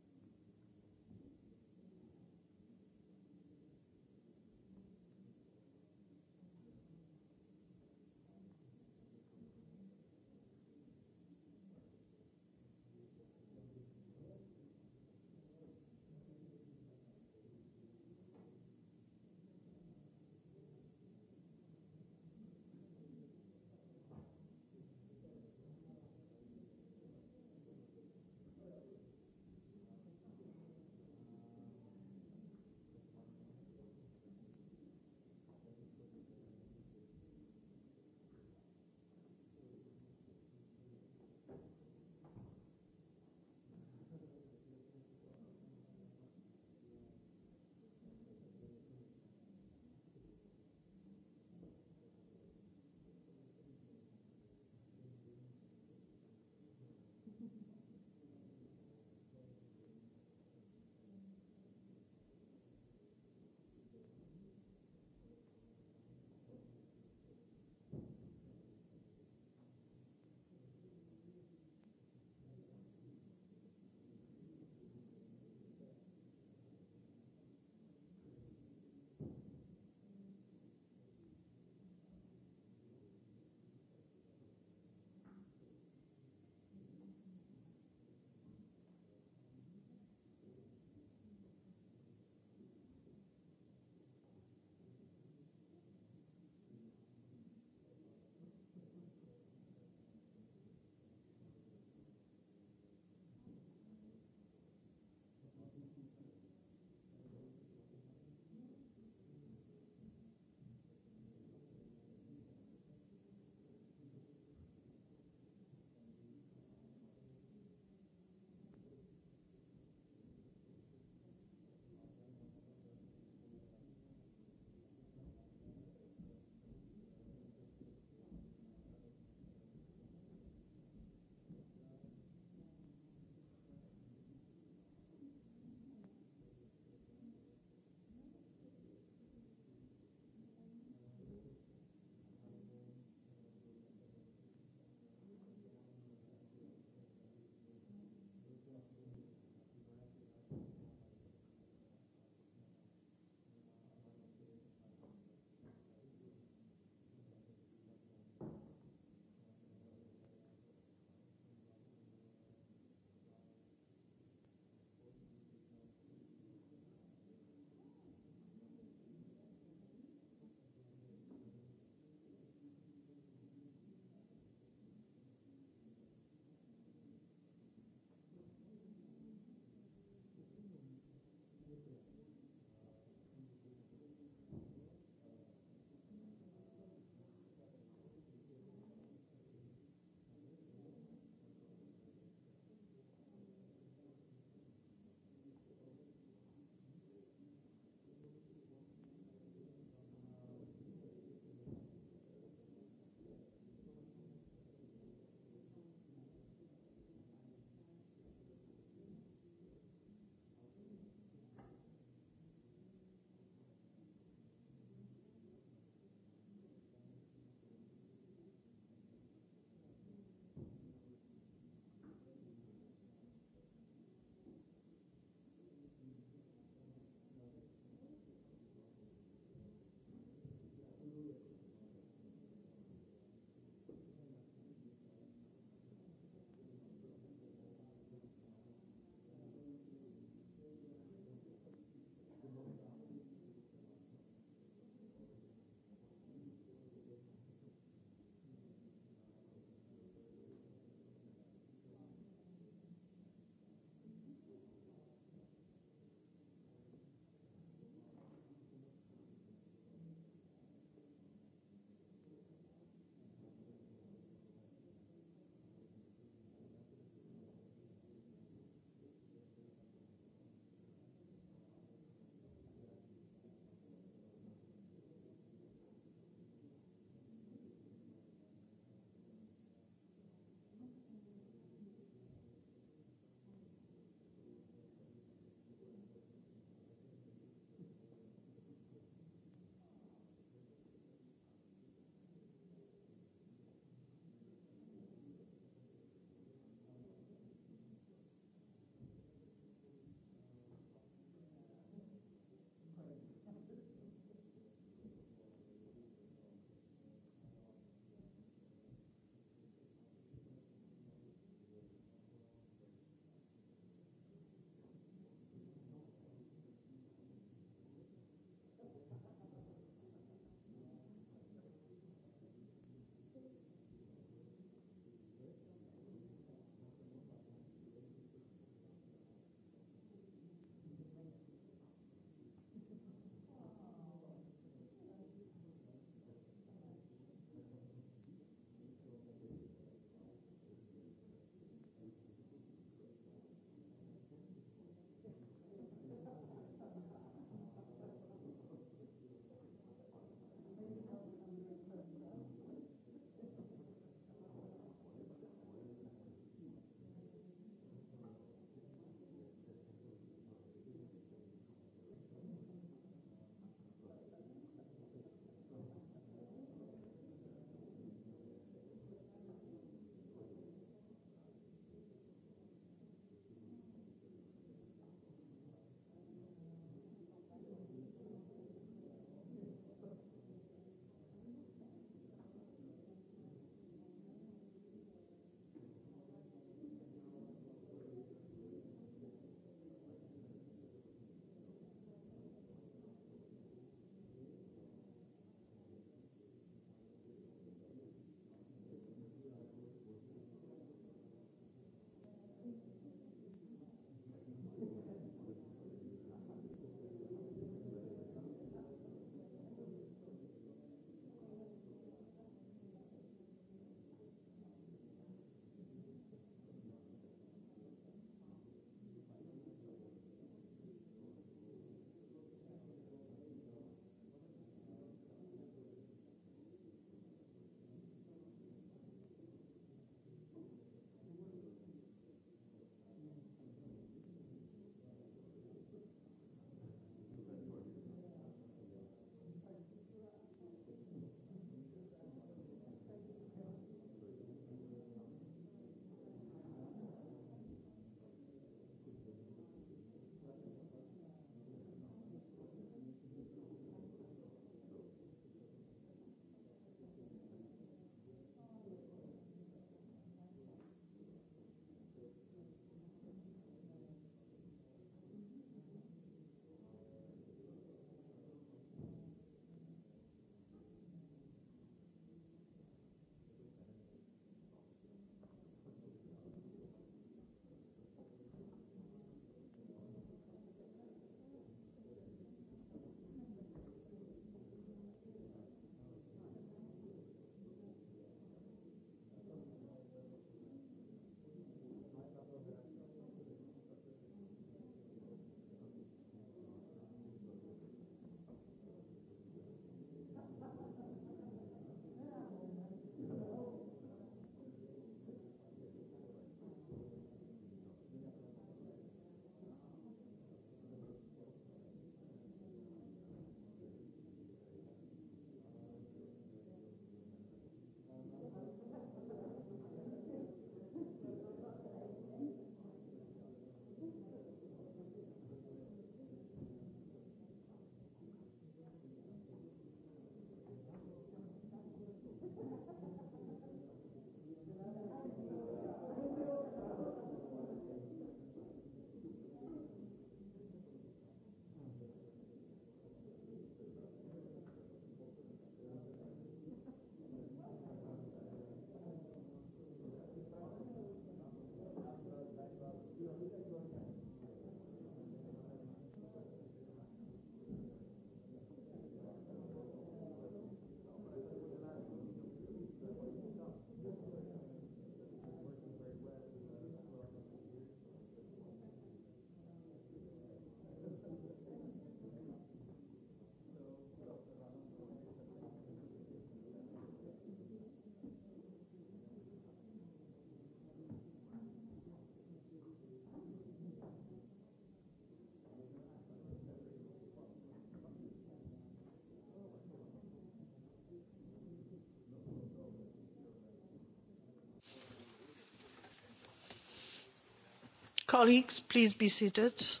Colleagues, please be seated.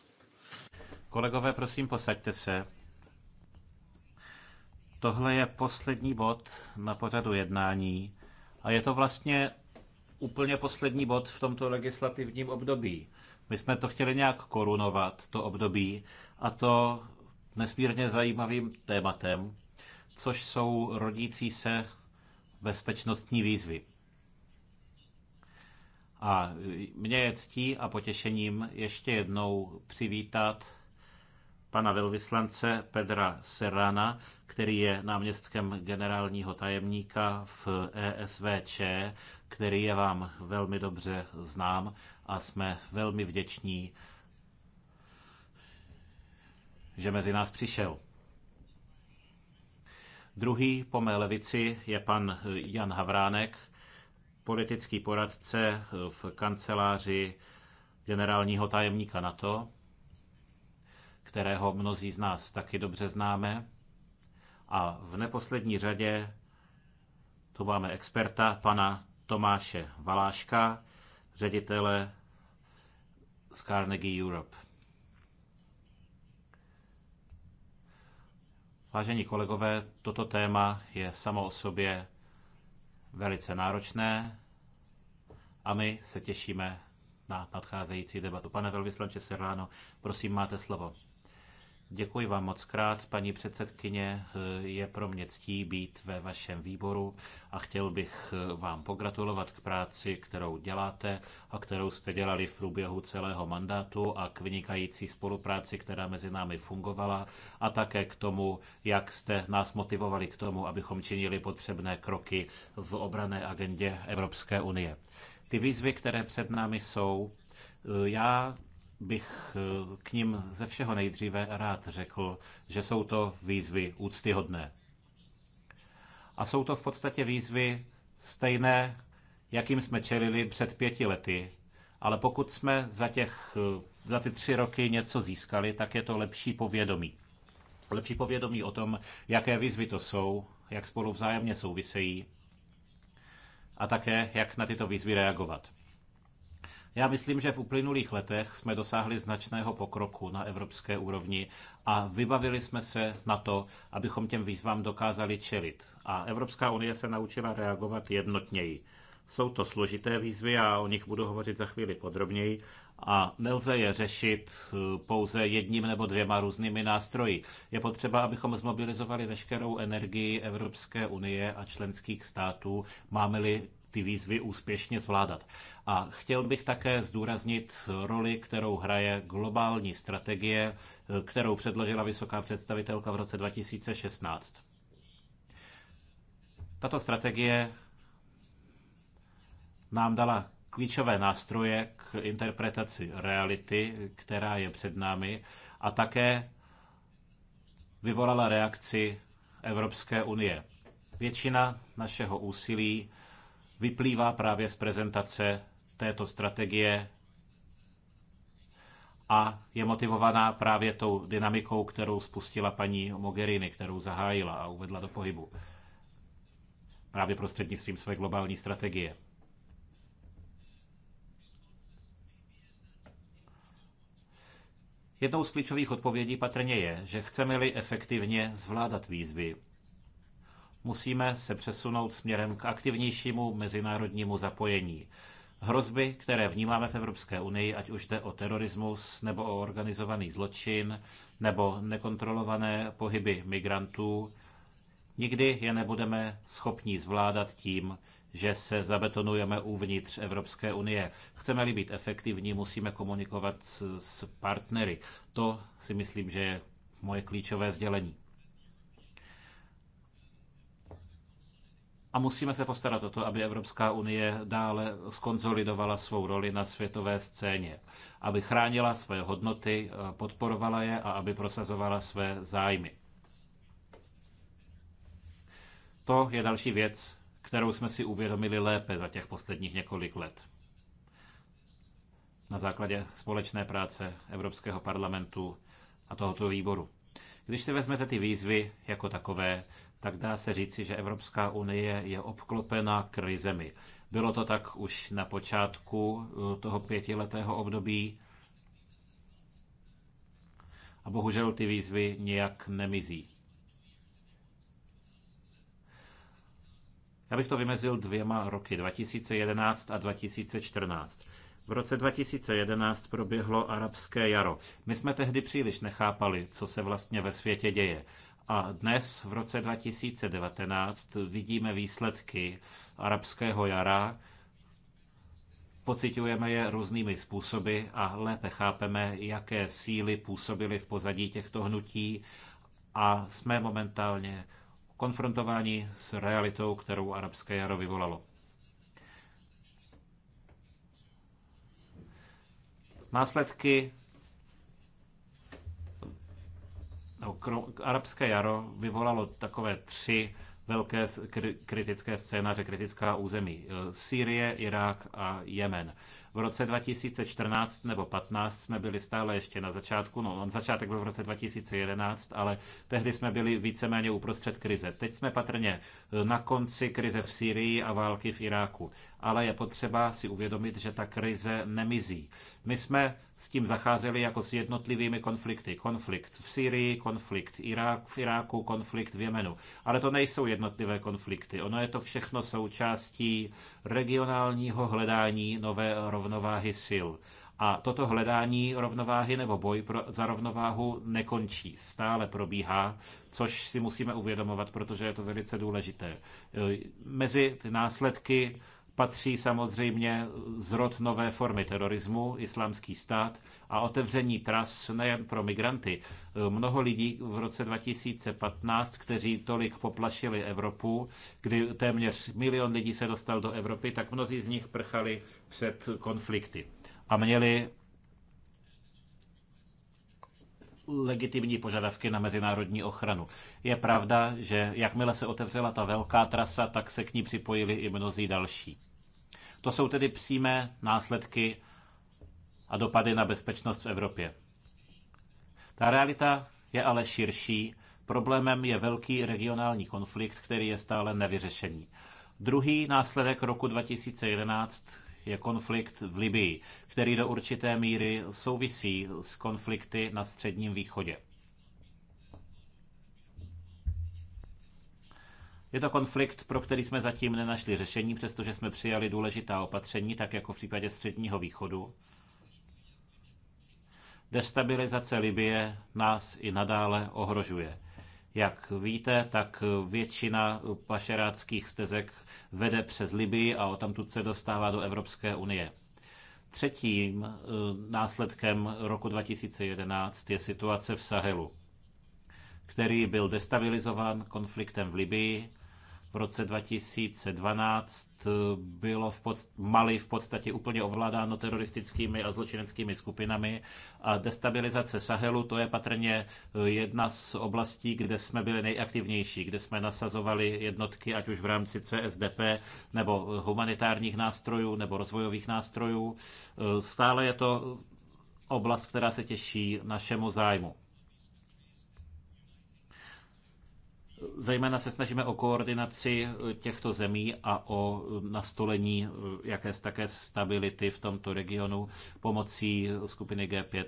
Kolegové, prosím, posaďte se. Tohle je poslední bod na pořadu jednání a je to vlastně úplně poslední bod v tomto legislativním období. My jsme to chtěli nějak korunovat, to období, a to nesmírně zajímavým tématem, což jsou rodící se bezpečnostní výzvy. A mě je ctí a potěšením ještě jednou přivítat pana velvyslance Pedra Serrana, který je náměstkem generálního tajemníka v ESVČ, který je vám velmi dobře znám a jsme velmi vděční, že mezi nás přišel. Druhý po mé levici je pan Jan Havránek, politický poradce v kanceláři generálního tajemníka NATO, kterého mnozí z nás taky dobře známe. A v neposlední řadě tu máme experta, pana Tomáše Valáška, ředitele z Carnegie Europe. Vážení kolegové, toto téma je samo o sobě velice náročné a my se těšíme na nadcházející debatu. Pane velvyslanče Serrano, prosím, máte slovo. Děkuji vám moc krát, paní předsedkyně. Je pro mě ctí být ve vašem výboru a chtěl bych vám pogratulovat k práci, kterou děláte a kterou jste dělali v průběhu celého mandátu a k vynikající spolupráci, která mezi námi fungovala a také k tomu, jak jste nás motivovali k tomu, abychom činili potřebné kroky v obrané agendě Evropské unie. Ty výzvy, které před námi jsou, já bych eh, k ním ze všeho nejdříve rád řekl, že jsou to výzvy úctyhodné. A jsou to v podstatě výzvy stejné, jakým jsme čelili před pěti lety. Ale pokud jsme za, těch, eh, za ty tři roky něco získali, tak je to lepší povědomí. Lepší povědomí o tom, jaké výzvy to jsou, jak spolu vzájemně souvisejí a také, jak na tyto výzvy reagovat. Já myslím, že v uplynulých letech jsme dosáhli značného pokroku na evropské úrovni a vybavili jsme se na to, abychom těm výzvám dokázali čelit. A Evropská unie se naučila reagovat jednotněji. Jsou to složité výzvy a o nich budu hovořit za chvíli podrobněji, a nelze je řešit eh, pouze jedním nebo dvěma různými nástroji. Je potřeba, abychom zmobilizovali veškerou energii Evropské unie a členských států, máme-li ty výzvy úspěšně zvládat. A chtěl bych také zdůraznit roli, kterou hraje globální strategie, eh, kterou předložila vysoká představitelka v roce 2016. Tato strategie nám dala klíčové nástroje k interpretaci reality, která je před námi, a také vyvolala reakci Evropské unie. Většina našeho úsilí vyplývá právě z prezentace této strategie a je motivovaná právě tou dynamikou, kterou spustila paní Mogherini, kterou zahájila a uvedla do pohybu. Právě prostřednictvím své globální strategie. Jednou z klíčových odpovědí patrně je, že chceme-li efektivně zvládat výzvy, Musíme se přesunout směrem k aktivnějšímu mezinárodnímu zapojení. Hrozby, které vnímáme v Evropské unii, ať už jde o terorismus nebo o organizovaný zločin nebo nekontrolované pohyby migrantů, nikdy je nebudeme schopni zvládat tím, že se zabetonujeme uvnitř Evropské unie. Chceme-li být efektivní, musíme komunikovat s, s partnery. To si myslím, že je moje klíčové sdělení. A musíme se postarat o to, aby Evropská unie dále skonzolidovala svou roli na světové scéně, aby chránila své hodnoty, podporovala je a aby prosazovala své zájmy. To je další věc, kterou jsme si uvědomili lépe za těch posledních několik let. Na základě společné práce Evropského parlamentu a tohoto výboru. Když si vezmete ty výzvy jako takové, tak dá se říci, že Evropská unie je obklopena krizemi. Bylo to tak už na počátku eh, toho pětiletého období a bohužel ty výzvy nějak nemizí. Já bych to vymezil dvěma roky, 2011 a 2014. V roce 2011 proběhlo arabské jaro. My jsme tehdy příliš nechápali, co se vlastně ve světě děje. A dnes, v roce 2019, vidíme výsledky arabského jara, pocitujeme je různými způsoby a lépe chápeme, jaké síly působily v pozadí těchto hnutí a jsme momentálně konfrontováni s realitou, kterou arabské jaro vyvolalo. Následky arabské jaro vyvolalo takové tři velké kritické scénáře, kritická území. Sýrie, Irák a Jemen. V roce 2014 nebo 15 jsme byli stále ještě na začátku, no on začátek byl v roce 2011, ale tehdy jsme byli víceméně uprostřed krize. Teď jsme patrně eh, na konci krize v Sýrii a války v Iráku, ale je potřeba si uvědomit, že ta krize nemizí. My jsme s tím zacházeli jako s jednotlivými konflikty. Konflikt v Syrii, konflikt Irák, v Iráku, konflikt v Jemenu. Ale to nejsou jednotlivé konflikty. Ono je to všechno součástí regionálního hledání nové rovnosti rovnováhy sil. A toto hledání rovnováhy nebo boj pro, za rovnováhu nekončí, stále probíhá, což si musíme uvědomovat, protože je to velice důležité. E, mezi ty následky patří samozřejmě zrod nové formy terorismu, islámský stát a otevření tras nejen pro migranty. Mnoho lidí v roce 2015, kteří tolik poplašili Evropu, kdy téměř milion lidí se dostal do Evropy, tak mnozí z nich prchali před konflikty a měli legitimní požadavky na mezinárodní ochranu. Je pravda, že jakmile se otevřela ta velká trasa, tak se k ní připojili i mnozí další. To jsou tedy přímé následky a dopady na bezpečnost v Evropě. Ta realita je ale širší. Problémem je velký regionální konflikt, který je stále nevyřešený. Druhý následek roku 2011 je konflikt v Libii který do určité míry souvisí s konflikty na Středním východě. Je to konflikt, pro který jsme zatím nenašli řešení, přestože jsme přijali důležitá opatření, tak jako v případě Středního východu. Destabilizace Libie nás i nadále ohrožuje. Jak víte, tak většina pašeráckých stezek vede přes Libii a tamtud se dostává do Evropské unie. Třetím eh, následkem roku 2011 je situace v Sahelu, který byl destabilizován konfliktem v Libii v roce 2012 eh, bylo v podst- Mali v podstatě úplně ovládáno teroristickými a zločineckými skupinami. A destabilizace Sahelu, to je patrně eh, jedna z oblastí, kde jsme byli nejaktivnější, kde jsme nasazovali jednotky, ať už v rámci CSDP, nebo eh, humanitárních nástrojů, nebo rozvojových nástrojů. Stále je to oblast, která se těší našemu zájmu. Zejména se snažíme o koordinaci eh, těchto zemí a o eh, nastolení eh, jakés také stability v tomto regionu pomocí skupiny G5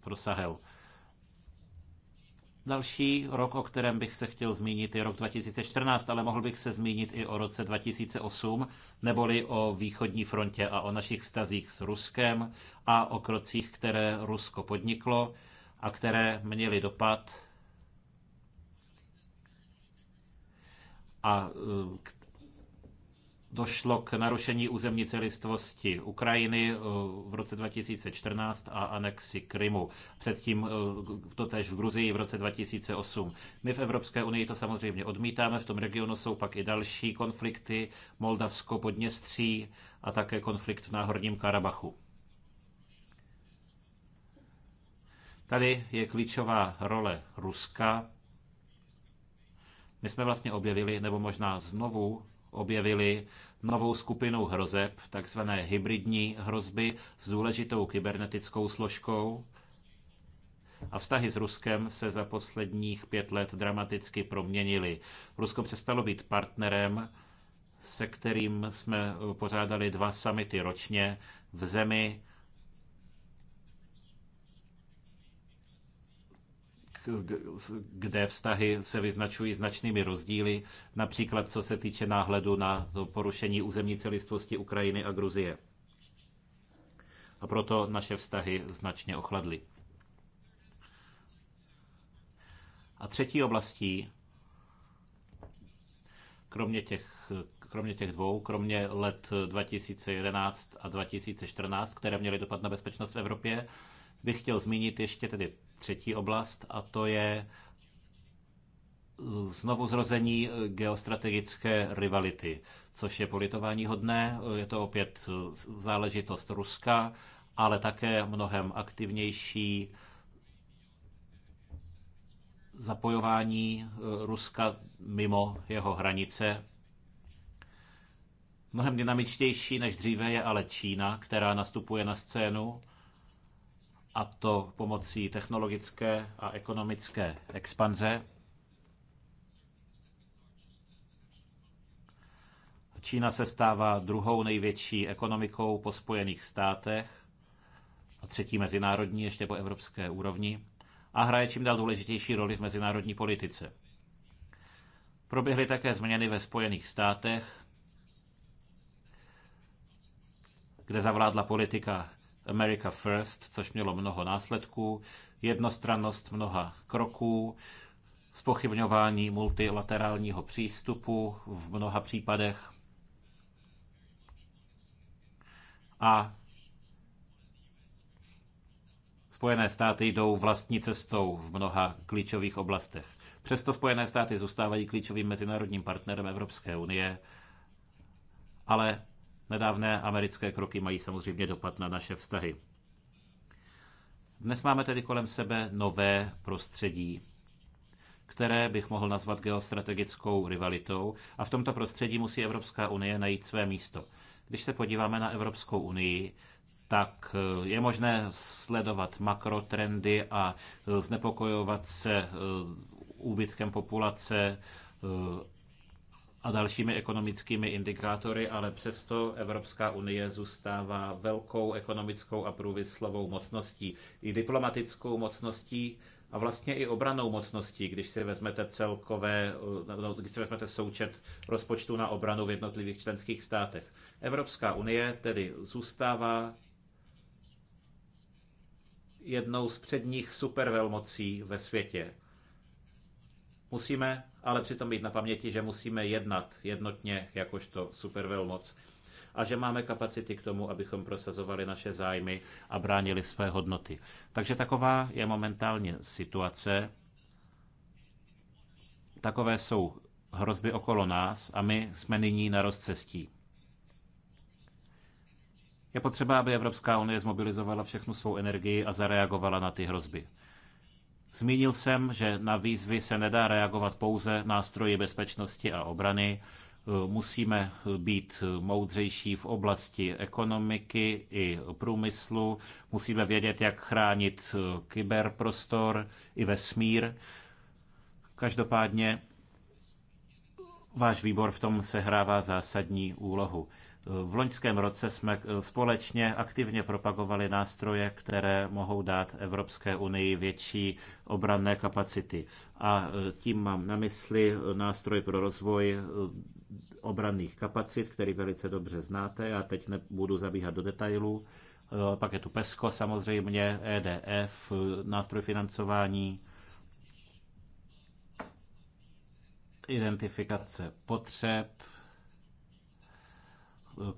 pro Sahel. Další rok, o kterém bych se chtěl zmínit, je rok 2014, ale mohl bych se zmínit i o roce 2008, neboli o východní frontě a o našich vztazích s Ruskem a o krocích, které Rusko podniklo a které měly dopad a e, došlo k narušení územní celistvosti Ukrajiny e, v roce 2014 a anexi Krymu. Předtím e, to tež v Gruzii v roce 2008. My v Evropské unii to samozřejmě odmítáme, v tom regionu jsou pak i další konflikty, Moldavsko, Podněstří a také konflikt v Náhorním Karabachu. Tady je klíčová role Ruska my jsme vlastně objevili, nebo možná znovu objevili novou skupinu hrozeb, takzvané hybridní hrozby s důležitou kybernetickou složkou. A vztahy s Ruskem se za posledních pět let dramaticky proměnily. Rusko přestalo být partnerem, se kterým jsme pořádali dva samity ročně v zemi, kde vztahy se vyznačují značnými rozdíly, například co se týče náhledu na porušení územní celistvosti Ukrajiny a Gruzie. A proto naše vztahy značně ochladly. A třetí oblastí, kromě těch, kromě těch dvou, kromě let 2011 a 2014, které měly dopad na bezpečnost v Evropě, bych chtěl zmínit ještě tedy třetí oblast a to je znovu zrození geostrategické rivality, což je politování hodné. Je to opět záležitost Ruska, ale také mnohem aktivnější zapojování Ruska mimo jeho hranice. Mnohem dynamičtější než dříve je ale Čína, která nastupuje na scénu a to pomocí technologické a ekonomické expanze. Čína se stává druhou největší ekonomikou po Spojených státech a třetí mezinárodní ještě po evropské úrovni a hraje čím dál důležitější roli v mezinárodní politice. Proběhly také změny ve Spojených státech, kde zavládla politika America First, což mělo mnoho následků, jednostrannost mnoha kroků, spochybňování multilaterálního přístupu v mnoha případech a Spojené státy jdou vlastní cestou v mnoha klíčových oblastech. Přesto Spojené státy zůstávají klíčovým mezinárodním partnerem Evropské unie, ale Nedávné americké kroky mají samozřejmě dopad na naše vztahy. Dnes máme tedy kolem sebe nové prostředí, které bych mohl nazvat geostrategickou rivalitou a v tomto prostředí musí Evropská unie najít své místo. Když se podíváme na Evropskou unii, tak eh, je možné sledovat makrotrendy a eh, znepokojovat se eh, úbytkem populace a dalšími ekonomickými indikátory, ale přesto Evropská unie zůstává velkou ekonomickou a průmyslovou mocností, i diplomatickou mocností a vlastně i obranou mocností, když si vezmete celkové, no, když si vezmete součet rozpočtu na obranu v jednotlivých členských státech. Evropská unie tedy zůstává jednou z předních supervelmocí ve světě. Musíme ale přitom mít na paměti, že musíme jednat jednotně jakožto supervelmoc a že máme kapacity k tomu, abychom prosazovali naše zájmy a bránili své hodnoty. Takže taková je momentálně situace. Takové jsou hrozby okolo nás a my jsme nyní na rozcestí. Je potřeba, aby Evropská unie zmobilizovala všechnu svou energii a zareagovala na ty hrozby. Zmínil jsem, že na výzvy se nedá reagovat pouze nástroji bezpečnosti a obrany. Musíme být moudřejší v oblasti ekonomiky i průmyslu. Musíme vědět, jak chránit kyberprostor i vesmír. Každopádně váš výbor v tom sehrává zásadní úlohu. V loňském roce jsme eh, společně aktivně propagovali nástroje, které mohou dát Evropské unii větší obranné kapacity. A eh, tím mám na mysli eh, nástroj pro rozvoj obranných kapacit, který velice dobře znáte. A teď nebudu zabíhat do detailů. Pak je tu PESCO samozřejmě, EDF, nástroj financování, identifikace potřeb,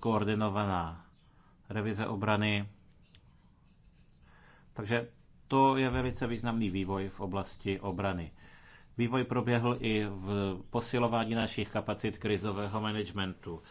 koordinovaná revize obrany. Takže to je velice významný vývoj v oblasti obrany. Vývoj proběhl i v posilování našich kapacit krizového managementu.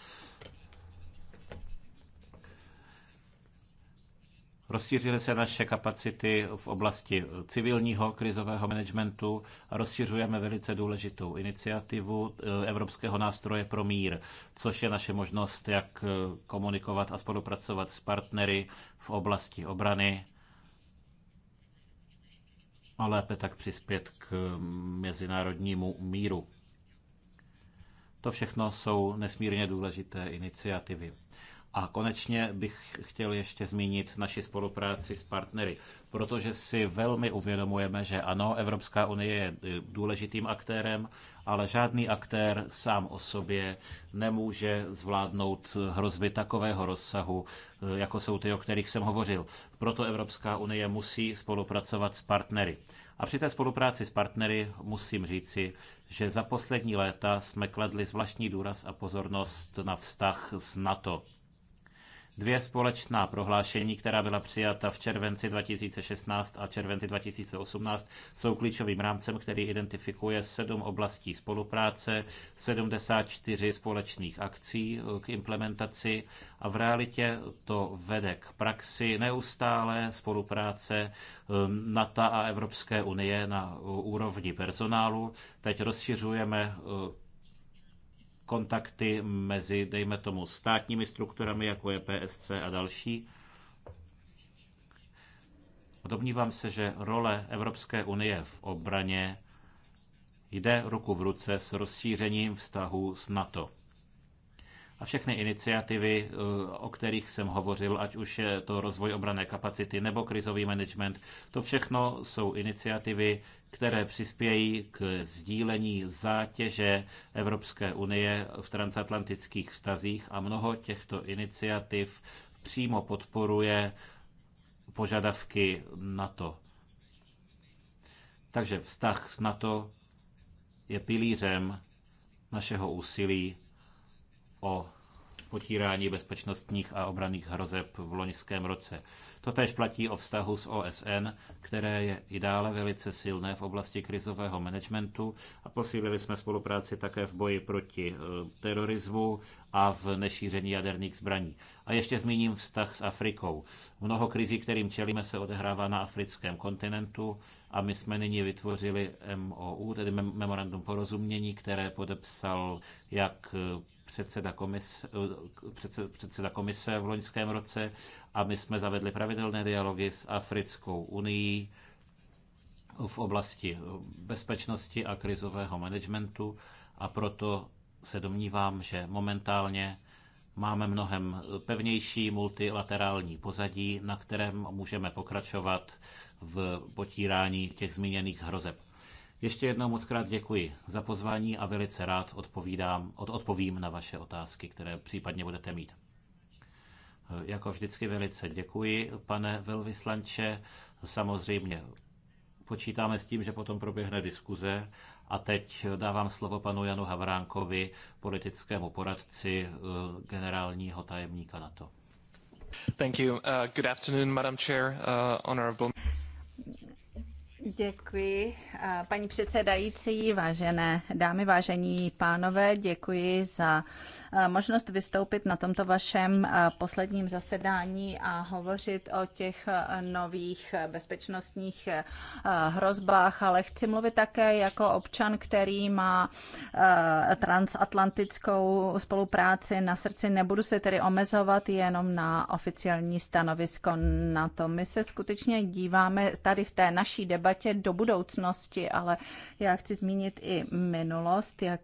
Rozšířily se naše kapacity v oblasti civilního krizového managementu a rozšiřujeme velice důležitou iniciativu eh, Evropského nástroje pro mír, což je naše možnost, jak eh, komunikovat a spolupracovat s partnery v oblasti obrany a lépe tak přispět k eh, mezinárodnímu míru. To všechno jsou nesmírně důležité iniciativy. A konečně bych chtěl ještě zmínit naši spolupráci s partnery, protože si velmi uvědomujeme, že ano, Evropská unie je důležitým aktérem, ale žádný aktér sám o sobě nemůže zvládnout hrozby takového rozsahu, eh, jako jsou ty, o kterých jsem hovořil. Proto Evropská unie musí spolupracovat s partnery. A při té spolupráci s partnery musím říci, že za poslední léta jsme kladli zvláštní důraz a pozornost na vztah s NATO dvě společná prohlášení, která byla přijata v červenci 2016 a červenci 2018, jsou klíčovým rámcem, který identifikuje sedm oblastí spolupráce, 74 společných akcí eh, k implementaci a v realitě to vede k praxi neustále spolupráce eh, NATO a Evropské unie na eh, úrovni personálu. Teď rozšiřujeme kontakty mezi, dejme tomu, státními strukturami, jako je PSC a další. Domnívám se, že role Evropské unie v obraně jde ruku v ruce s rozšířením vztahu s NATO a všechny iniciativy, eh, o kterých jsem hovořil, ať už je to rozvoj obrané kapacity nebo krizový management, to všechno jsou iniciativy, které přispějí k sdílení zátěže Evropské unie v transatlantických vztazích a mnoho těchto iniciativ přímo podporuje požadavky NATO. Takže vztah s NATO je pilířem našeho úsilí o potírání bezpečnostních a obraných hrozeb v loňském roce. To Totež platí o vztahu s OSN, které je i dále velice silné v oblasti krizového managementu a posílili jsme spolupráci také v boji proti eh, terorismu a v nešíření jaderných zbraní. A ještě zmíním vztah s Afrikou. Mnoho krizí, kterým čelíme, se odehrává na africkém kontinentu a my jsme nyní vytvořili MOU, tedy Memorandum porozumění, které podepsal jak eh, předseda, komis, eh, předseda komise v loňském roce a my jsme zavedli pravidelné dialogy s Africkou unii v oblasti bezpečnosti a krizového managementu a proto se domnívám, že momentálně máme mnohem pevnější multilaterální pozadí, na kterém můžeme pokračovat v potírání těch zmíněných hrozeb. Ještě jednou moc krát děkuji za pozvání a velice rád odpovídám, od, odpovím na vaše otázky, které případně budete mít. Jako vždycky velice děkuji, pane velvyslanče. Samozřejmě počítáme s tím, že potom proběhne diskuze a teď dávám slovo panu Janu Havránkovi, politickému poradci eh, generálního tajemníka NATO. Thank you. Uh, good afternoon, Madam Chair, uh, honorable... Děkuji, paní předsedající, vážené dámy, vážení pánové, děkuji za Eh, možnost vystoupit na tomto vašem eh, posledním zasedání a hovořit o těch eh, nových bezpečnostních hrozbách, ale chci mluvit také jako občan, který má transatlantickou spolupráci na srdci. Nebudu se tedy omezovat jenom na oficiální stanovisko na to. My se skutečně díváme tady v té naší debatě do budoucnosti, ale já chci zmínit i minulost, jak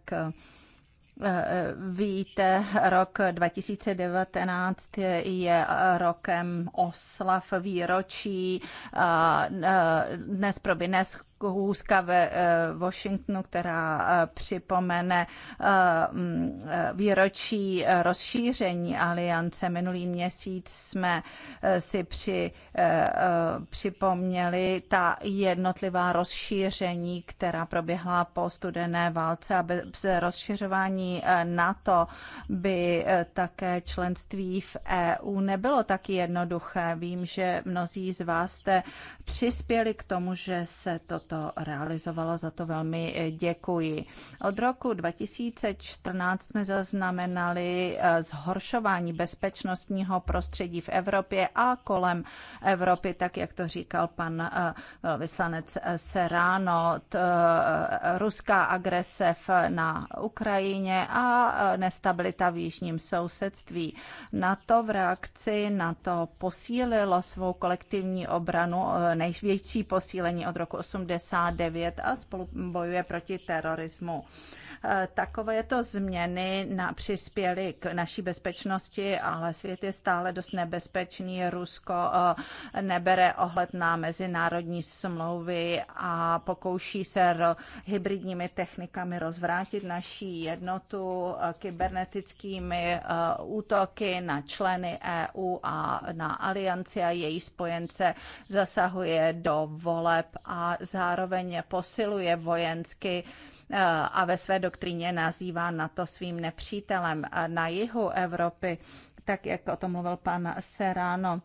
Víte, rok 2019 je rokem oslav výročí. Dnes proběhne schůzka ve e, Washingtonu, která e, připomene e, výročí rozšíření aliance. Minulý měsíc jsme si při, připomněli ta jednotlivá rozšíření, která proběhla po studené válce a bez rozšiřování rozšíření eh, NATO by eh, také členství v EU nebylo tak jednoduché. Vím, že mnozí z vás jste přispěli k tomu, že se toto realizovalo. Za to velmi eh, děkuji. Od roku 2014 jsme zaznamenali zhoršování bezpečnostního prostředí v Evropě a kolem Evropy, tak jak to říkal pan vyslanec Serrano, ruská agrese na Ukrajině, Ukrajině a e, nestabilita v jižním sousedství. Na to v reakci na to posílilo svou kolektivní obranu, e, největší posílení od roku 89 a spolu bojuje proti terorismu. Eh, Takovéto změny na, přispěly k naší bezpečnosti, ale svět je stále dost nebezpečný. Rusko eh, nebere ohled na mezinárodní smlouvy a pokouší se hybridními technikami rozvrátit naší jednotu eh, kybernetickými útoky na členy EU a na alianci a její spojence zasahuje do voleb a zároveň posiluje vojensky a ve své doktríně nazývá NATO svým nepřítelem. Na jihu Evropy, tak jak o tom mluvil pan Serrano,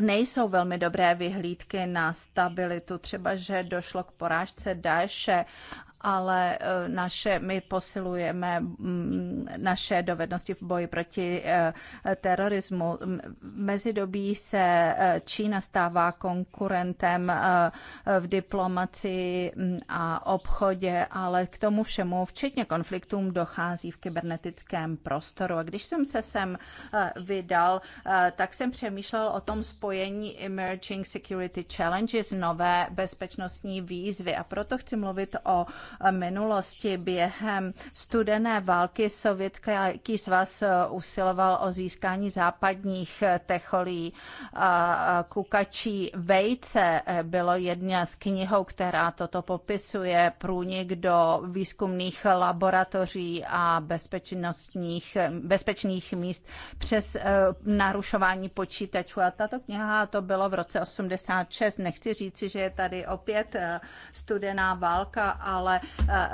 nejsou velmi dobré vyhlídky na stabilitu. Třeba, že došlo k porážce Daše ale eh, naše, my posilujeme mm, naše dovednosti v boji proti eh, terorismu. mezidobí se eh, Čína stává konkurentem v diplomaci mm, a obchodě, ale k tomu všemu, včetně konfliktům, dochází v kybernetickém prostoru. A když jsem se sem vydal, tak jsem přemýšlel o tom spojení Emerging Security Challenges, nové bezpečnostní výzvy. A proto chci mluvit o minulosti. Během studené války sovětský svaz usiloval o získání západních techolí. Kukačí vejce bylo jedna z knihou, která toto popisuje, průnik do výzkumných laboratoří a bezpečnostních, bezpečných míst přes e, narušování počítačů. A tato kniha to bylo v roce 86. Nechci říci, že je tady opět e, studená válka, ale ale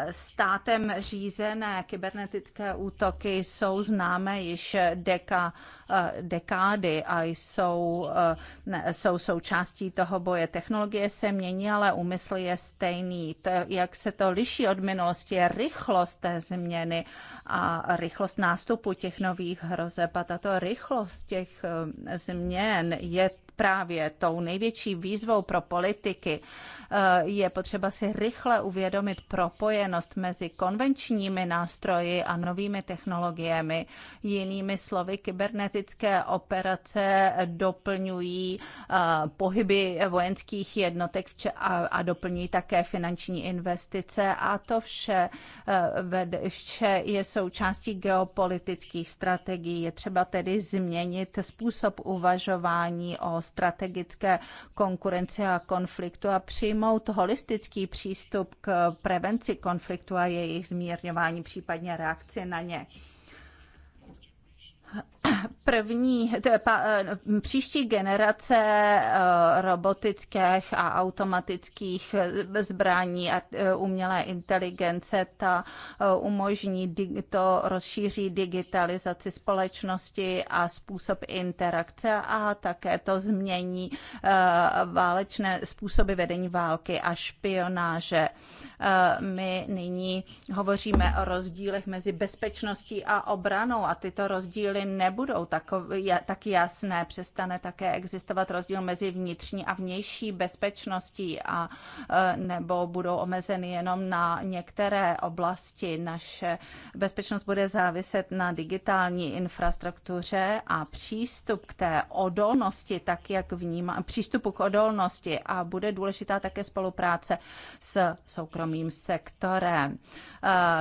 eh, státem řízené kybernetické útoky jsou známé již deka, eh, dekády a jsou, eh, jsou součástí toho boje. Technologie se mění, ale úmysl je stejný. To, jak se to liší od minulosti, je rychlost té změny a rychlost nástupu těch nových hrozeb. A tato rychlost těch změn je právě tou největší výzvou pro politiky eh, je potřeba si rychle uvědomit propojenost mezi konvenčními nástroji a novými technologiemi. Jinými slovy, kybernetické operace doplňují eh, pohyby vojenských jednotek a doplňují také finanční investice a to vše, eh, vše je součástí geopolitických strategií. Je třeba tedy změnit způsob uvažování o strategické konkurence a konfliktu a přijmout holistický přístup k prevenci konfliktu a jejich zmírňování, případně reakci na ně první, to je pa, eh, příští generace eh, robotických a automatických zbraní a eh, umělé inteligence, ta umožní, to rozšíří digitalizaci společnosti a způsob interakce a také to změní válečné způsoby vedení války a špionáže. My nyní hovoříme o rozdílech mezi bezpečností a obranou a tyto rozdíly rozdíly nebudou tak jasné. Přestane také existovat rozdíl mezi vnitřní a vnější bezpečností a e, nebo budou omezeny jenom na některé oblasti. Naše bezpečnost bude záviset na digitální infrastruktuře a přístup k té odolnosti, tak jak vnímá, přístupu k odolnosti a bude důležitá také spolupráce s soukromým sektorem.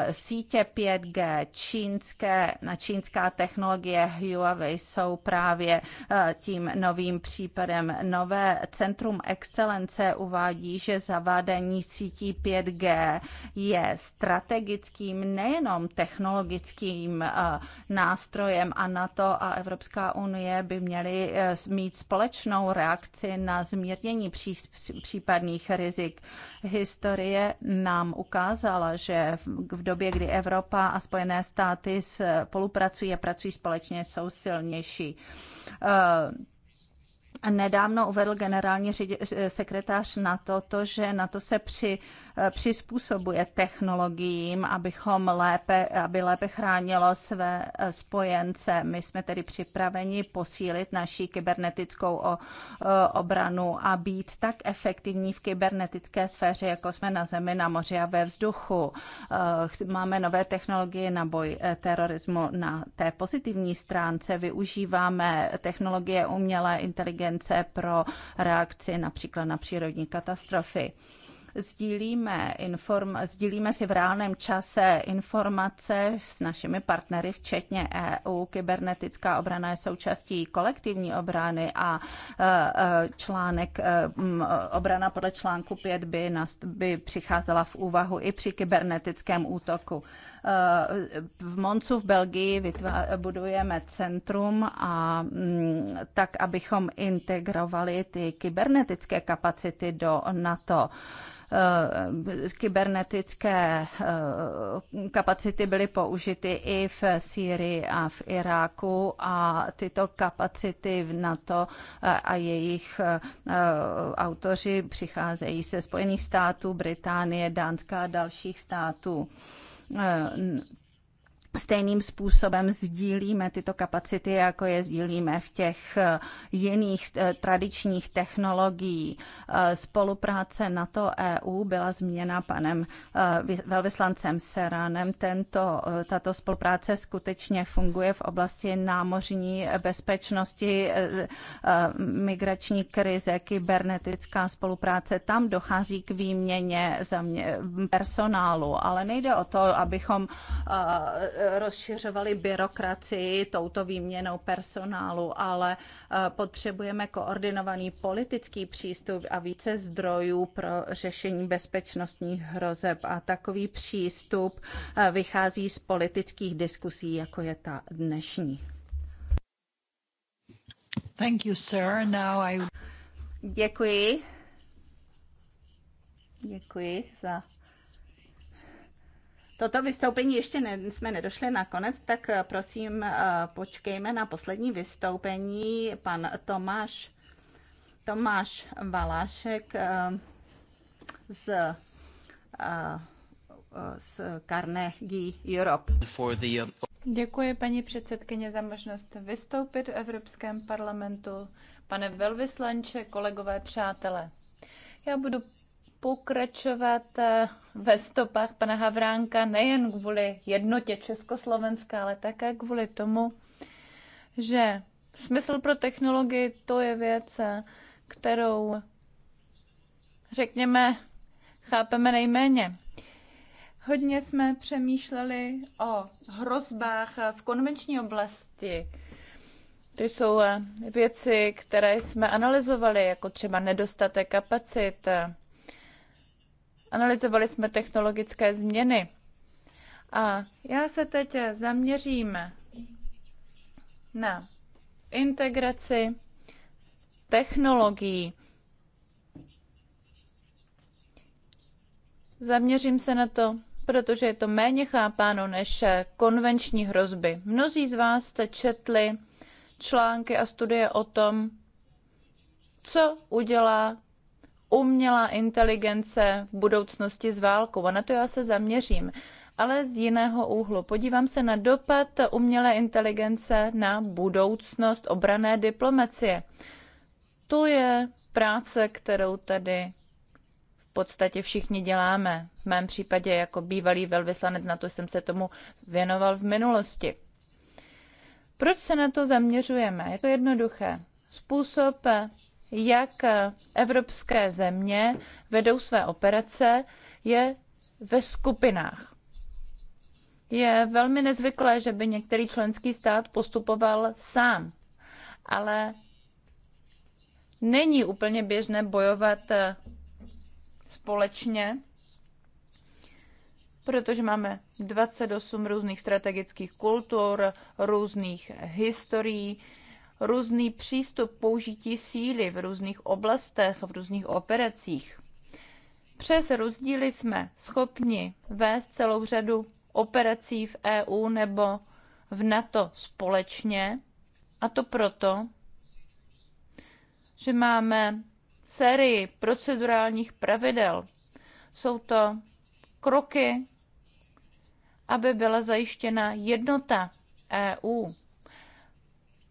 E, sítě 5G, čínské, na čínská technologie, technologie Huawei jsou právě eh, tím novým případem. Nové Centrum excelence uvádí, že zavádění sítí 5G je strategickým nejenom technologickým eh, nástrojem a NATO a Evropská unie by měly eh, mít společnou reakci na zmírnění případných rizik. Historie nám ukázala, že v době, kdy Evropa a Spojené státy spolupracují a pracují společně, společně jsou silnější. Eh, nedávno uvedl generální eh, sekretář NATO to, že NATO se při přizpůsobuje technologiím, abychom lépe, aby lépe chránilo své eh, spojence. My jsme tedy připraveni posílit naší kybernetickou eh, obranu a být tak efektivní v kybernetické sféře, jako jsme na zemi, na moři a ve vzduchu. Eh, máme nové technologie na boj terorismu na té pozitivní stránce. Využíváme technologie umělé inteligence pro reakci například na přírodní katastrofy. Sdílíme, inform, sdílíme si v reálném čase informace s našimi partnery, včetně EU. Kybernetická obrana je součástí kolektivní obrany a e, e, článek e, obrana podle článku 5 by, by přicházela v úvahu i při kybernetickém útoku v Moncu v Belgii budujeme centrum a tak, abychom integrovali ty kybernetické kapacity do NATO. Eh, kybernetické eh, kapacity byly použity i v Sýrii a v Iráku a tyto kapacity v NATO eh, a jejich autoři přicházejí ze Spojených států, Británie, Dánska a dalších států stejným způsobem sdílíme tyto kapacity, jako je sdílíme v těch eh, jiných eh, tradičních technologií. Eh, spolupráce NATO EU byla změna panem velvyslancem Seranem. Tento, tato spolupráce skutečně funguje v oblasti námořní bezpečnosti, migrační krize, kybernetická spolupráce. Tam dochází k výměně personálu, ale nejde o to, abychom rozšiřovali byrokracii touto výměnou personálu, ale eh, potřebujeme koordinovaný politický přístup a více zdrojů pro řešení bezpečnostních hrozeb. A takový přístup eh, vychází z politických diskusí, jako je ta dnešní. Thank you, sir. Now I... Děkuji. Děkuji za toto vystoupení ještě ne, jsme nedošli na konec, tak eh, prosím eh, počkejme na poslední vystoupení. Pan Tomáš, Tomáš Valášek eh, z z Carnegie Europe. Děkuji paní předsedkyně za možnost vystoupit v Evropském parlamentu. Pane velvyslanče, kolegové, přátelé, já budu pokračovat eh, ve stopách pana Havránka nejen kvůli jednotě Československa, ale také kvůli tomu, že smysl pro technologii to je věc, eh, kterou, řekněme, chápeme nejméně. Hodně jsme přemýšleli o hrozbách eh, v konvenční oblasti. To jsou věci, které jsme analyzovali, jako třeba nedostatek kapacit, analyzovali jsme technologické změny. A já se teď zaměřím na integraci technologií. Zaměřím se na to, protože je to méně chápáno než konvenční hrozby. Mnozí z vás jste četli články a studie o tom, co udělá umělá inteligence v budoucnosti s válkou. A na to já se zaměřím ale z jiného úhlu. Podívám se na dopad umělé inteligence na budoucnost obrané diplomacie. To je práce, kterou tady v podstatě všichni děláme. V mém případě jako bývalý velvyslanec na to jsem se tomu věnoval v minulosti. Proč se na to zaměřujeme? Je to jednoduché. Způsob, jak evropské země vedou své operace, je ve skupinách. Je velmi nezvyklé, že by některý členský stát postupoval sám, ale není úplně běžné bojovat eh, společně, protože máme 28 různých strategických kultur, různých historií, různý přístup použití síly v různých oblastech, v různých operacích. Přes rozdíly jsme schopni vést celou řadu operací v EU nebo v NATO společně, a to proto, že máme sérii procedurálních pravidel. Jsou to kroky, aby byla zajištěna jednota EU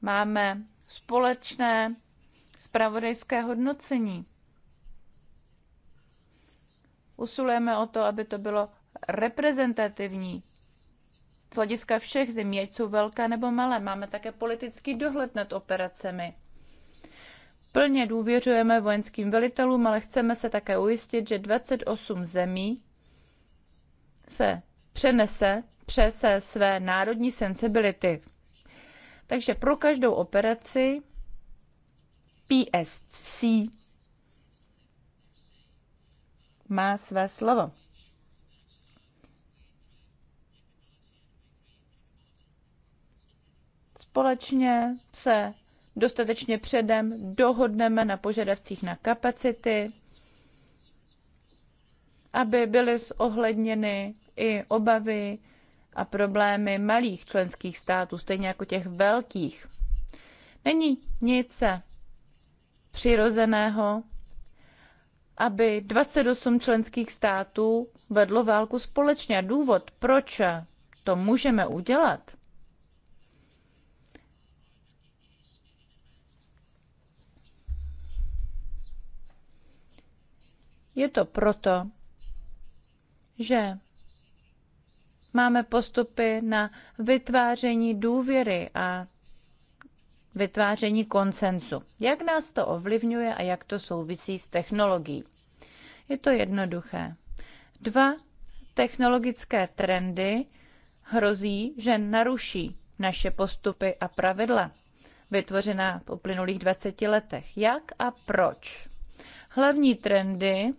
Máme společné spravodajské hodnocení. Usilujeme o to, aby to bylo reprezentativní z hlediska všech zemí, ať jsou velké nebo malé. Máme také politický dohled nad operacemi. Plně důvěřujeme vojenským velitelům, ale chceme se také ujistit, že 28 zemí se přenese přes své národní sensibility. Takže pro každou operaci PSC má své slovo. Společně se dostatečně předem dohodneme na požadavcích na kapacity, aby byly zohledněny i obavy a problémy malých členských států, stejně jako těch velkých. Není nic přirozeného, aby 28 členských států vedlo válku společně. A důvod, proč to můžeme udělat, je to proto, že máme postupy na vytváření důvěry a vytváření konsensu. Jak nás to ovlivňuje a jak to souvisí s technologií? Je to jednoduché. Dva technologické trendy hrozí, že naruší naše postupy a pravidla vytvořená v uplynulých 20 letech. Jak a proč? Hlavní trendy,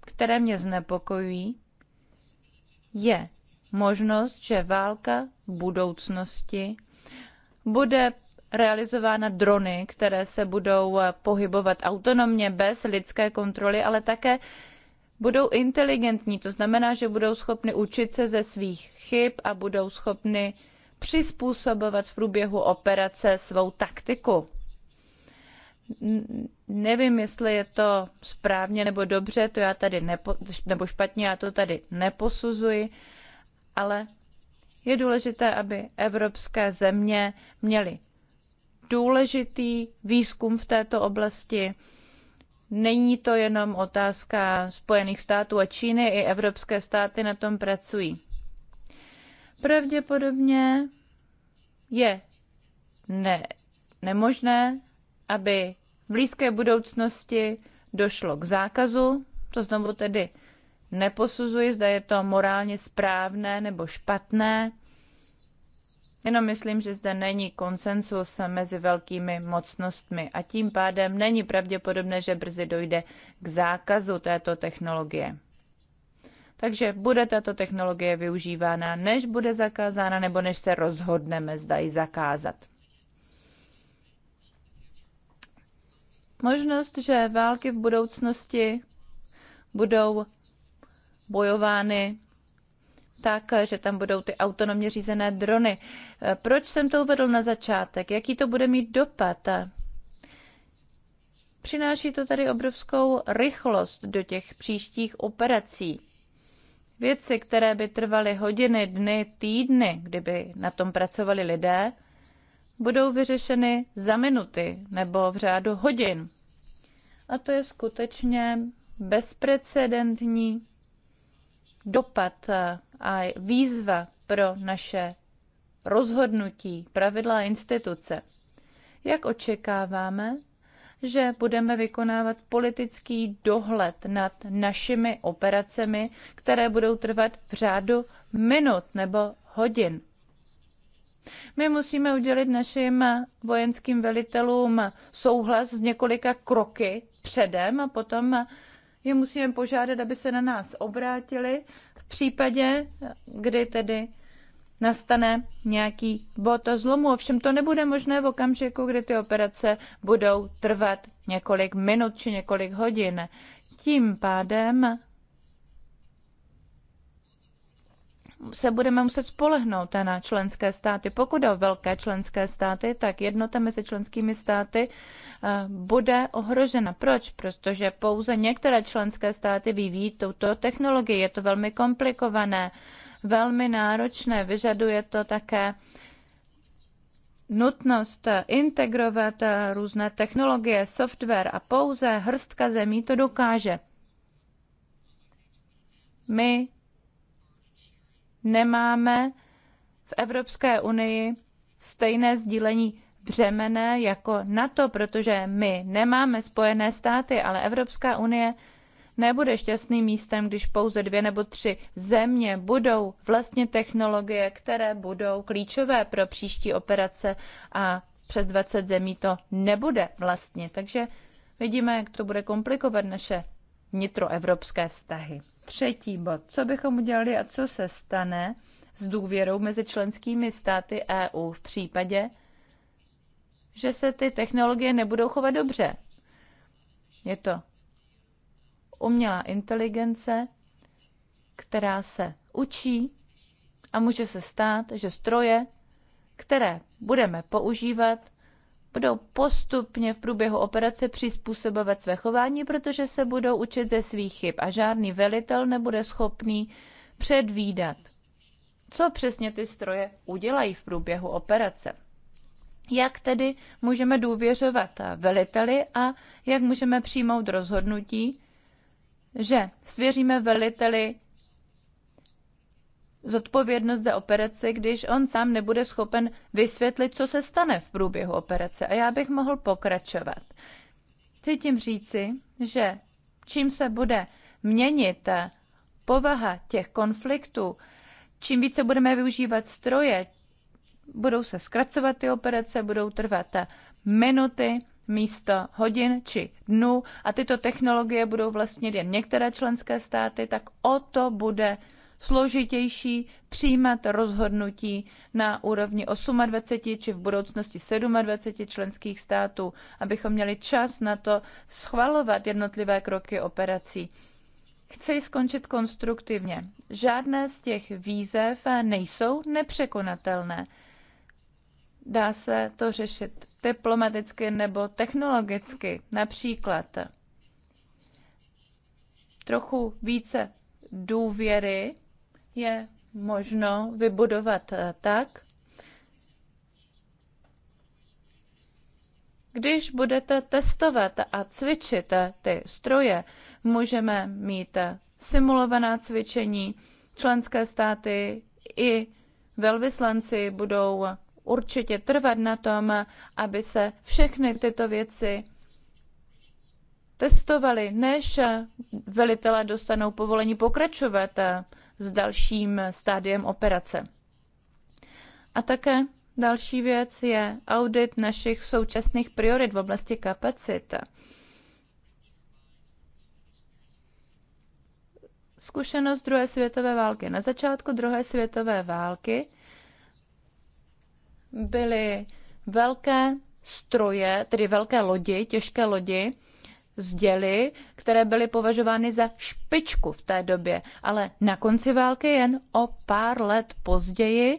které mě znepokojují, je možnost, že válka v budoucnosti bude realizována drony, které se budou eh, pohybovat autonomně bez lidské kontroly, ale také budou inteligentní. To znamená, že budou schopny učit se ze svých chyb a budou schopny přizpůsobovat v průběhu operace svou taktiku. Nevím, jestli je to správně nebo dobře, to já tady nepo, nebo špatně, já to tady neposuzuji, ale je důležité, aby evropské země měly důležitý výzkum v této oblasti. Není to jenom otázka Spojených států a Číny, i evropské státy na tom pracují. Pravděpodobně je ne, nemožné, aby v blízké budoucnosti došlo k zákazu, to znovu tedy neposuzuji, zda je to morálně správné nebo špatné. Jenom myslím, že zde není konsensus mezi velkými mocnostmi a tím pádem není pravděpodobné, že brzy dojde k zákazu této technologie. Takže bude tato technologie využívána, než bude zakázána nebo než se rozhodneme, zda ji zakázat. Možnost, že války v budoucnosti budou bojovány tak, že tam budou ty autonomně řízené drony. Proč jsem to uvedl na začátek? Jaký to bude mít dopad? Přináší to tady obrovskou rychlost do těch příštích operací. Věci, které by trvaly hodiny, dny, týdny, kdyby na tom pracovali lidé, budou vyřešeny za minuty nebo v řádu hodin. A to je skutečně bezprecedentní dopad eh, a výzva pro naše rozhodnutí, pravidla a instituce. Jak očekáváme, že budeme vykonávat politický dohled nad našimi operacemi, které budou trvat v řádu minut nebo hodin. My musíme udělit našim vojenským velitelům souhlas s několika kroky předem a potom je musíme požádat, aby se na nás obrátili v případě, kdy tedy nastane nějaký bod a zlomu. Ovšem to nebude možné v okamžiku, kdy ty operace budou trvat několik minut či několik hodin. Tím pádem se budeme muset spolehnout na členské státy. Pokud o velké členské státy, tak jednota mezi členskými státy eh, bude ohrožena. Proč? Protože pouze některé členské státy vyvíjí tuto technologii. Je to velmi komplikované, velmi náročné, vyžaduje to také nutnost integrovat eh, různé technologie, software a pouze hrstka zemí to dokáže. My nemáme v Evropské unii stejné sdílení břemene jako NATO, protože my nemáme spojené státy, ale Evropská unie nebude šťastným místem, když pouze dvě nebo tři země budou vlastně technologie, které budou klíčové pro příští operace a přes 20 zemí to nebude vlastně. Takže vidíme, jak to bude komplikovat naše vnitroevropské vztahy. Třetí bod. Co bychom udělali a co se stane s důvěrou mezi členskými státy EU v případě, že se ty technologie nebudou chovat dobře? Je to umělá inteligence, která se učí a může se stát, že stroje, které budeme používat, budou postupně v průběhu operace přizpůsobovat své chování, protože se budou učit ze svých chyb a žádný velitel nebude schopný předvídat, co přesně ty stroje udělají v průběhu operace. Jak tedy můžeme důvěřovat veliteli a jak můžeme přijmout rozhodnutí, že svěříme veliteli zodpovědnost za operaci, když on sám nebude schopen vysvětlit, co se stane v průběhu operace. A já bych mohl pokračovat. Chci tím říci, že čím se bude měnit povaha těch konfliktů, čím více budeme využívat stroje, budou se zkracovat ty operace, budou trvat minuty místo hodin či dnů a tyto technologie budou vlastnit jen některé členské státy, tak o to bude složitější přijímat rozhodnutí na úrovni 28 či v budoucnosti 27 členských států, abychom měli čas na to schvalovat jednotlivé kroky operací. Chci skončit konstruktivně. Žádné z těch výzev nejsou nepřekonatelné. Dá se to řešit diplomaticky nebo technologicky. Například trochu více důvěry je možno vybudovat eh, tak, Když budete testovat a cvičit eh, ty stroje, můžeme mít eh, simulovaná cvičení. Členské státy i velvyslanci budou určitě trvat na tom, aby se všechny tyto věci testovaly, než velitelé dostanou povolení pokračovat s dalším stádiem operace. A také další věc je audit našich současných priorit v oblasti kapacit. Zkušenost druhé světové války. Na začátku druhé světové války byly velké stroje, tedy velké lodi, těžké lodi, sděly, které byly považovány za špičku v té době, ale na konci války jen o pár let později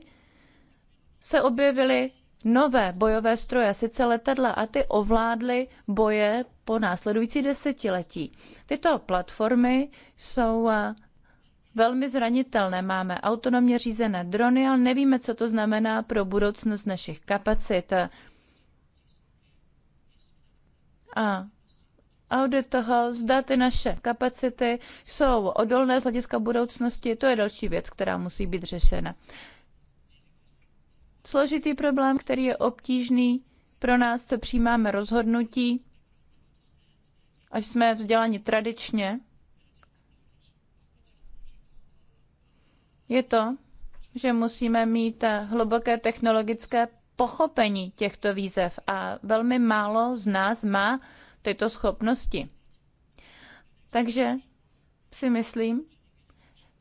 se objevily nové bojové stroje, sice letadla, a ty ovládly boje po následující desetiletí. Tyto platformy jsou eh, velmi zranitelné. Máme autonomně řízené drony, ale nevíme, co to znamená pro budoucnost našich kapacit. A audit toho, zda ty naše kapacity jsou odolné z hlediska budoucnosti, to je další věc, která musí být řešena. Složitý problém, který je obtížný pro nás, co přijímáme rozhodnutí, až jsme vzděláni tradičně, je to, že musíme mít hluboké technologické pochopení těchto výzev a velmi málo z nás má tyto schopnosti. Takže si myslím,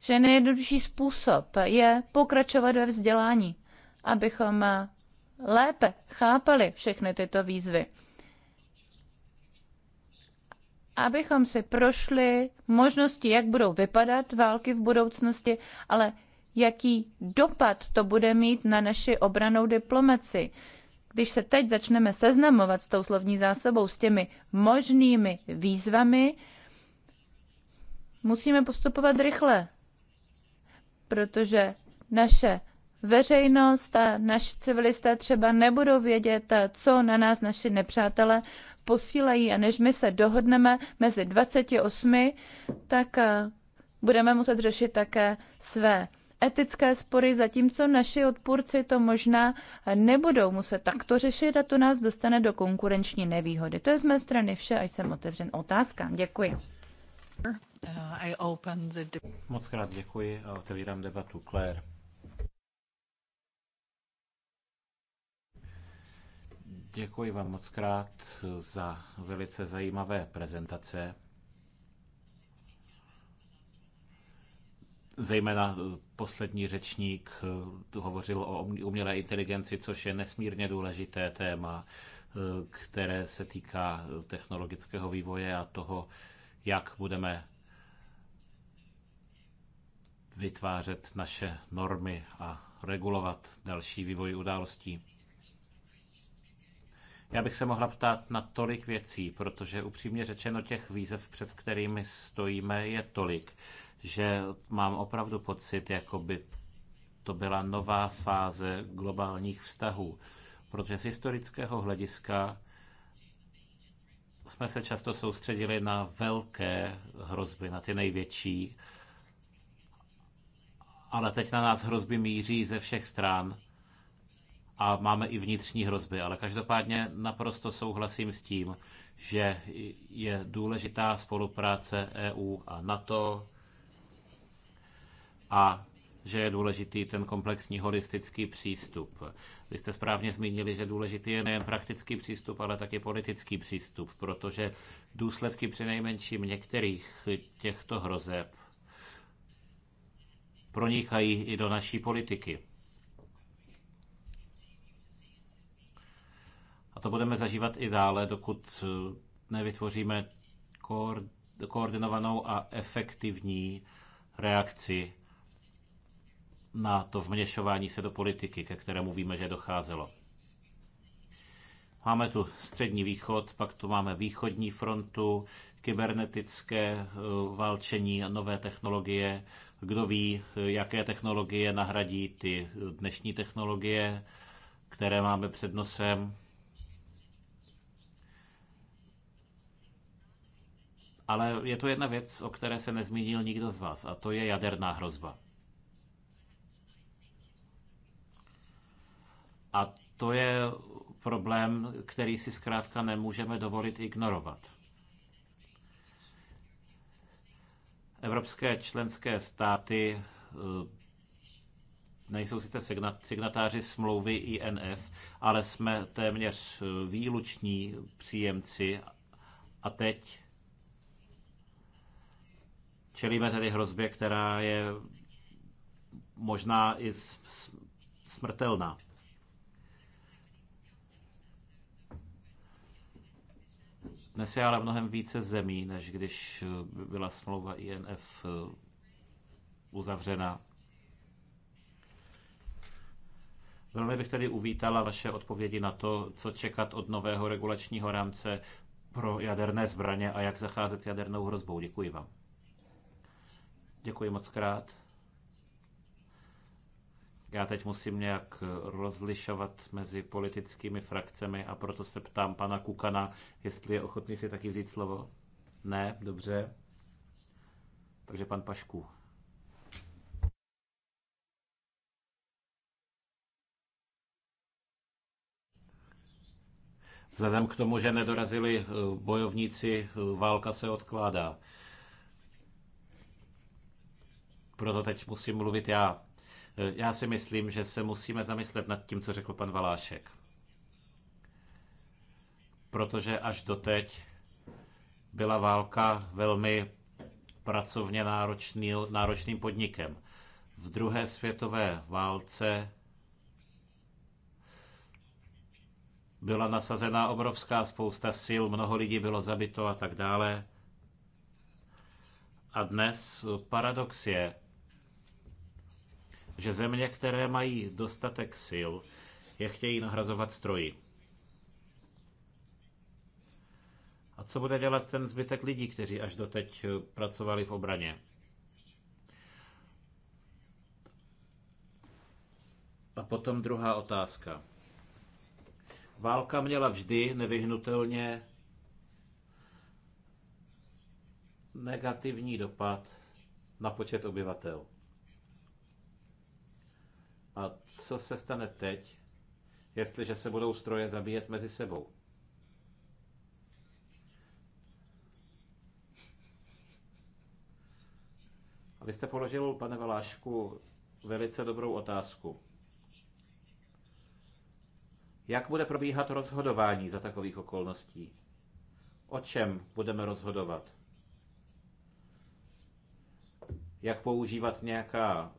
že nejjednodušší způsob je pokračovat ve vzdělání, abychom lépe chápali všechny tyto výzvy. Abychom si prošli možnosti, jak budou vypadat války v budoucnosti, ale jaký dopad to bude mít na naši obranou diplomaci. Když se teď začneme seznamovat s tou slovní zásobou, s těmi možnými výzvami, musíme postupovat rychle, protože naše veřejnost a naši civilisté třeba nebudou vědět, co na nás naši nepřátelé posílají a než my se dohodneme mezi 28, tak eh, budeme muset řešit také své etické spory, zatímco naši odpůrci to možná nebudou muset takto řešit a to nás dostane do konkurenční nevýhody. To je z mé strany vše a jsem otevřen otázkám. Děkuji. Uh, moc krát děkuji a otevírám debatu. Claire. Děkuji vám moc krát za velice zajímavé prezentace. Zejména poslední řečník eh, hovořil o umělé inteligenci, což je nesmírně důležité téma, eh, které se týká eh, technologického vývoje a toho, jak budeme vytvářet naše normy a regulovat další vývoj událostí. Já bych se mohla ptát na tolik věcí, protože upřímně řečeno těch výzev, před kterými stojíme, je tolik, že mám opravdu pocit, jako by to byla nová fáze globálních vztahů. Protože z historického hlediska jsme se často soustředili na velké hrozby, na ty největší, ale teď na nás hrozby míří ze všech stran a máme i vnitřní hrozby. Ale každopádně naprosto souhlasím s tím, že je důležitá spolupráce EU a NATO, a že je důležitý ten komplexní holistický přístup. Vy jste správně zmínili, že důležitý je nejen praktický přístup, ale také politický přístup, protože důsledky přinejmenším některých těchto hrozeb pronikají i do naší politiky. A to budeme zažívat i dále, dokud nevytvoříme koordinovanou a efektivní reakci na to vměšování se do politiky, ke kterému víme, že docházelo. Máme tu střední východ, pak tu máme východní frontu, kybernetické eh, válčení a nové technologie. Kdo ví, jaké technologie nahradí ty dnešní technologie, které máme před nosem. Ale je to jedna věc, o které se nezmínil nikdo z vás, a to je jaderná hrozba. A to je problém, který si zkrátka nemůžeme dovolit ignorovat. Evropské členské státy eh, nejsou sice signatáři smlouvy INF, ale jsme téměř eh, výluční příjemci a teď čelíme tedy hrozbě, která je možná i smrtelná. Dnes je ale mnohem více zemí, než když eh, byla smlouva INF eh, uzavřena. Velmi bych tedy uvítala vaše odpovědi na to, co čekat od nového regulačního rámce pro jaderné zbraně a jak zacházet s jadernou hrozbou. Děkuji vám. Děkuji moc krát. Já teď musím nějak rozlišovat mezi politickými frakcemi a proto se ptám pana Kukana, jestli je ochotný si taky vzít slovo. Ne, dobře. Takže pan Pašku. Vzhledem k tomu, že nedorazili eh, bojovníci, eh, válka se odkládá. Proto teď musím mluvit já. Eh, já si myslím, že se musíme zamyslet nad tím, co řekl pan Valášek. Protože až doteď byla válka velmi pracovně náročný, náročným podnikem. V druhé světové válce byla nasazena obrovská spousta sil, mnoho lidí bylo zabito a tak dále. A dnes paradox je, že země, které mají dostatek sil, je chtějí nahrazovat stroji. A co bude dělat ten zbytek lidí, kteří až doteď pracovali v obraně? A potom druhá otázka. Válka měla vždy nevyhnutelně negativní dopad na počet obyvatel. A co se stane teď, jestliže se budou stroje zabíjet mezi sebou? A vy jste položil, pane Valášku, velice dobrou otázku. Jak bude probíhat rozhodování za takových okolností? O čem budeme rozhodovat? Jak používat nějaká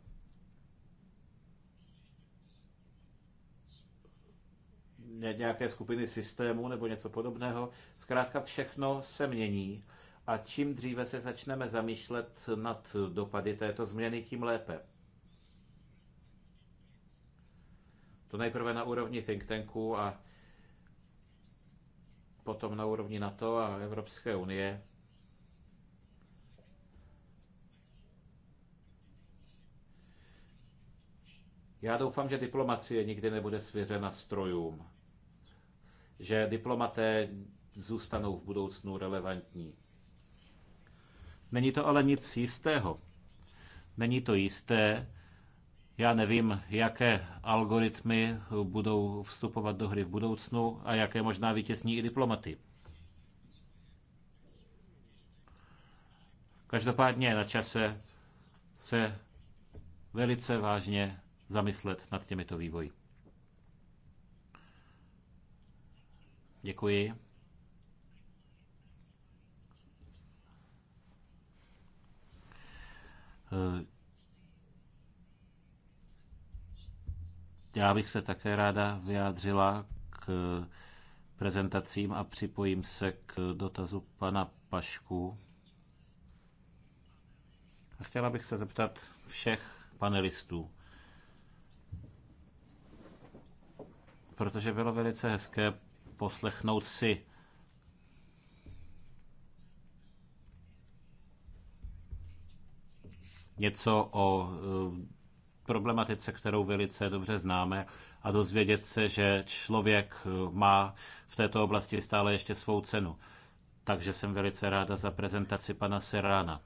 nějaké skupiny systému nebo něco podobného. Zkrátka všechno se mění a čím dříve se začneme zamýšlet nad dopady této změny, tím lépe. To nejprve na úrovni think tanků a potom na úrovni NATO a Evropské unie. Já doufám, že diplomacie nikdy nebude svěřena strojům že diplomaté zůstanou v budoucnu relevantní. Není to ale nic jistého. Není to jisté. Já nevím, jaké algoritmy budou vstupovat do hry v budoucnu a jaké možná vytěsní i diplomaty. Každopádně na čase se velice vážně zamyslet nad těmito vývoji. Děkuji. Eh, já bych se také ráda vyjádřila k prezentacím a připojím se k dotazu pana Pašku. A chtěla bych se zeptat všech panelistů, protože bylo velice hezké poslechnout si něco o e, problematice, kterou velice dobře známe a dozvědět se, že člověk e, má v této oblasti stále ještě svou cenu. Takže jsem velice ráda za prezentaci pana Serána.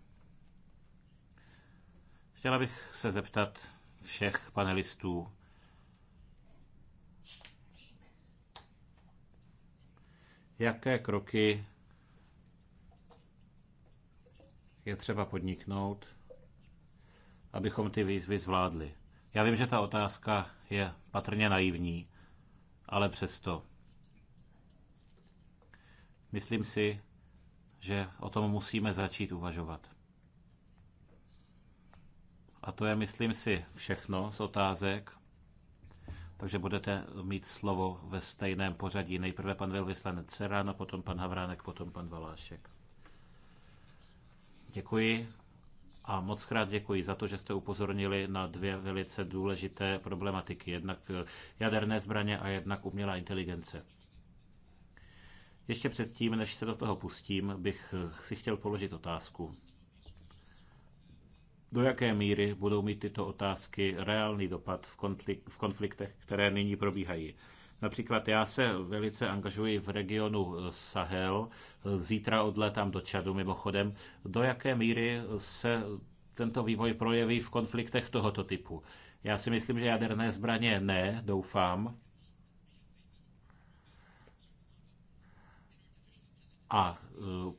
Chtěla bych se zeptat všech panelistů, jaké kroky je třeba podniknout, abychom ty výzvy zvládli. Já vím, že ta otázka je patrně naivní, ale přesto. Myslím si, že o tom musíme začít uvažovat. A to je, myslím si, všechno z otázek takže budete mít slovo ve stejném pořadí. Nejprve pan velvyslanec Serán, potom pan Havránek, potom pan Valášek. Děkuji a moc krát děkuji za to, že jste upozornili na dvě velice důležité problematiky. Jednak eh, jaderné zbraně a jednak umělá inteligence. Ještě předtím, než se do toho pustím, bych eh, si chtěl položit otázku do jaké míry budou mít tyto otázky reálný dopad v, konflik- v konfliktech, které nyní probíhají. Například já se velice angažuji v regionu eh, Sahel, eh, zítra odletám do Čadu mimochodem. Do jaké míry se tento vývoj projeví v konfliktech tohoto typu? Já si myslím, že jaderné zbraně ne, doufám. A eh,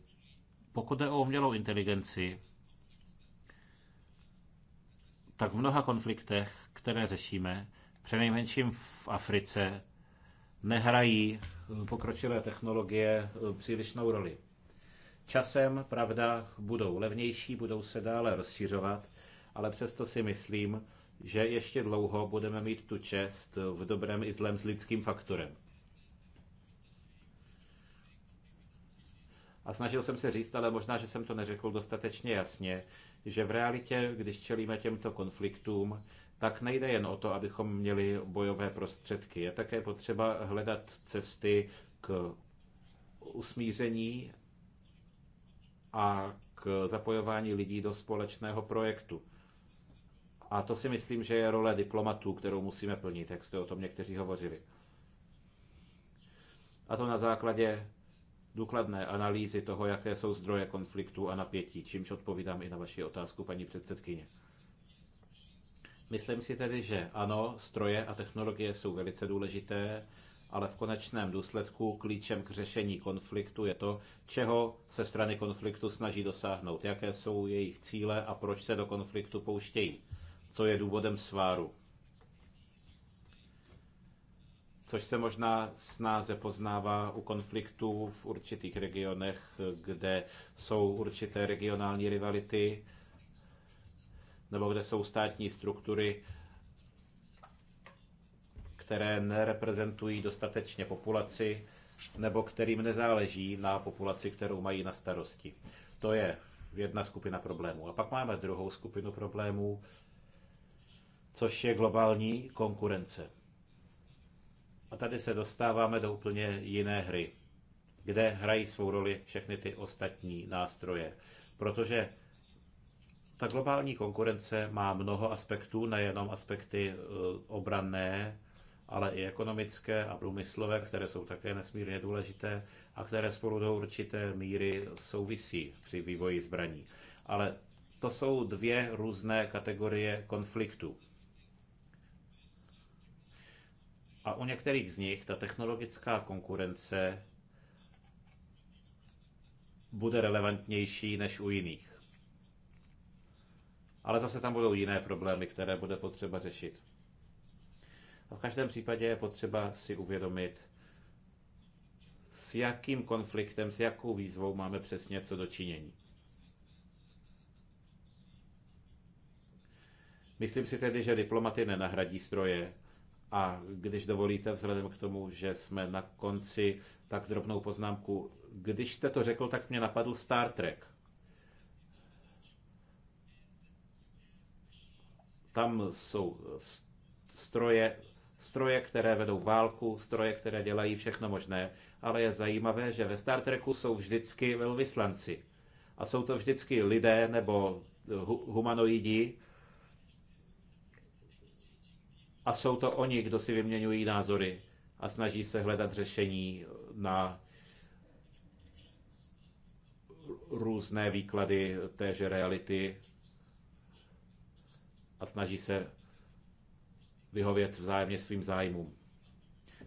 pokud jde o umělou inteligenci, tak v mnoha konfliktech, které řešíme, přenejmenším v Africe, nehrají eh, pokročilé technologie eh, přílišnou roli. Časem, pravda, budou levnější, budou se dále rozšiřovat, ale přesto si myslím, že ještě dlouho budeme mít tu čest eh, v dobrém i zlem s lidským faktorem. A snažil jsem se říct, ale možná, že jsem to neřekl dostatečně jasně, že v realitě, když čelíme těmto konfliktům, tak nejde jen o to, abychom měli bojové prostředky. Je také potřeba hledat cesty k usmíření a k zapojování lidí do společného projektu. A to si myslím, že je role diplomatů, kterou musíme plnit, jak jste o tom někteří hovořili. A to na základě důkladné analýzy toho, jaké jsou zdroje konfliktu a napětí, čímž odpovídám i na vaši otázku, paní předsedkyně. Myslím si tedy, že ano, stroje a technologie jsou velice důležité, ale v konečném důsledku klíčem k řešení konfliktu je to, čeho se strany konfliktu snaží dosáhnout, jaké jsou jejich cíle a proč se do konfliktu pouštějí, co je důvodem sváru. což se možná snáze poznává u konfliktů v určitých regionech, kde jsou určité regionální rivality nebo kde jsou státní struktury, které nereprezentují dostatečně populaci nebo kterým nezáleží na populaci, kterou mají na starosti. To je jedna skupina problémů. A pak máme druhou skupinu problémů, což je globální konkurence. A tady se dostáváme do úplně jiné hry, kde hrají svou roli všechny ty ostatní nástroje. Protože ta globální konkurence má mnoho aspektů, nejenom aspekty e, obranné, ale i ekonomické a průmyslové, které jsou také nesmírně důležité a které spolu do určité míry souvisí při vývoji zbraní. Ale to jsou dvě různé kategorie konfliktů. A u některých z nich ta technologická konkurence bude relevantnější než u jiných. Ale zase tam budou jiné problémy, které bude potřeba řešit. A v každém případě je potřeba si uvědomit, s jakým konfliktem, s jakou výzvou máme přesně co dočinění. Myslím si tedy, že diplomaty nenahradí stroje, a když dovolíte, vzhledem k tomu, že jsme na konci, tak drobnou poznámku. Když jste to řekl, tak mě napadl Star Trek. Tam jsou eh, stroje, stroje, které vedou válku, stroje, které dělají všechno možné, ale je zajímavé, že ve Star Treku jsou vždycky velvyslanci. A jsou to vždycky lidé nebo humanoidi, a jsou to oni, kdo si vyměňují názory a snaží se hledat řešení na různé výklady téže reality a snaží se vyhovět vzájemně svým zájmům.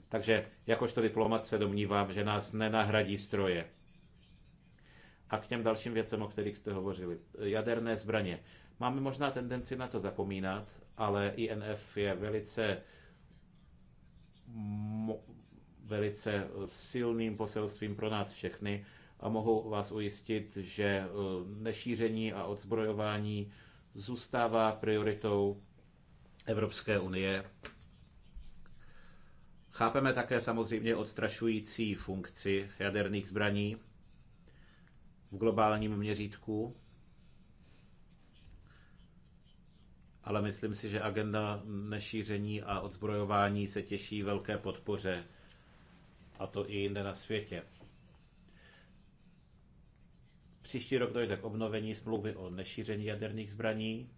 Takže jakožto diplomat se domnívám, že nás nenahradí stroje. A k těm dalším věcem, o kterých jste hovořili. Jaderné zbraně. Máme možná tendenci na to zapomínat, ale INF je velice velice silným poselstvím pro nás všechny a mohu vás ujistit, že e, nešíření a odzbrojování zůstává prioritou Evropské unie. Chápeme také samozřejmě odstrašující funkci jaderných zbraní v globálním měřítku ale myslím si, že agenda nešíření a odzbrojování se těší velké podpoře, a to i jinde na světě. Příští rok dojde k obnovení smlouvy o nešíření jaderných zbraní.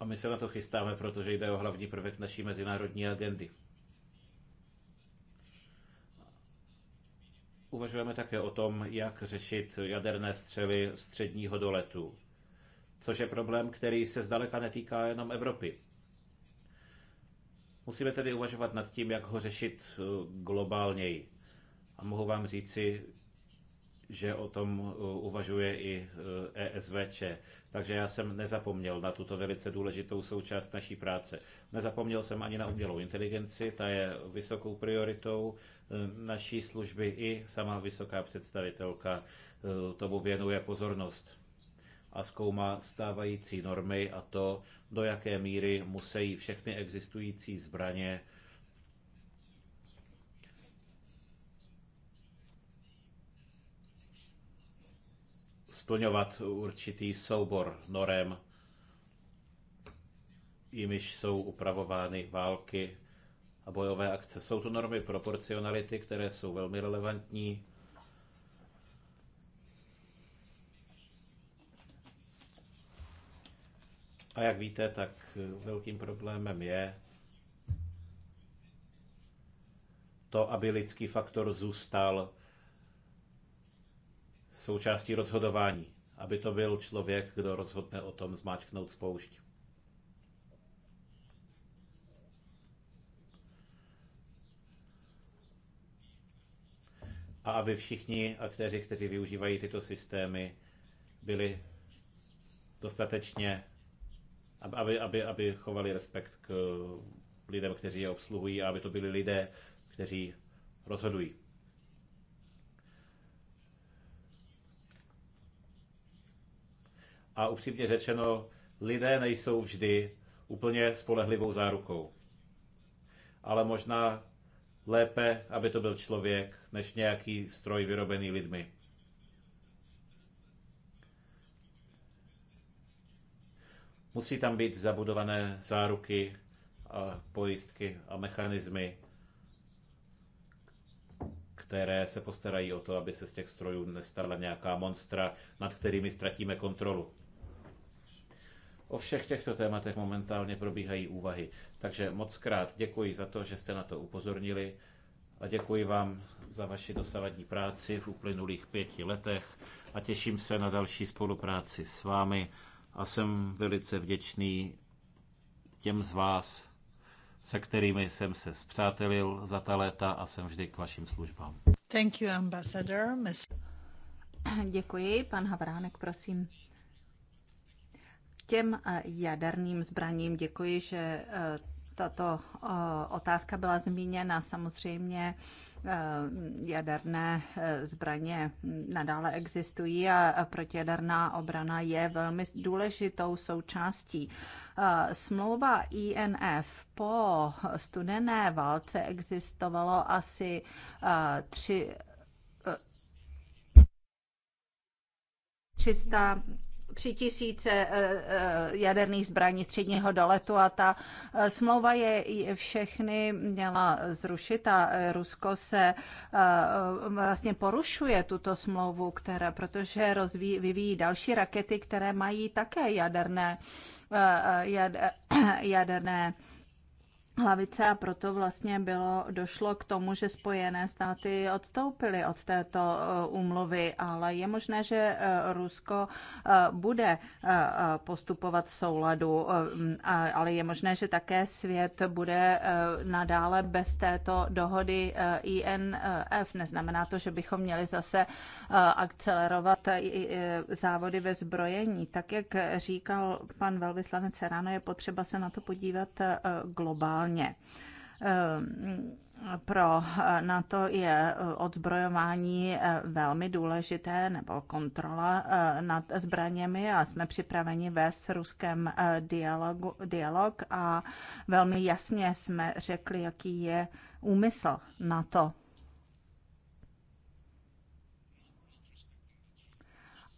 A my se na to chystáme, protože jde o hlavní prvek naší mezinárodní agendy. Uvažujeme také o tom, jak řešit jaderné střely středního doletu, což je problém, který se zdaleka netýká jenom Evropy. Musíme tedy uvažovat nad tím, jak ho řešit eh, globálněji. A mohu vám říci, že o tom uh, uvažuje i uh, ESVČ. Takže já jsem nezapomněl na tuto velice důležitou součást naší práce. Nezapomněl jsem ani na umělou inteligenci, ta je vysokou prioritou uh, naší služby i sama vysoká představitelka tomu věnuje pozornost a zkoumá stávající normy a to, do jaké míry musí všechny existující zbraně splňovat určitý soubor norem, jimiž jsou upravovány války a bojové akce. Jsou to normy proporcionality, které jsou velmi relevantní. A jak víte, tak velkým problémem je to, aby lidský faktor zůstal součástí rozhodování, aby to byl člověk, kdo rozhodne o tom zmáčknout spoušť. A aby všichni aktéři, kteří využívají tyto systémy, byli dostatečně, aby, aby, aby chovali respekt k lidem, kteří je obsluhují a aby to byli lidé, kteří rozhodují. a upřímně řečeno, lidé nejsou vždy úplně spolehlivou zárukou. Ale možná lépe, aby to byl člověk, než nějaký stroj vyrobený lidmi. Musí tam být zabudované záruky, a pojistky a mechanismy, které se postarají o to, aby se z těch strojů nestala nějaká monstra, nad kterými ztratíme kontrolu. O všech těchto tématech momentálně probíhají úvahy. Takže moc krát děkuji za to, že jste na to upozornili a děkuji vám za vaši dosavadní práci v uplynulých pěti letech a těším se na další spolupráci s vámi a jsem velice vděčný těm z vás, se kterými jsem se zpřátelil za ta léta a jsem vždy k vašim službám. Thank you, ambassador. Děkuji, pan Havránek, prosím těm eh, jaderným zbraním. Děkuji, že eh, tato eh, otázka byla zmíněna. Samozřejmě jaderné zbraně nadále existují a protijaderná obrana je velmi důležitou součástí. Smlouva INF po studené válce existovalo asi tři 300 tři tisíce eh, eh, jaderných zbraní středního doletu a ta eh, smlouva je všechny měla zrušit a Rusko se vlastně porušuje tuto smlouvu, která, protože rozvíjí, vyvíjí další rakety, které mají také jaderné, jad, jaderné hlavice a proto vlastně bylo, došlo k tomu, že Spojené státy odstoupily od této eh, úmluvy, ale je možné, že eh, Rusko eh, bude postupovat v souladu, ale je možné, že také svět bude nadále bez této dohody INF. Neznamená to, že bychom měli zase akcelerovat závody ve zbrojení. Tak, jak říkal pan velvyslanec Serano, je potřeba se na to podívat globálně globálně ehm, pro eh, NATO je eh, odzbrojování eh, velmi důležité, nebo kontrola nad zbraněmi a jsme připraveni vést s Ruskem dialogu, dialog a velmi jasně jsme řekli, jaký je úmysl NATO.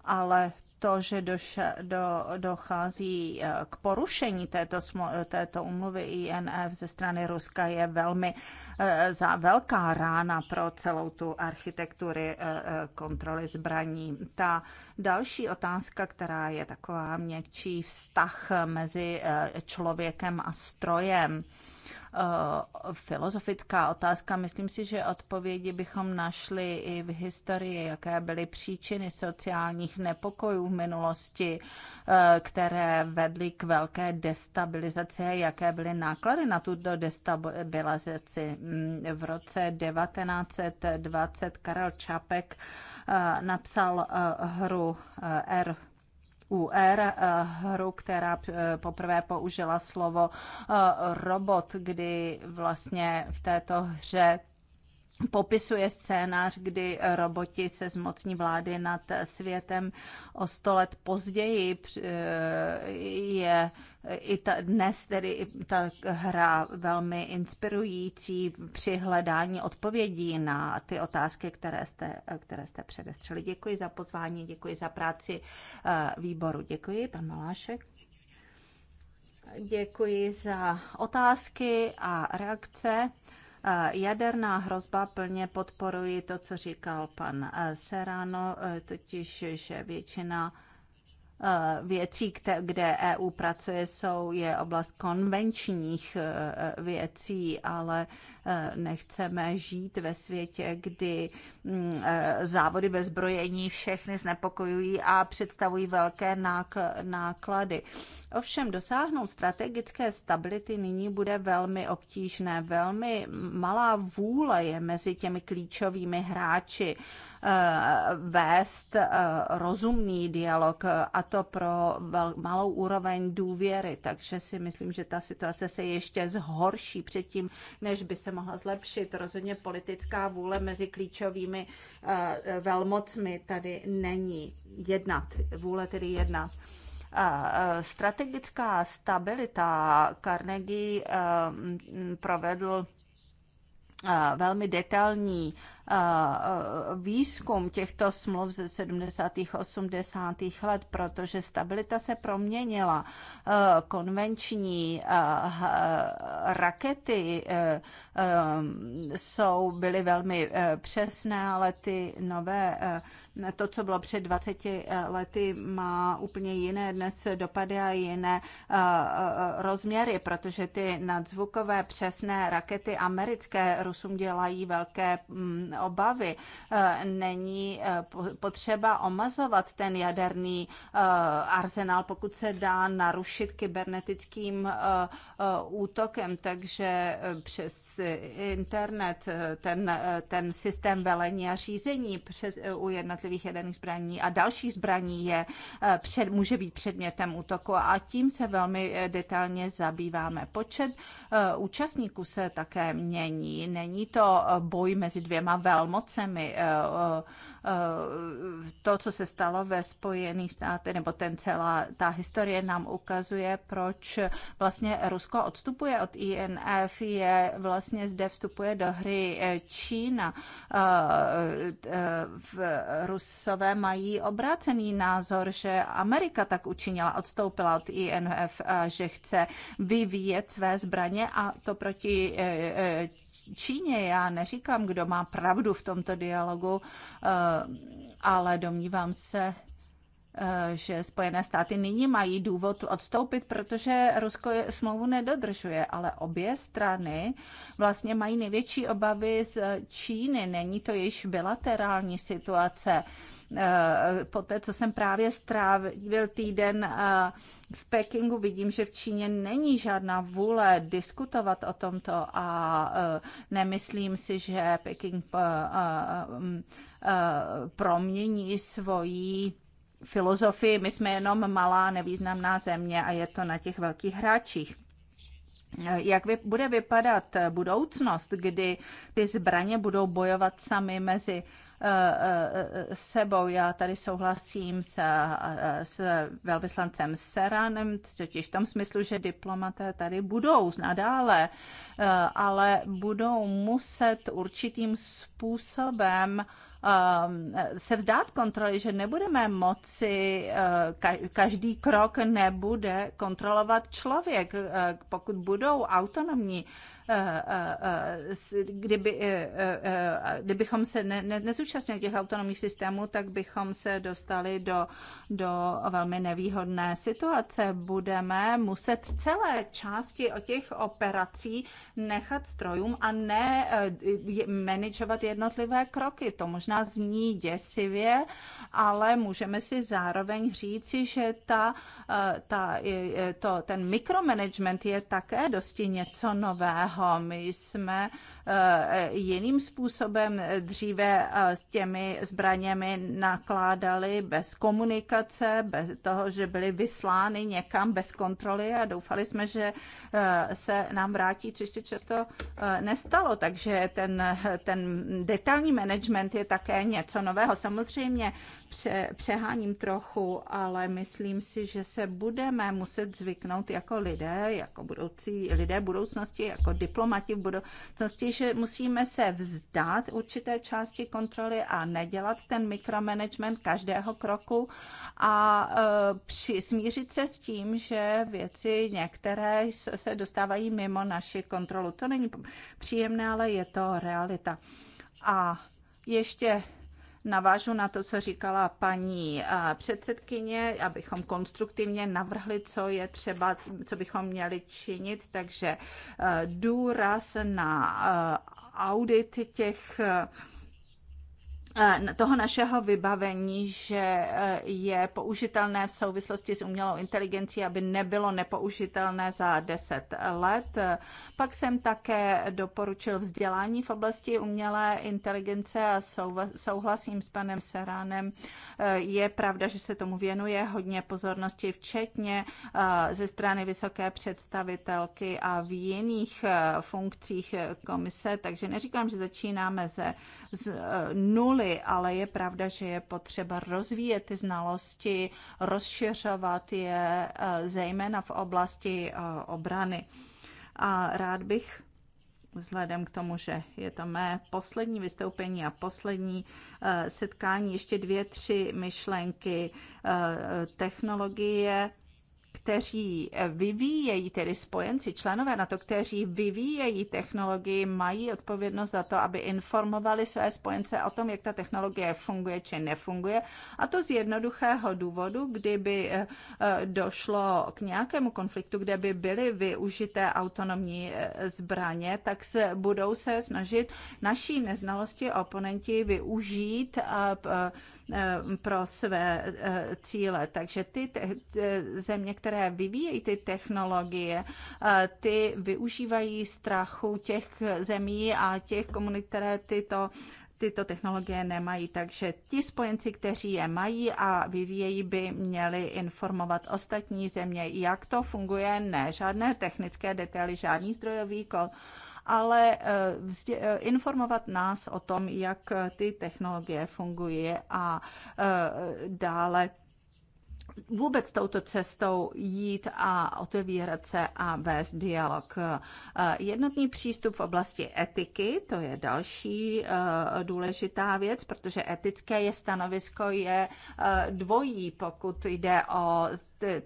Ale to, že doša, do, dochází eh, k porušení této, smo, této umluvy INF ze strany Ruska, je velmi eh, za velká rána pro celou tu architektury eh, kontroly zbraní. Ta další otázka, která je taková měkčí vztah mezi člověkem a strojem Eh, filozofická otázka. Myslím si, že odpovědi bychom našli i v historii, jaké byly příčiny sociálních nepokojů v minulosti, eh, které vedly k velké destabilizaci a jaké byly náklady na tuto destabilizaci. Mm, v roce 1920 Karel Čapek eh, napsal hru R UR, eh, hru, která eh, poprvé použila slovo eh, robot, kdy vlastně v této hře popisuje scénář, kdy roboti se zmocní vlády nad světem o sto let později je i ta, dnes tedy ta hra velmi inspirující při hledání odpovědí na ty otázky, které jste, které jste předestřeli. Děkuji za pozvání, děkuji za práci eh, výboru. Děkuji, pan Malášek. Děkuji za otázky a reakce. Eh, jaderná hrozba plně podporuji to, co říkal pan eh, Serano, totiž, že většina Eh, věcí, kde EU pracuje, jsou, je oblast konvenčních eh, eh, věcí, ale nechceme žít ve světě, kdy mm, závody ve zbrojení všechny znepokojují a představují velké náklady. Ovšem dosáhnout strategické stability nyní bude velmi obtížné. Velmi malá vůle je mezi těmi klíčovými hráči vést eh, rozumný dialog a to pro malou úroveň důvěry. Takže si myslím, že ta situace se ještě zhorší předtím, než by se mohla zlepšit. Rozhodně politická vůle mezi klíčovými eh, velmocmi tady není jednat, vůle tedy jednat. Eh, strategická stabilita Carnegie provedl velmi detailní výzkum těchto smluv ze 70. 80. let, protože stabilita se proměnila. Konvenční rakety e, e, jsou, byly velmi e, přesné, ale ty nové to, co bylo před 20 lety, má úplně jiné dnes dopady a jiné rozměry, protože ty nadzvukové přesné rakety americké Rusům dělají velké obavy. Eh, není eh, potřeba omazovat ten jaderný eh, arzenál, pokud se dá narušit kybernetickým útokem, takže přes internet ten, ten systém velení a řízení přes, u jednotlivých jaderných zbraní a dalších zbraní je, před, může být předmětem útoku a tím se velmi detailně zabýváme. Počet účastníků se také mění. Není to boj mezi dvěma velmocemi. Eh, eh, to, co se stalo ve Spojených státech, nebo ten celá ta historie nám ukazuje, proč vlastně Rusko odstupuje od INF, je vlastně zde vstupuje do hry eh, Čína. V Rusové mají obrácený názor, že Amerika tak učinila, odstoupila od INF, že chce vyvíjet své zbraně a to proti Číně. Já neříkám, kdo má pravdu v tomto dialogu, eh, ale domnívám se, Eh, že Spojené státy nyní mají důvod odstoupit, protože Rusko smlouvu nedodržuje, ale obě strany vlastně mají největší obavy z Číny. Není to již bilaterální situace. Eh, po té, co jsem právě strávil týden eh, v Pekingu, vidím, že v Číně není žádná vůle diskutovat o tomto a nemyslím si, že Peking mm, promění svoji filozofii, my jsme jenom malá nevýznamná země a je to na těch velkých hráčích. Jak vy, bude vypadat budoucnost, kdy ty zbraně budou bojovat sami mezi Eh, eh, eh, sebou. Já tady souhlasím s, s velvyslancem Seranem, totiž v tom smyslu, že diplomaté tady budou nadále, ale budou muset určitým způsobem se vzdát kontroly, že nebudeme moci, každý krok nebude kontrolovat člověk. Pokud budou autonomní Eh, eh, eh, kdyby, kdybychom se ne, ne, nezúčastnili těch autonomních systémů, tak bychom se dostali do, do velmi nevýhodné situace. Budeme muset celé části o těch operací nechat strojům a ne manažovat jednotlivé kroky. To možná zní děsivě, ale můžeme si zároveň říci, že ta, ta, to, ten mikromanagement je také dosti něco nového jiného. My jsme eh, jiným způsobem dříve eh, s těmi zbraněmi nakládali bez komunikace, bez toho, že byly vyslány někam bez kontroly a doufali jsme, že eh, se nám vrátí, což se často nestalo. Takže ten, ten detailní management je také něco nového. Samozřejmě pře, přeháním trochu, ale myslím si, že se budeme muset zvyknout jako lidé, jako budoucí lidé budoucnosti, jako diplomati v budoucnosti, že musíme se vzdát určité části kontroly a nedělat ten mikromanagement každého kroku a e, při, smířit se s tím, že věci některé se dostávají mimo naši kontrolu. To není příjemné, ale je to realita. A ještě navážu na to, co říkala paní předsedkyně, abychom konstruktivně navrhli, co je třeba, co bychom měli činit, takže důraz na audit těch Eh, toho našeho vybavení, že eh, je použitelné v souvislosti s umělou inteligencí, aby nebylo nepoužitelné za 10 let. Pak jsem také doporučil vzdělání v oblasti umělé inteligence a souhlasím s panem Seránem. Eh, je pravda, že se tomu věnuje hodně pozornosti, včetně ze strany vysoké představitelky a v jiných funkcích komise, takže neříkám, že začínáme ze z nuly, školy, ale je pravda, že je potřeba rozvíjet ty znalosti, rozšiřovat je eh, zejména v oblasti eh, obrany. A rád bych vzhledem k tomu, že je to mé poslední vystoupení a poslední eh, setkání, ještě dvě, tři myšlenky technologie kteří eh, vyvíjejí, tedy spojenci, členové na to, kteří vyvíjejí technologii, mají odpovědnost za to, aby informovali své spojence o tom, jak ta technologie funguje či nefunguje. A to z jednoduchého důvodu, kdyby eh, eh, došlo k nějakému konfliktu, kde by byly využité autonomní zbraně, tak se budou se snažit naší neznalosti oponenti využít Eh, pro své eh, cíle. Takže ty země, které vyvíjejí ty technologie, eh, ty využívají strachu těch zemí a těch komunit, které tyto tyto technologie nemají, takže ti spojenci, kteří je mají a vyvíjejí, by měli informovat ostatní země, jak to funguje, ne žádné technické detaily, žádný zdrojový kód ale eh, eh, informovat nás o tom, jak eh, ty technologie fungují a dále vůbec touto cestou jít a otevírat se a vést dialog. Jednotný přístup v oblasti etiky, to je další důležitá věc, protože etické je stanovisko je dvojí, pokud jde o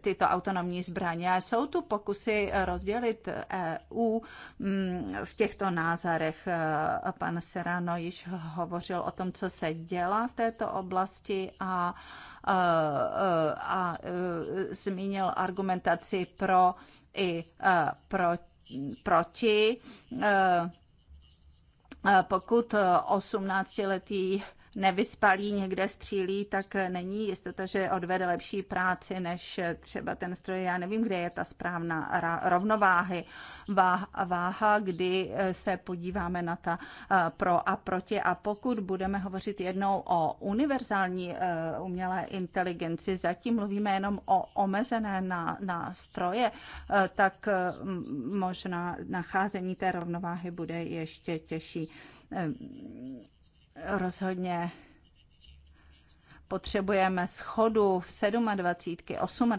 tyto autonomní zbraně. A jsou tu pokusy rozdělit EU mm, v těchto názorech. E, pan Serano již hovořil o tom, co se dělá v této oblasti a e, e, a, a, a zmínil argumentaci pro i a, pro, proti. A, pokud 18-letý nevyspalí někde střílí, tak není jistota, že odvede lepší práci než třeba ten stroj. Já nevím, kde je ta správná rovnováhy, váha, kdy eh, se podíváme na ta eh, pro a proti. A pokud budeme hovořit jednou o univerzální eh, umělé inteligenci, zatím mluvíme jenom o omezené nástroje, tak možná nacházení té rovnováhy bude ještě těžší rozhodně potřebujeme schodu 27, 28,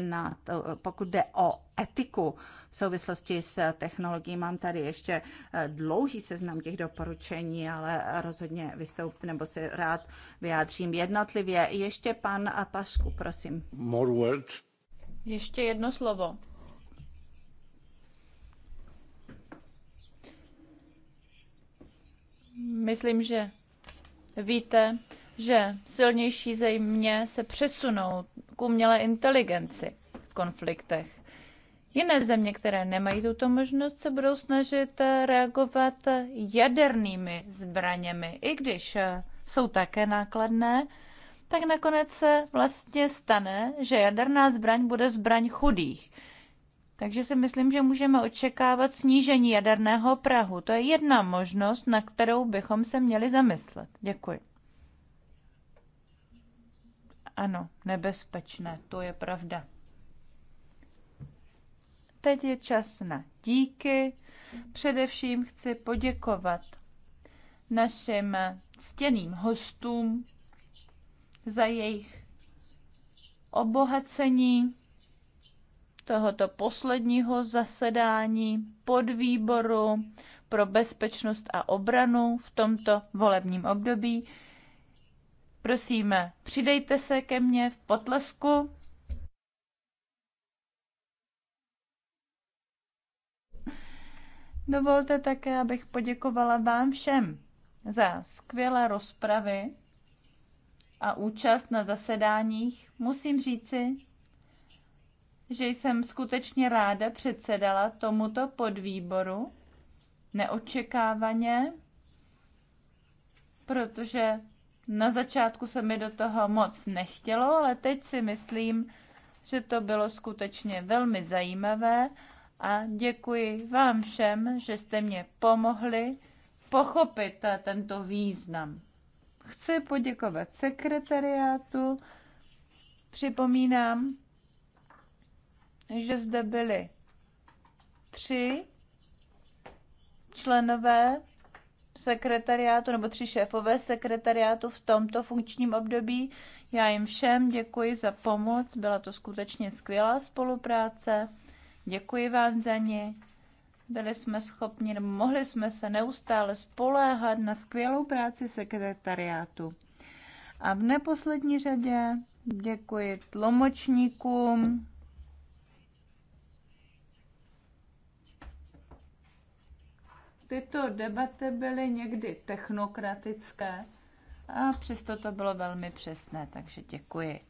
na to, pokud jde o etiku v souvislosti s technologií. Mám tady ještě eh, dlouhý seznam těch doporučení, ale rozhodně vystoupím nebo se rád vyjádřím jednotlivě. Ještě pan Pašku, prosím. More word. Ještě jedno slovo. Myslím, že víte, že silnější země se přesunou k umělé inteligenci v konfliktech. Jiné země, které nemají tuto možnost, se budou snažit reagovat jadernými zbraněmi, i když jsou také nákladné, tak nakonec se vlastně stane, že jaderná zbraň bude zbraň chudých. Takže si myslím, že můžeme očekávat snížení jaderného prahu. To je jedna možnost, na kterou bychom se měli zamyslet. Děkuji. Ano, nebezpečné, to je pravda. Teď je čas na díky. Především chci poděkovat našim ctěným hostům za jejich obohacení tohoto posledního zasedání podvýboru pro bezpečnost a obranu v tomto volebním období. prosíme, přidejte se ke mně v potlesku. Dovolte také, abych poděkovala vám všem za skvělé rozpravy a účast na zasedáních. Musím říci, že jsem skutečně ráda předsedala tomuto podvýboru neočekávaně, protože na začátku se mi do toho moc nechtělo, ale teď si myslím, že to bylo skutečně velmi zajímavé a děkuji vám všem, že jste mě pomohli pochopit tento význam. Chci poděkovat sekretariátu, připomínám, že zde byli tři členové sekretariátu, nebo tři šéfové sekretariátu v tomto funkčním období. Já jim všem děkuji za pomoc, byla to skutečně skvělá spolupráce. Děkuji vám za ně. Byli jsme schopni, nebo mohli jsme se neustále spoléhat na skvělou práci sekretariátu. A v neposlední řadě děkuji tlumočníkům, Tyto debaty byly někdy technokratické a přesto to bylo velmi přesné, takže děkuji.